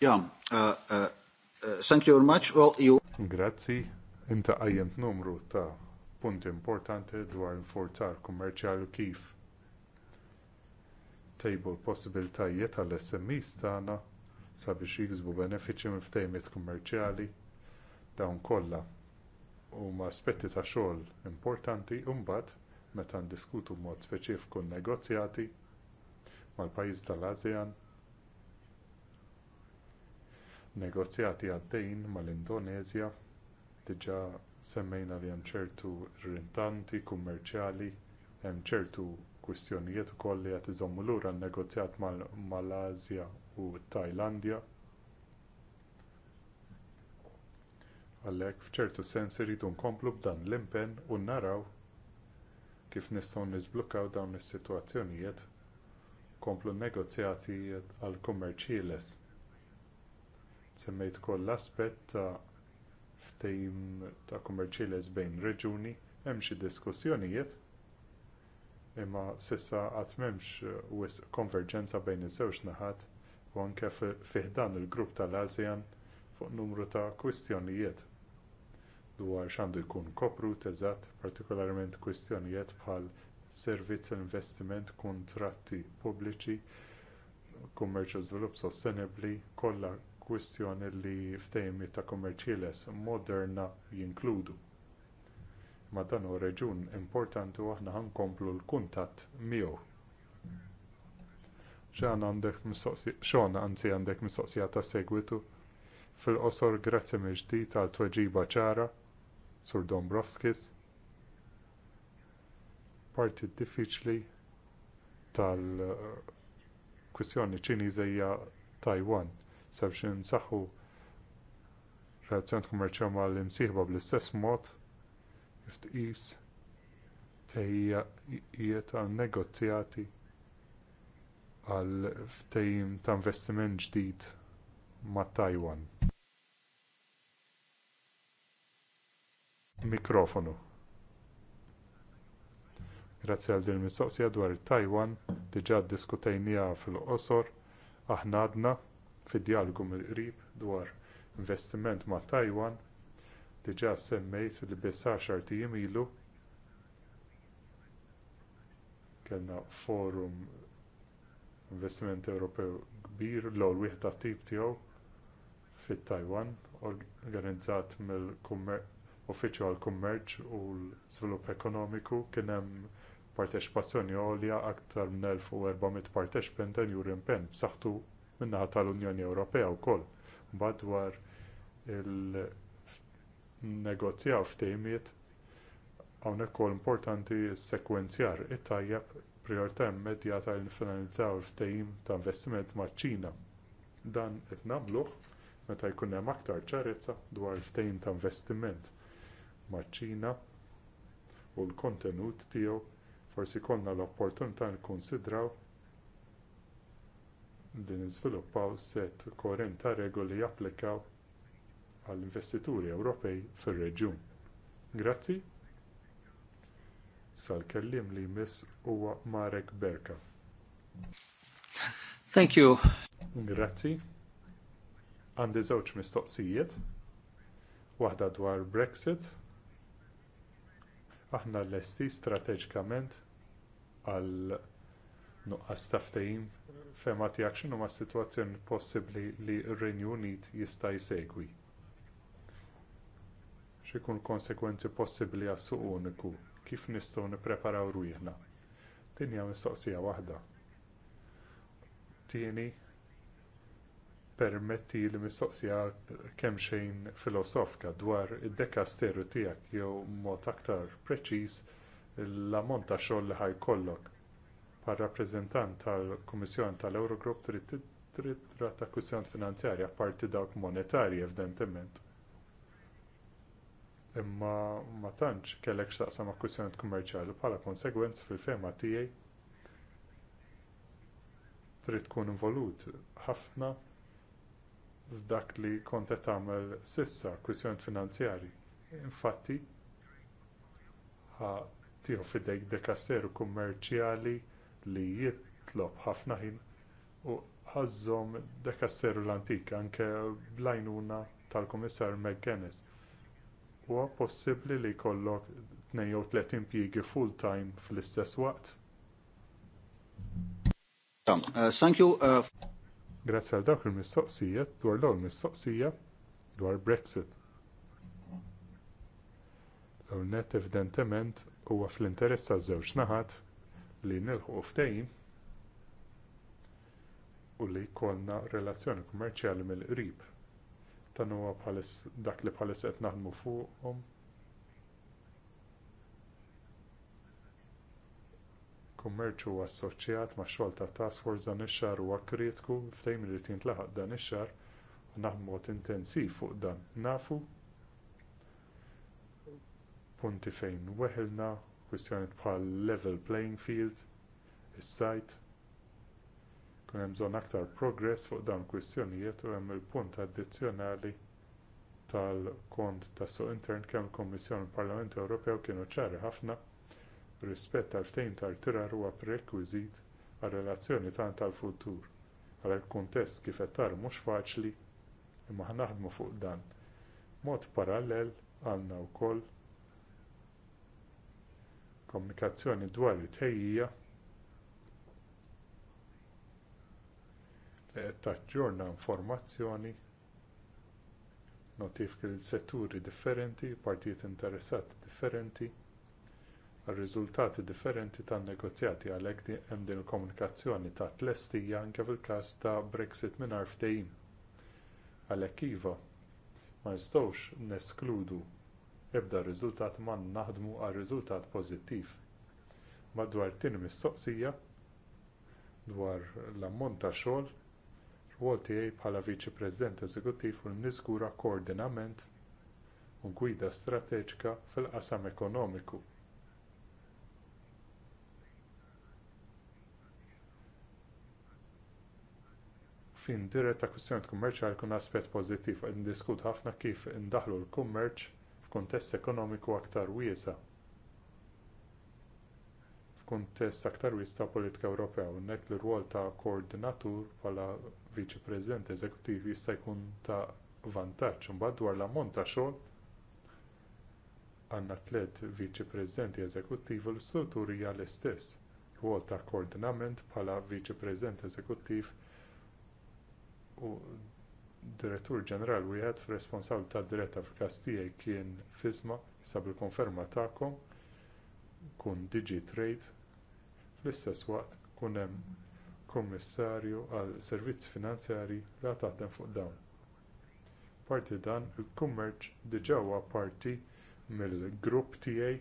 Eh, eh, eh, thank you very much. Well, you... Grazzi, inta qajjemt numru ta' punti importanti dwar il forzar kummerċjali kif tejbu possibbiltajiet għall-SMEs tagħna sabiex jiksbu benefiċi minn ftejmiet kummerċjali dawn kollha huma aspetti ta' xogħol importanti mbagħad meta ndiskutu mod speċifiku negozjati mal-pajjiż tal-ASEAN negozjati għaddejn mal-Indonezja diġà semmejna li hemm ċertu rintanti kummerċjali hemm ċertu kwistjonijiet ukoll li qed iżommu lura n-negozjat mal-Malasja u t Tajlandja. Għalhekk f'ċertu sens iridu nkomplu b'dan l-impenn u naraw kif nistgħu niżblukkaw dawn is-sitwazzjonijiet komplu negozjati għal kummerċieles. Semmejt ukoll l aspett ta' ftehim ta' kummerċieles bejn reġuni hemm xi diskussjonijiet imma sissa qatt m'hemmx uh, wisq konverġenza bejn iż-żewġ naħat u anke fih dan il-grupp tal-ASEAN fuq numru ta' kwistjonijiet dwar x'għandu jkun kopru teżat, partikolarment kwistjonijiet bħal servizz investiment, kuntratti pubbliċi, kummerċ u żvilupp sostenibbli, kollha kwistjoni li ftejmi ta' kummerċieles moderna jinkludu ma dan u reġun importanti u aħna ħankomplu l-kuntatt miegħu. Xan għandek anzi għandek mistoqsija ta' segwitu fil-qosor grazzi miġdi tal-tweġiba ċara sur Dombrovskis parti diffiċli tal-kwistjoni ċiniża hija Taiwan sabx insaħħu relazzjoni kummerċjali mal-imsieħba bl-istess mod iftqis tejja tan negozjati għal ftehim ta' investiment ġdid ma' Taiwan. Mikrofonu. Grazzi għal din mistoqsija dwar it-Taiwan diġà ddiskutejniha fil-qosor aħna għadna fid-dialogu mill-qrib dwar investiment ma' Taiwan diġà semmejt li biss 10 tiem ilu kellna forum investiment Ewropew kbir l-ewwel wieħed tip tiegħu fit-Taiwan organizzat mill-Uffiċċju għall-Kummerċ u l-Svilupp Ekonomiku kien hemm parteċipazzjoni għolja aktar minn 1400 parteċipant għal European b'saħħtu min-naħa tal-Unjoni Ewropea wkoll. Mbagħad dwar il- negozjaw ftejmiet hawnhekk ukoll importanti sekwenzjar it-tajjeb priorità immedjata li nfinalizzaw ftehim ta' investiment maċ-Ċina. Dan qed nagħmluh meta jkun hemm aktar ċarezza dwar ftehim ta' investiment maċ-Ċina u l-kontenut tiegħu forsi jkollna l-opportunità nikkunsidraw li niżviluppaw set korrent ta' regoli japplikaw għall-investituri Ewropej fir-reġjun. Grazzi. Sal-kellim li jmiss huwa Marek Berka. Thank you. Grazzi. Għandi żewġ mistoqsijiet. Waħda dwar Brexit. Aħna lesti strateġikament għal nuqqas taftajim fema tiegħek x'inhuma ma' sitwazzjoni possibbli li r-Renju Unit jista' jsegwi x'ikun konsegwenzi possibbli għas-suq uniku, kif nistgħu nippreparaw rwieħna. Din hija mistoqsija waħda. Tieni permetti li mistoqsija kemm xejn filosofika dwar id-dekasteru tiegħek jew mod aktar preċiż l-ammont ta' xogħol li ħajkollok par rappreżentant tal-Kummissjoni tal-Eurogroup trid tratta kwistjoni finanzjarja parti dawk monetarji evidentement imma ma tantx kellek x'taqsam akkwizzjonijiet kummerċjali bħala konsegwenza fil-fema tiegħi trid tkun involut ħafna f'dak li kont qed tagħmel sissa akkwizzjonijiet finanzjarji. Infatti, tiegħu fidejk dekasseru kummerċjali li jitlob ħafna ħin u ħazzom dekasseru l-antik anke blajnuna tal kummissar McGuinness huwa possibbli li jkollok 32 jew tliet impjiegi full-time fl-istess waqt? Uh, thank you. Uh, Grazzi għal dawk il mistoqsijiet dwar l-ewwel mistoqsija dwar Brexit. L-ewwel net evidentement huwa fl-interess taż-żewġ naħat li nilħu ftehim u li jkollna relazzjoni kummerċjali mill-qrib dan huwa dak li bħalis qed naħdmu fuqhom. Kummerċu huwa assoċjat ma' xogħol ta' task force dan ix-xahar huwa kritiku ftehim li tin tlaħaq dan ix-xahar u naħdmu intensiv fuq dan. Nafu punti fejn weħilna, kwistjoni bħal level playing field, is-sajt, Kun hemm bżonn aktar progress fuq dawn kwistjonijiet u hemm il-punt addizzjonali tal-kont tas suq intern kemm il-Kommissjoni Parlament Ewropew kienu ċari ħafna rispett għal ftehim tal-tirar huwa prerekwiżit għar relazzjoni tagħna tal-futur. Għal kuntest kif qed tar mhux faċli imma ħnaħdmu fuq dan. Mod parallel għandna wkoll komunikazzjoni dwar it-tejjija E taġġorna informazzjoni notifika l setturi differenti, partijiet interessati differenti, riżultati differenti tan negozjati għalhekk hemm din il-komunikazzjoni ta' tlestija anke fil-każ ta' Brexit mingħajr ftehim. Għalhekk iva ma nistgħux neskludu ebda riżultat man naħdmu għal riżultat pożittiv. Madwar tieni mistoqsija dwar l-ammont ta' xogħol Wol tiegħi bħala Viċi President Eżekuttiv u niżgura koordinament u gwida strateġika fil-qasam ekonomiku. Fin dirett ta' kwistjoni kummerċjali kun aspett pożittiv qed indiskut ħafna kif indaħlu l-kummerċ f'kuntest ekonomiku aktar wiesa' f'kuntest aktar wies ta' politika Ewropew hekk l rwol ta' koordinatur bħala viċi President eżekuttiv jista' jkun ta' vantaġġ imbagħad dwar l-ammont ta' xogħol għandna tliet viċi Presidenti eżekuttiv u l-istruttur hija l-istess. Rwol ta' koordinament bħala viċi President eżekuttiv u direttur ġenerali wieħed f'responsabilità diretta tiegħi kien fisma sab il-konferma tagħkom kun Digi Trade fl-istess waqt kun hemm kummissarju għal servizz finanzjarji la taħdem fuq dawn. Parti dan il-kummerċ diġà huwa parti mill-grupp tiegħi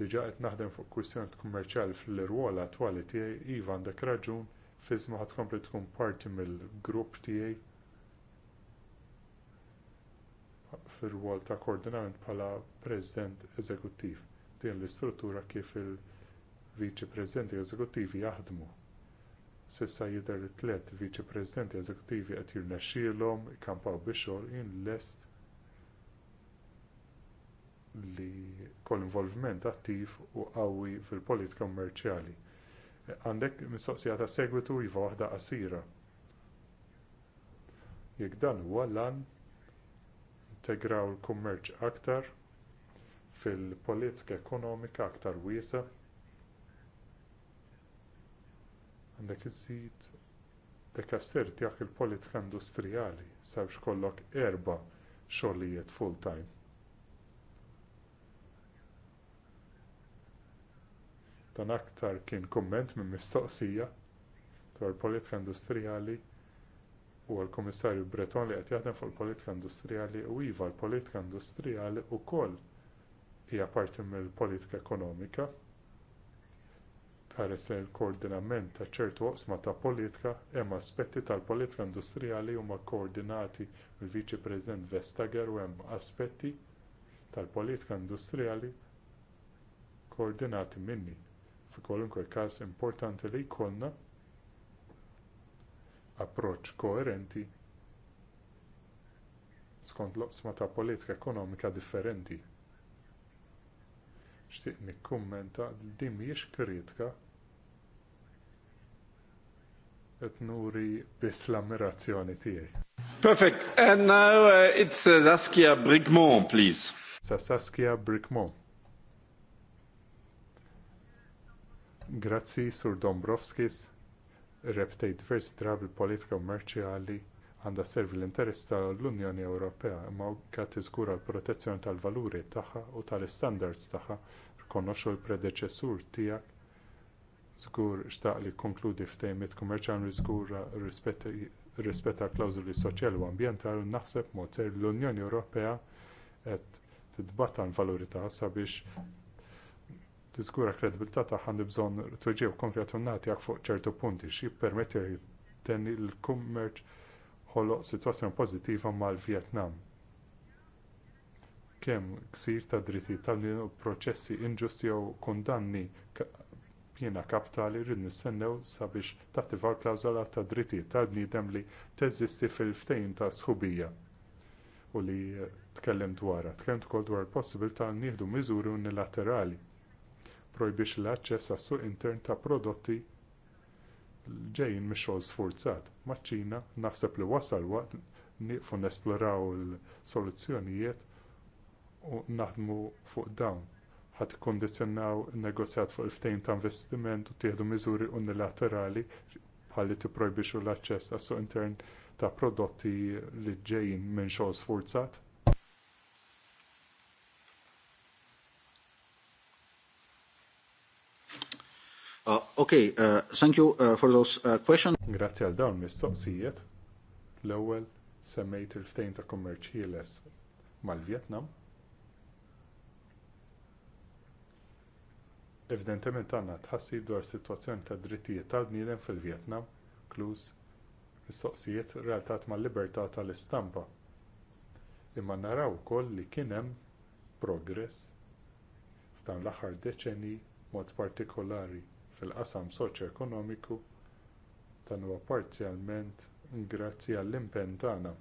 diġà qed naħdem fuq kwistjoni kummerċjali fl irwola attwali tiegħi iva għandek raġun fiżma ħadd kompli tkun parti mill-grupp tiegħi fir-rwol ta' koordinament bħala President Eżekuttiv. Din l-istruttura kif il- viċi prezidenti eżekuttivi jaħdmu. Sissa jidher li tliet viċi presidenti eżekuttivi qed jirnexxielhom ikkampaw bix-xogħol jien lest li kol involviment attiv u qawwi fil-politika kummerċjali. Għandek mistoqsija ta' segwitu iva waħda qasira. Jekk dan huwa lan integraw il-kummerċ aktar fil-politika ekonomika aktar wiesa' Għandek iżid żid dekasser tiegħek il-politika industrijali sabiex kollok erba xogħlijiet full-time. Dan aktar kien kumment minn mistoqsija dwar politika industrijali u l-Kummissarju Breton li qed jaħdem fuq il-politika industrijali u iva l-politika industrijali wkoll hija parti mill-politika ekonomika tħares il-koordinament ta' ċertu oqsma ta' politika hemm aspetti tal-politika industrijali huma kkoordinati mill-Viċi President Vestager u hemm aspetti tal-politika industrijali koordinati minni. Fi kwalunkwe każ importanti li jkollna approċċ koerenti skont l-oqsma ta' politika ekonomika differenti xtiq nikkummenta li din mhijiex kritika qed nuri l-ammirazzjoni tiegħi. Perfect. And now uh, it's uh, Saskia Brigmont, please. Sa Saskia Brigmont. Grazzi, Sur Dombrovskis, reptej diversi drabi politika kummerċjali għandha servi l-interess tal-Unjoni Ewropea imma ka tiżgura l-protezzjoni tal-valuri tagħha u tal-istandards tagħha rikonoxxu l-predeċessur tiegħek Żgur xtaq li konkludi f'tejmiet kummerċjali żgur rispetta klawżuli soċjali u ambjentali u naħseb mod ser l-Unjoni Ewropea qed titbatta l-valuri tagħha sabiex tiżgura kredibilità tagħha għandi bżonn tweġiew konkretu nagħtik fuq ċertu punti xi jippermetti li tenni l-kummerċ ħoloq sitwazzjoni pożittiva mal-Vjetnam. Kemm ksir ta' dritti tal-proċessi inġusti jew kundanni Jiena kapitali rrid nistennew sabiex tattivar klawżola ta' drittijiet tal-bniedem li teżisti fil-ftehim ta' sħubija u li eh, tkellem dwarha. Tkellem ukoll dwar il-possibilità nieħdu miżuri unilaterali projbix l-aċċess għas suq intern ta' prodotti ġejjin mix-xogħol sfurzat. Maċ-Ċina naħseb li wasal waqt nieqfu nesploraw l-soluzzjonijiet u naħdmu fuq dawn ħat ikkondizjonaw negozjat fuq il-ftejn ta' investiment u tieħdu miżuri unilaterali bħalli tipprojbixxu l-aċċess għas suq intern ta' prodotti li ġejjin minn xogħol sfurzat? Uh, okay, uh, thank you uh, for those uh, questions. Grazie għal dawn mistoqsijiet. L-ewwel semmejt il-ftejn ta' kummerċ ħieles mal-Vjetnam Evidentement għandna tħassib dwar is-sitwazzjoni tad drittijiet tal-bniedem fil-Vjetnam, kluż mistoqsijiet realtat mal-libertà tal-istampa. Imma naraw ukoll li kien hemm progress f'dan l-aħħar deċenji mod partikolari fil-qasam soċjo-ekonomiku dan huwa parzjalment grazzi għall-impenn tagħna.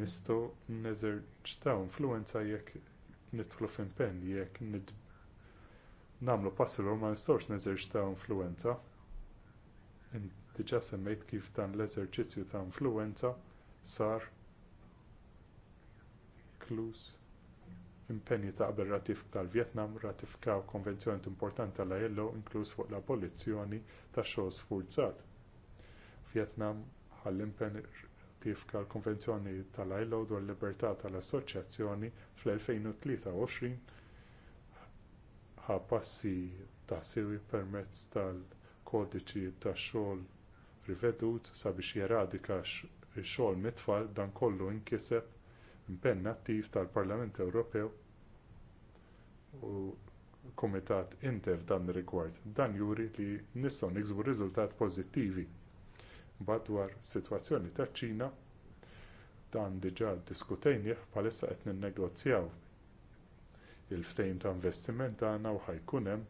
Nistgħu neżerċtaw influwenza jekk nidħlu f'impenn jekk nagħmlu namlu passi ma nistgħux neżerċitaw influwenza. Diġà semmejt kif dan l-eżerċizzju ta' influwenza sar inkluż impenni ta' qabel ratifika tal-Vjetnam ratifikaw konvenzjoni importanti tal ILO inkluż fuq l-abolizzjoni tax xogħol sfurzat. Vjetnam għall impenn attiv l-Konvenzjoni tal-ILO dwar libertà tal-assoċjazzjoni fl-2023 ħa passi ta' siwi permezz tal-kodiċi tax-xogħol rivedut sabiex jeradika x-xogħol mit-tfal dan kollu inkiseb impenn attiv tal-Parlament Ewropew u Kumitat intef dan rigward. Dan juri li nistgħu niksbu riżultat pożittivi dwar is-sitwazzjoni taċ ċina dan diġà ddiskutejnieh bħalissa qed ninnegozjaw il-ftehim ta' investiment tagħna u ħajkun hemm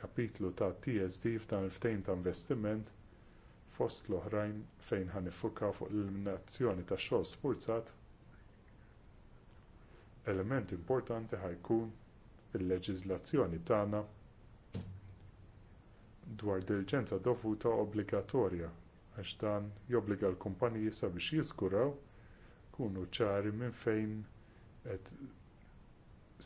kapitlu ta' TSD f'dan il-ftehim ta' investiment fost l-oħrajn fejn ħanifukaw fuq l-eliminazzjoni tax xogħol sfurzat. Element importanti ħajkun il-leġiżlazzjoni tagħna dwar diligenza dovuta obbligatorja għax dan jobbliga l-kumpaniji sabiex jiżguraw kunu ċari minn fejn qed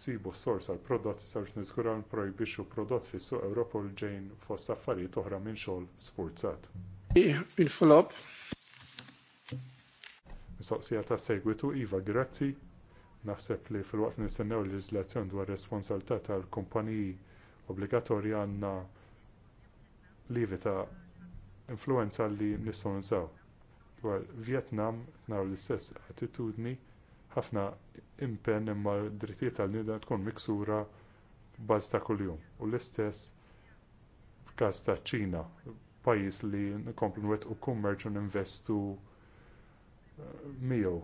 sibu s-sors għall prodotti sabiex niżguraw nprojbixxu prodott fis-suq Ewropa l ġejn fost affarijiet oħra minn xogħol sfurzat. Il-follow-up. Mistoqsija ta' segwitu Iva Grazzi naħseb li filwaqt nistennew l-leġiżlazzjoni dwar responsabilità tal-kumpaniji obbligatorja għandna livi ta' influenza li nistgħu nżaw. Dwar Vietnam naraw l-istess attitudni ħafna impenn imma d-drittijiet tal-nida tkun miksura b'baż ta' kuljum. U l-istess f'każ ta' ċina, pajjiż li nkomplu nwettqu kummerċ u ninvestu eh, miegħu.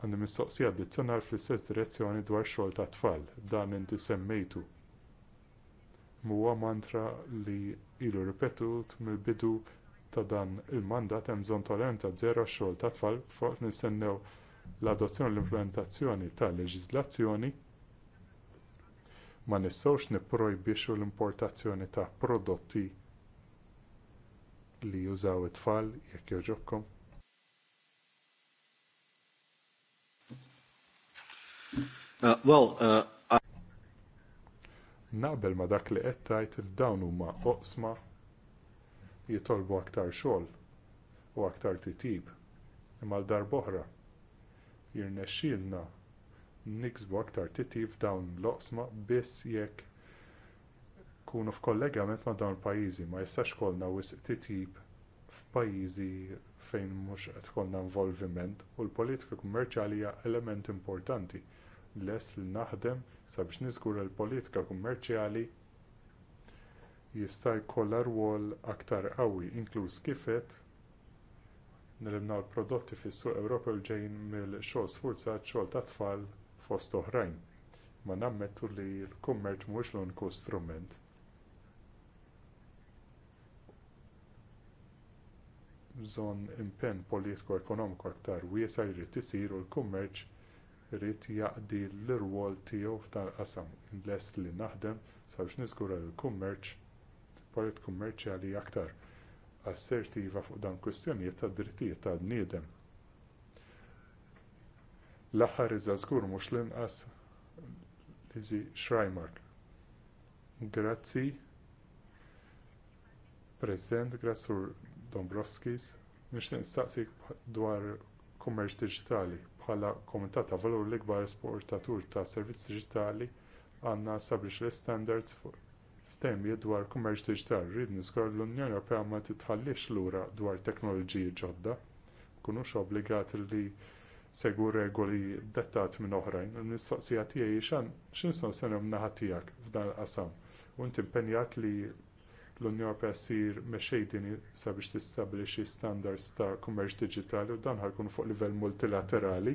Għandi mistoqsija addizzjonali fl-istess direzzjoni dwar xogħol tat tfal, dan inti semmejtu huwa mantra li ilu ripetut mill-bidu ta' dan il-mandat hemm bżonn toleranza żero għax-xogħol ta' tfal fuq nistennew l-adozzjoni u l-implementazzjoni tal leġiżlazzjoni ma nistgħux nipprojbixxu l-importazzjoni ta' prodotti li jużaw it-tfal jekk jogħġobkom. Uh, well, uh naqbel ma dak li qed tgħid li dawn huma oqsma jitolbu aktar xogħol u aktar titjib. Imma l oħra jirnexxielna niksbu aktar titjib f'dawn l-oqsma biss jekk kunu f'kollegament ma' dawn il-pajjiżi ma jistax kollna wisq titjib f'pajjiżi fejn mhux qed kollna involviment u l-politika kummerċjali hija element importanti les li naħdem sabiex niżgura l-politika kummerċjali jista' jkollha rwol aktar qawwi inkluż kif qed l-prodotti fis-suq Ewropew ġejjin mill-xogħol sfurzat xogħol ta' tfal fost oħrajn. Ma nammettu li l-kummerċ mhuwiex l-uniku strument. Bżonn impenn politiku ekonomiku aktar wiesa' jrid isir u l-kummerċ rrit jaqdi l-rwol tiegħu f'tal qasam lest li naħdem sabiex niżgura l-kummerċ parit kummerċjali aktar assertiva fuq dan kwistjonijiet tad drittijiet tal-bniedem. L-aħħar iżda żgur mhux l-inqas Lizzy Schreimark. Grazzi, President, grazzi Dombrovskis, nixtieq nistaqsik dwar kummerċ diġitali Bħala komitat ta' valur l-ikbar esportatur ta' servizzi digitali għandna stabliċ l-standards f'temmi dwar kummerċ diġitali. Rrid niskor l-Unjoni Ewropea ma titħallix lura dwar teknoloġiji ġodda. Kunux obbligati li segu regoli dettat minn oħrajn. Nistaqsija tiegħi x'insan se naħa tiegħek f'dan il-qasam. U inti impenjat li l-Unjoni Ewropea ssir mexxejdin sabiex tistabbilixxi standards ta' kummerċ diġitali u dan ħarkun fuq livell multilaterali.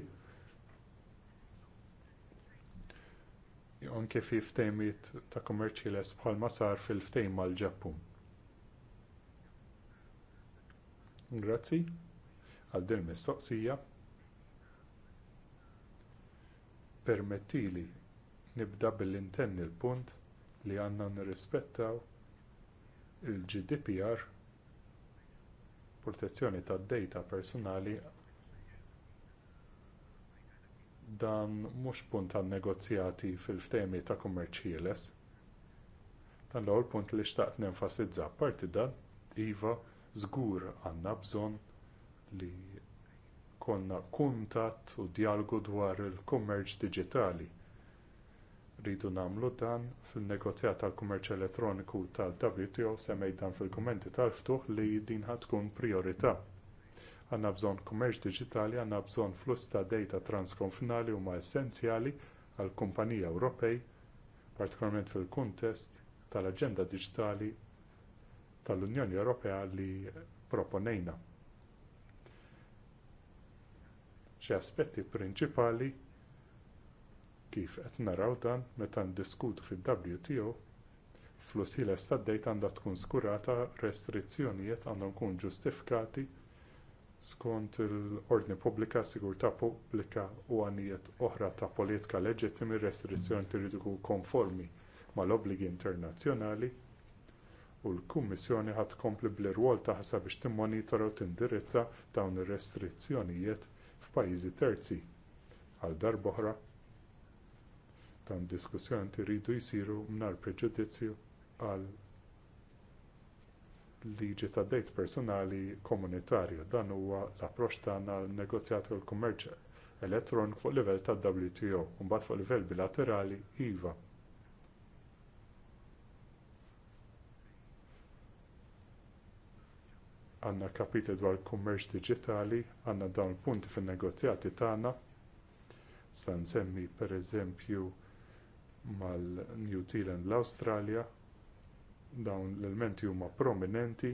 Anke fi ftejmiet ta' kummerċ ħieles bħalma sar fil-ftejm mal-Ġappun. Grazzi għal din mistoqsija. Permettili nibda billi intenni l-punt li għandna nirrispettaw il-GDPR protezzjoni tad dejta personali dan mhux punt għal negozjati fil-ftemi ta' kummerċ ħieles. Dan l-ewwel punt li xtaqt nenfasizza parti dan iva żgur għandna bżonn li konna kuntatt u dijalogu dwar il-kummerċ diġitali Rridu nagħmlu dan fil-negozjat tal-kummerċ elettroniku tal-WTO semmej dan fil kumenti tal-ftuħ li din tkun priorità. Għandna bżonn kummerċ diġitali, għandna bżonn flus ta' dejta transkonfinali huma essenzjali għall kumpaniji Ewropej, partikolarment fil-kuntest tal-Aġenda Diġitali tal-Unjoni Ewropea li proponejna. Xi aspetti prinċipali Kif qed naraw dan meta ndiskutu fil-WTO flus ħieles tad-dejta għandha tkun skurata restrizzjonijiet għandhom kun ġustifikati skont l-ordni pubblika, sigurtà pubblika u għanijiet oħra ta' politika leġittimi restrizzjoni tiridu konformi mal obbligi internazzjonali u l-Kummissjoni ħadd tkompli bl-irwol taħsa biex timmonitora u tindirizza dawn ir-restrizzjonijiet f'pajjiżi terzi. Għal darb'oħra daqstant diskussjant iridu jsiru mingħajr preġudizzju għal liġi ta' dejt personali komunitarju. Dan huwa l-approċċ tagħna għal negozjat u l-kummerċ elettroniku fuq livell tad WTO, u mbagħad fuq livell bilaterali IVA. għanna kapitel dwar kummerċ diġitali, għandna dawn il punti fin negozjati tagħna. Sa nsemmi pereżempju mal-New Zealand l-Awstralja dawn l-elementi huma prominenti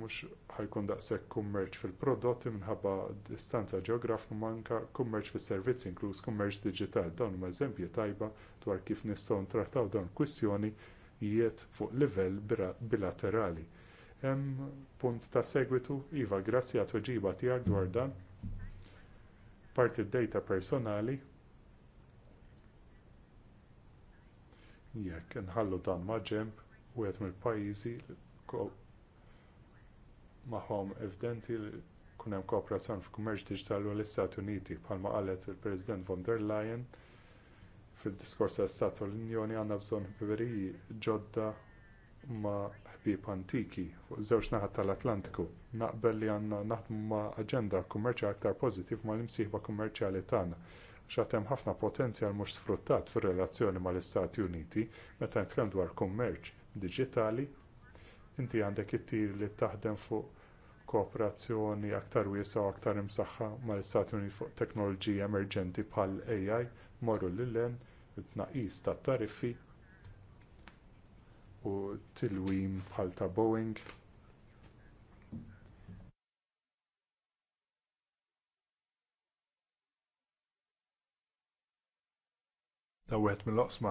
mhux ħajkun daqshekk kummerċ fil-prodotti minħabba distanza ġeografika manka kummerċ fis-servizzi inkluż kummerċ diġitali. Dawn huma eżempji tajba dwar kif nistgħu ntrattaw dawn kwistjonijiet fuq livell bilaterali. Hemm punt ta' segwitu, Iva, grazzi għat-tweġiba tiegħek dwar dan. Parti d data personali jekk nħallu dan ma' ġemp u għet mill pajjiżi magħhom evidenti li jkun hemm kooperazzjoni f'kummerċ diġitali u l-Istati Uniti bħalma qalet il-President von der Leyen fid-diskors tal stat l-Unjoni għandna bżonn ħbiberiji ġodda ma' ħbieb antiki fuq żewġ naħat tal-Atlantiku. Naqbel li għandna naħdmu ma' aġenda kummerċjali aktar pożittiv mal-imsieħba kummerċjali tagħna hemm ħafna potenzjal mhux sfruttat fir-relazzjoni mal-Istati Uniti meta nitkellem dwar kummerċ diġitali, inti għandek it-tir li taħdem fuq kooperazzjoni aktar wiesa u aktar imsaħħa mal-Istati Uniti fuq teknoloġija emerġenti bħal AI, morru lil-len, it-tnaqqis tat tariffi u tilwim bħal ta' Boeing ta' wieħed mill-oqsma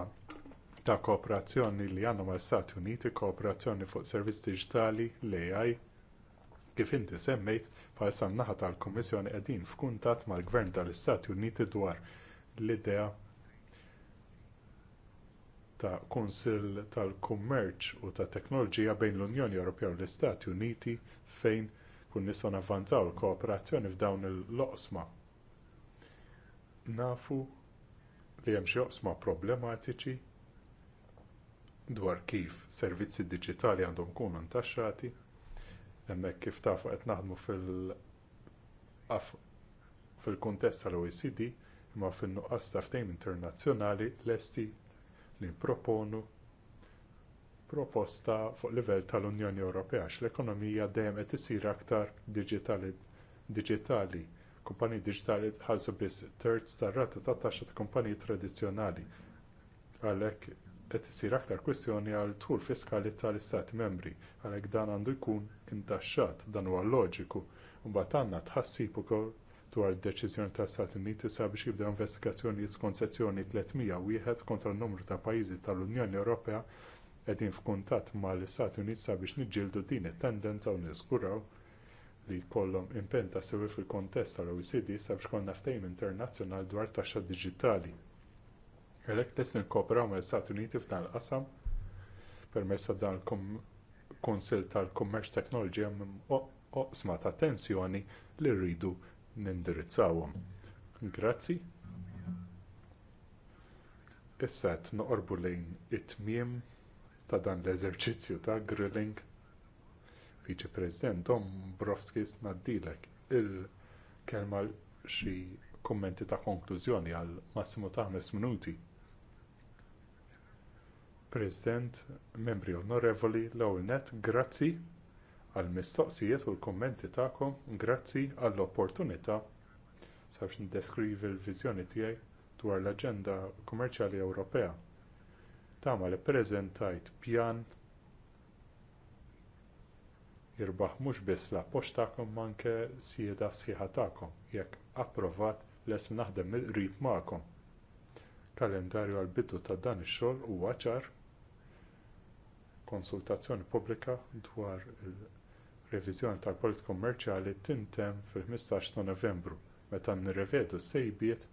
ta' kooperazzjoni li għandhom mal-Stati Uniti, kooperazzjoni fuq servizz diġitali, l-AI, kif inti semmejt bħalissa naħa tal kummissjoni qegħdin f'kuntatt mal-Gvern tal-Istati Uniti dwar l-idea ta' Kunsill tal-Kummerċ u tat Teknoloġija bejn l-Unjoni Ewropea u l-Istati Uniti fejn kun nistgħu navvanzaw il-kooperazzjoni f'dawn il-loqsma. Nafu li hemm xi oqsma problematiċi dwar kif servizzi diġitali għandhom kunu ntaxxati, hemmhekk kif tafu qed naħdmu fil- fil-kuntest tal-OECD imma fin-nuqqas ta' ftehim internazzjonali lesti li proponu proposta fuq livell tal-Unjoni Ewropea x l-ekonomija dejjem qed isir aktar diġitali kumpani digitali tħallsu biss terz tar-rata ta' taxxa ta' kumpaniji tradizzjonali. Għalhekk qed issir aktar kwistjoni għal tul fiskali tal-Istati membri għalhekk dan għandu jkun intaxxat dan huwa loġiku u mbagħad għandna tħassib ukoll dwar id-deċiżjoni tal-Stati Uniti sabiex jibdew investigazzjonijiet konsezzjoni 301 kontra n-numru ta' pajjiżi tal-Unjoni Ewropea qegħdin f'kuntatt mal istati Uniti sabiex niġġieldu din it-tendenza u niżguraw li jkollhom impenn ta' sewi fil-kontest tal-OECD sabiex konna ftehim internazzjonali dwar taxxa diġitali. Għalhekk les nikkooperaw mal istati Uniti f'dan l qasam permezz ta' dan il-Kunsill tal-Kummerċ Teknoloġija oqsma ta' tensjoni li rridu nindirizzawhom. Grazzi. Issa qed noqorbu lejn it-tmiem ta' dan l-eżerċizzju ta' grilling Viċi President Dombrovskis naddilek il-kelma xi kummenti ta' konklużjoni għal massimu ta' 5 minuti. President, membri onorevoli, l-ewwel nett, grazzi għall mistoqsijiet u l-kummenti tagħkom, grazzi għall-opportunità sabiex ndeskrivi l-viżjoni tiegħi dwar l-aġenda kummerċjali Ewropea. Tama li pjan jirbaħ mhux biss l-appoġġ tagħkom anke sieda sħiħa tagħkom jekk approvat les naħdem il qrib magħkom. Kalendarju għall bidu ta' dan ix-xogħol huwa ċar konsultazzjoni pubblika dwar ir-reviżjoni tal-politika kummerċjali tintemm fil-15 ta' Novembru meta nirrevedu s-sejbiet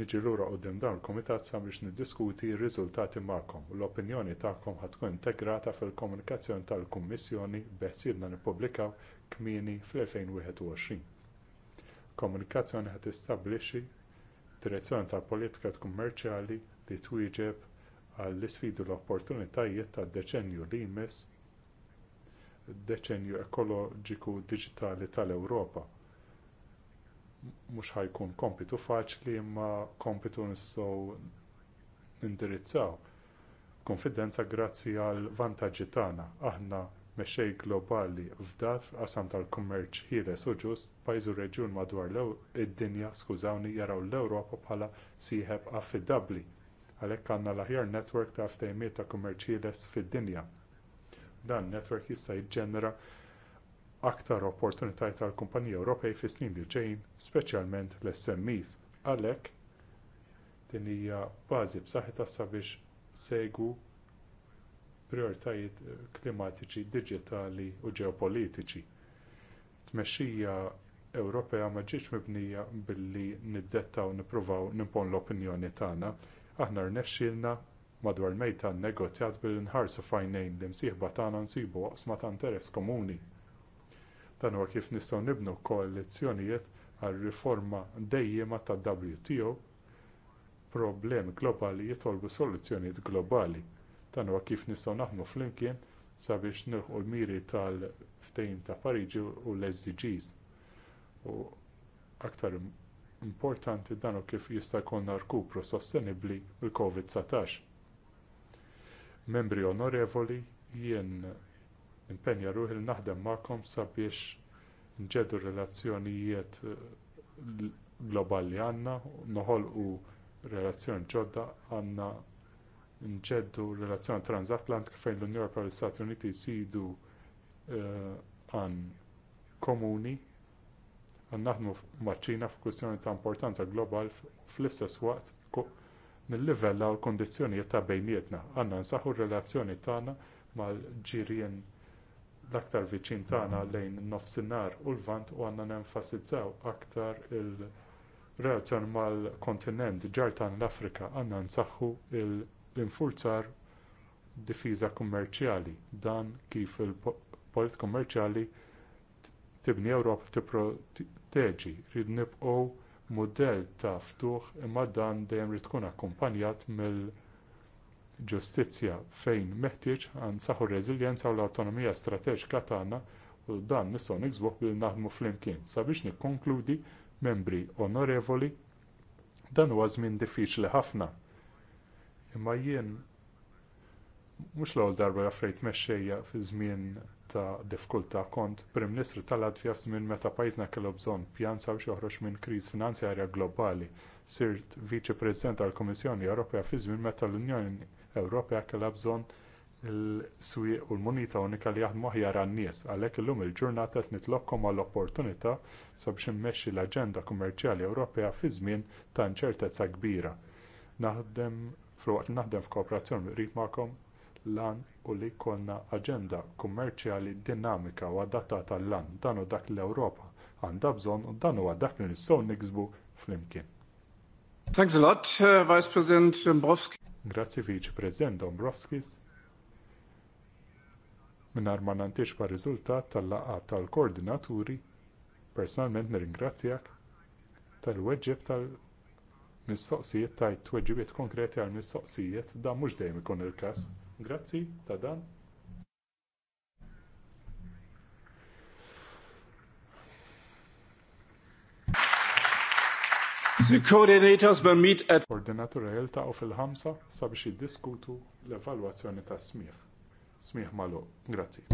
niġi lura quddiem dawn il-Kumitat sabiex niddiskuti r-riżultati magħkom u l-opinjoni tagħkom ħatkun integrata fil-komunikazzjoni tal-Kummissjoni beħsiebna nippubblikaw kmieni fl-2021. Komunikazzjoni ħad tistabbilixxi direzzjoni tal-politika kummerċjali li twieġeb għall isfidi u l-opportunitajiet tad-deċenju li jmiss deċenju ekoloġiku diġitali tal-Ewropa mhux ħajkun kompitu faċli imma kompitu nistgħu nindirizzaw. Konfidenza grazzi għal vantaġġi tagħna. Aħna mexej globali f'dat f'qasam tal-kummerċ ħieles u ġust pajzu reġjun madwar id-dinja skużawni jaraw l-Ewropa bħala sieħeb affidabbli. Għalhekk għandna l-aħjar netwerk ta' ftehimiet ta' kummerċ ħieles fid-dinja. Dan netwerk jista' jiġġenera aktar opportunitajiet għall kumpaniji Ewropej fis snin li ġejjin, speċjalment l-SMEs. Għalhekk din hija bażi b'saħħitha sabiex segu prioritajiet eh, klimatiċi, diġitali u ġeopolitiċi. Tmexxija Ewropea ma ġietx mibnija billi niddettaw nippruvaw nimpon l-opinjoni tagħna, aħna rnexxielna madwar mejta negozjat billi nħarsu fajnejn li msieħba tagħna nsibu waqsma ta' interess komuni Dan huwa kif nistgħu nibnu koalizzjonijiet għal riforma dejjema ta' WTO problemi globali jitolbu soluzzjonijiet globali. Dan huwa kif nistgħu naħdmu flimkien sabiex nilħu l-miri tal-ftehim ta' Pariġi u l-SDGs. U aktar importanti dan u kif jista' jkollna rkupru sostenibbli mill covid-19. Membri onorevoli, jien impenja ruħi li naħdem magħkom sabiex nġedu relazzjonijiet eh, globali għandna, noħolqu relazzjoni ġodda għandna nġeddu relazzjoni transatlantik fejn l-Unjoni Ewropea u l-Istati Uniti jsidu eh, għan komuni għan naħdmu maċ-Ċina f'kwistjoni ta' importanza globali fl-istess waqt nil-livella u l kundizzjonijiet ta' bejnietna. Għandna nsaħħu r relazzjoni tagħna mal-ġirien l-aktar viċin tagħna lejn nofsinhar u l-vant u għandna nenfasizzaw aktar il-relazzjoni mal-kontinent ġartan l-Afrika għandna nsaħħu l-infurzar difiża kummerċjali dan kif il-polit kummerċjali tibni Ewropa tipproteġi rid nibqgħu mudell ta' ftuħ imma dan dejjem rid tkun akkumpanjat mill- ġustizzja fejn meħtieġ għansaħu r-reżiljenza u l-awtonomija strateġika tagħna u dan nistgħu niksbuh bil naħdmu flimkien. Sabiex nikkonkludi, membri onorevoli, dan huwa żmien diffiċli ħafna. Imma jien mhux l-ewwel darba jaffrejt mexxejja fi żmien ta' diffikultà kont Prim Ministru tal-Latvja f'żmien meta pajjiżna kellu bżonn pjan sabiex joħroġ minn kriż finanzjarja globali. Sirt Viċi President tal-Kummissjoni Ewropea fi żmien meta l-Unjoni Ewropea kellha bżonn il-swieq u l-munita unika li jaħdmu aħjar għan-nies għalhekk illum il-ġurnata qed nitlobkom għall-opportunità sabiex immexxi l-aġenda kummerċjali Ewropea fi żmien ta' inċertezza kbira. Naħdem fil naħdem f'kooperazzjoni qrib magħkom lan u li jkollna aġenda kummerċjali dinamika u adattata lan dan u dak l-Ewropa għandha bżonn u dan huwa dak li nistgħu niksbu flimkien. Thanks a lot, uh, Vice President Dombrovskis. Grazzi Viċi President Dombrovskis. Minnar ma nantix pa' riżultat tal-laqgħa tal-koordinaturi, personalment nirringrazzjak tal weġib tal-mistoqsijiet tajt tweġibiet konkreti għal mistoqsijiet dan mhux dejjem ikun il-każ. Grazzi ta' dan. The coordinators will meet at jiltaqgħu fil-ħamsa sabiex jiddiskutu l-evalwazzjoni tas smigħ. Smigħ malu. Grazzi.